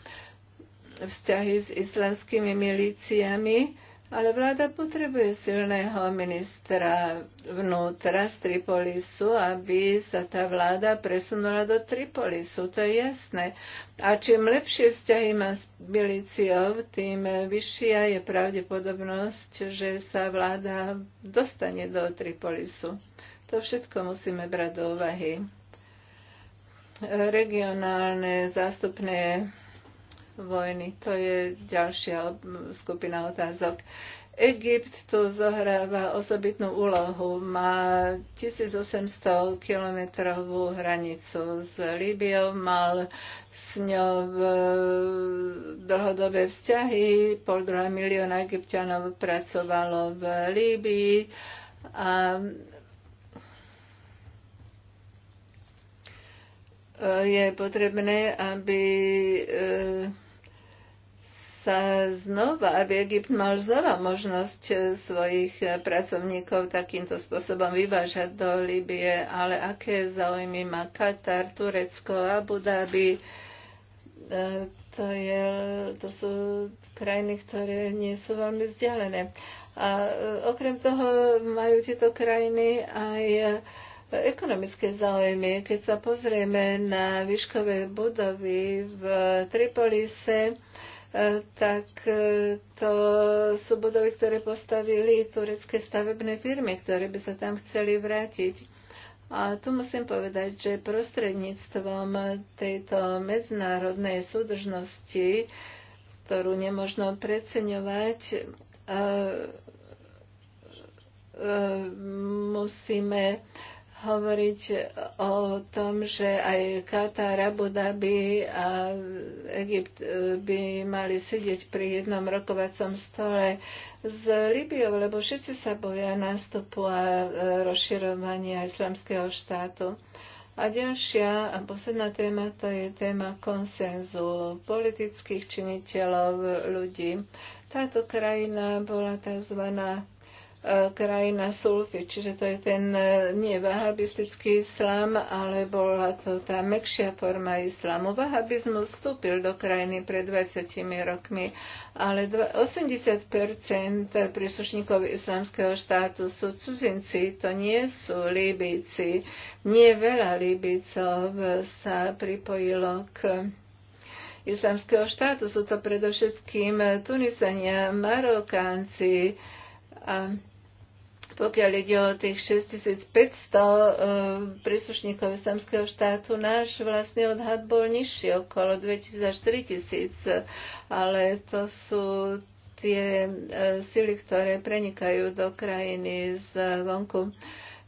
vzťahy s islamskými milíciami ale vláda potrebuje silného ministra vnútra z Tripolisu, aby sa tá vláda presunula do Tripolisu, to je jasné. A čím lepšie vzťahy má s miliciou, tým vyššia je pravdepodobnosť, že sa vláda dostane do Tripolisu. To všetko musíme brať do úvahy regionálne zástupné vojny. To je ďalšia skupina otázok. Egypt tu zohráva osobitnú úlohu. Má 1800 kilometrovú hranicu s Líbiou, mal s ňou e, dlhodobé vzťahy, pol druhá milióna egyptianov pracovalo v Líbii a je potrebné, aby e, sa znova, aby Egypt mal znova možnosť e, svojich e, pracovníkov takýmto spôsobom vyvážať do Libie, ale aké záujmy má Katar, Turecko, Abu Dhabi, to, je, to sú krajiny, ktoré nie sú veľmi vzdialené. A okrem toho majú tieto krajiny aj ekonomické záujmy. Keď sa pozrieme na výškové budovy v Tripolise, e, tak e, to sú budovy, ktoré postavili turecké stavebné firmy, ktoré by sa tam chceli vrátiť. A tu musím povedať, že prostredníctvom tejto medzinárodnej súdržnosti, ktorú nemôžno preceňovať, e, musíme hovoriť o tom, že aj Katar, Abu Dhabi a Egypt eh, by mali sedieť pri jednom rokovacom stole s Libiou, lebo všetci sa boja nástupu a eh, rozširovania islamského štátu. A ďalšia a posledná téma to je téma konsenzu politických činiteľov ľudí. Táto krajina bola tzv krajina sulfi, čiže to je ten e, nie vahabistický islám, ale bola to tá mekšia forma islámu. Vahabizmus vstúpil do krajiny pred 20 rokmi, ale 80% príslušníkov islamského štátu sú cudzinci, to nie sú Líbíci. Nie veľa Líbícov sa pripojilo k islamského štátu. Sú to predovšetkým Tunisania, Marokánci a pokiaľ ide o tých 6500 eh, príslušníkov islamského štátu, náš vlastne odhad bol nižší, okolo 2000 4000, ale to sú tie eh, sily, ktoré prenikajú do krajiny z vonku.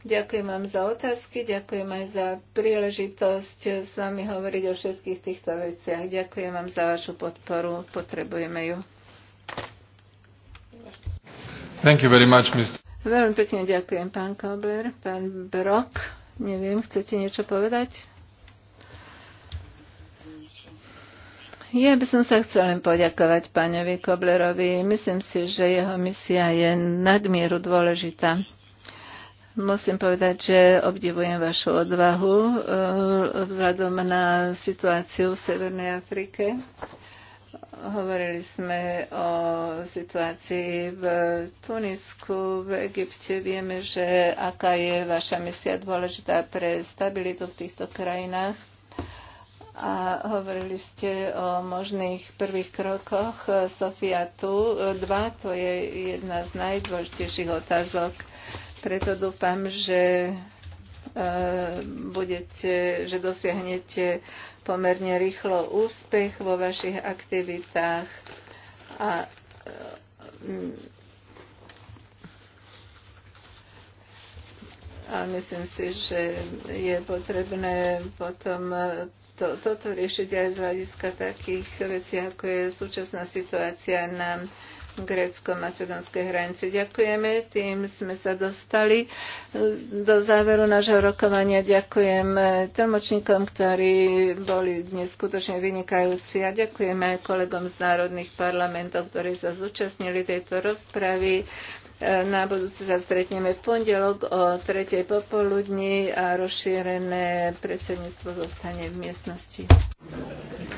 Ďakujem vám za otázky, ďakujem aj za príležitosť s vami hovoriť o všetkých týchto veciach. Ďakujem vám za vašu podporu, potrebujeme ju. Thank you very much, Mr. Veľmi pekne ďakujem, pán Kobler. Pán Brok, neviem, chcete niečo povedať? Ja by som sa chcel len poďakovať pánovi Koblerovi. Myslím si, že jeho misia je nadmieru dôležitá. Musím povedať, že obdivujem vašu odvahu eh, vzhľadom na situáciu v Severnej Afrike. Hovorili sme o situácii v Tunisku, v Egypte. Vieme, že aká je vaša misia dôležitá pre stabilitu v týchto krajinách. A hovorili ste o možných prvých krokoch Sofia tu Dva, To je jedna z najdôležitejších otázok. Preto dúfam, že Eh, budete, že dosiahnete pomerne rýchlo úspech vo vašich aktivitách a eh, a myslím si, že je potrebné potom eh, to, toto riešiť aj z hľadiska takých vecí, ako je súčasná situácia na grécko-macedonskej hranice. Ďakujeme, tým sme sa dostali e, do záveru nášho rokovania. Ďakujem e, tlmočníkom, ktorí boli dnes skutočne vynikajúci a ďakujeme aj kolegom z národných parlamentov, ktorí sa zúčastnili tejto rozpravy. E, na budúce sa stretneme v pondelok o 3. popoludní a rozšírené predsedníctvo zostane v miestnosti.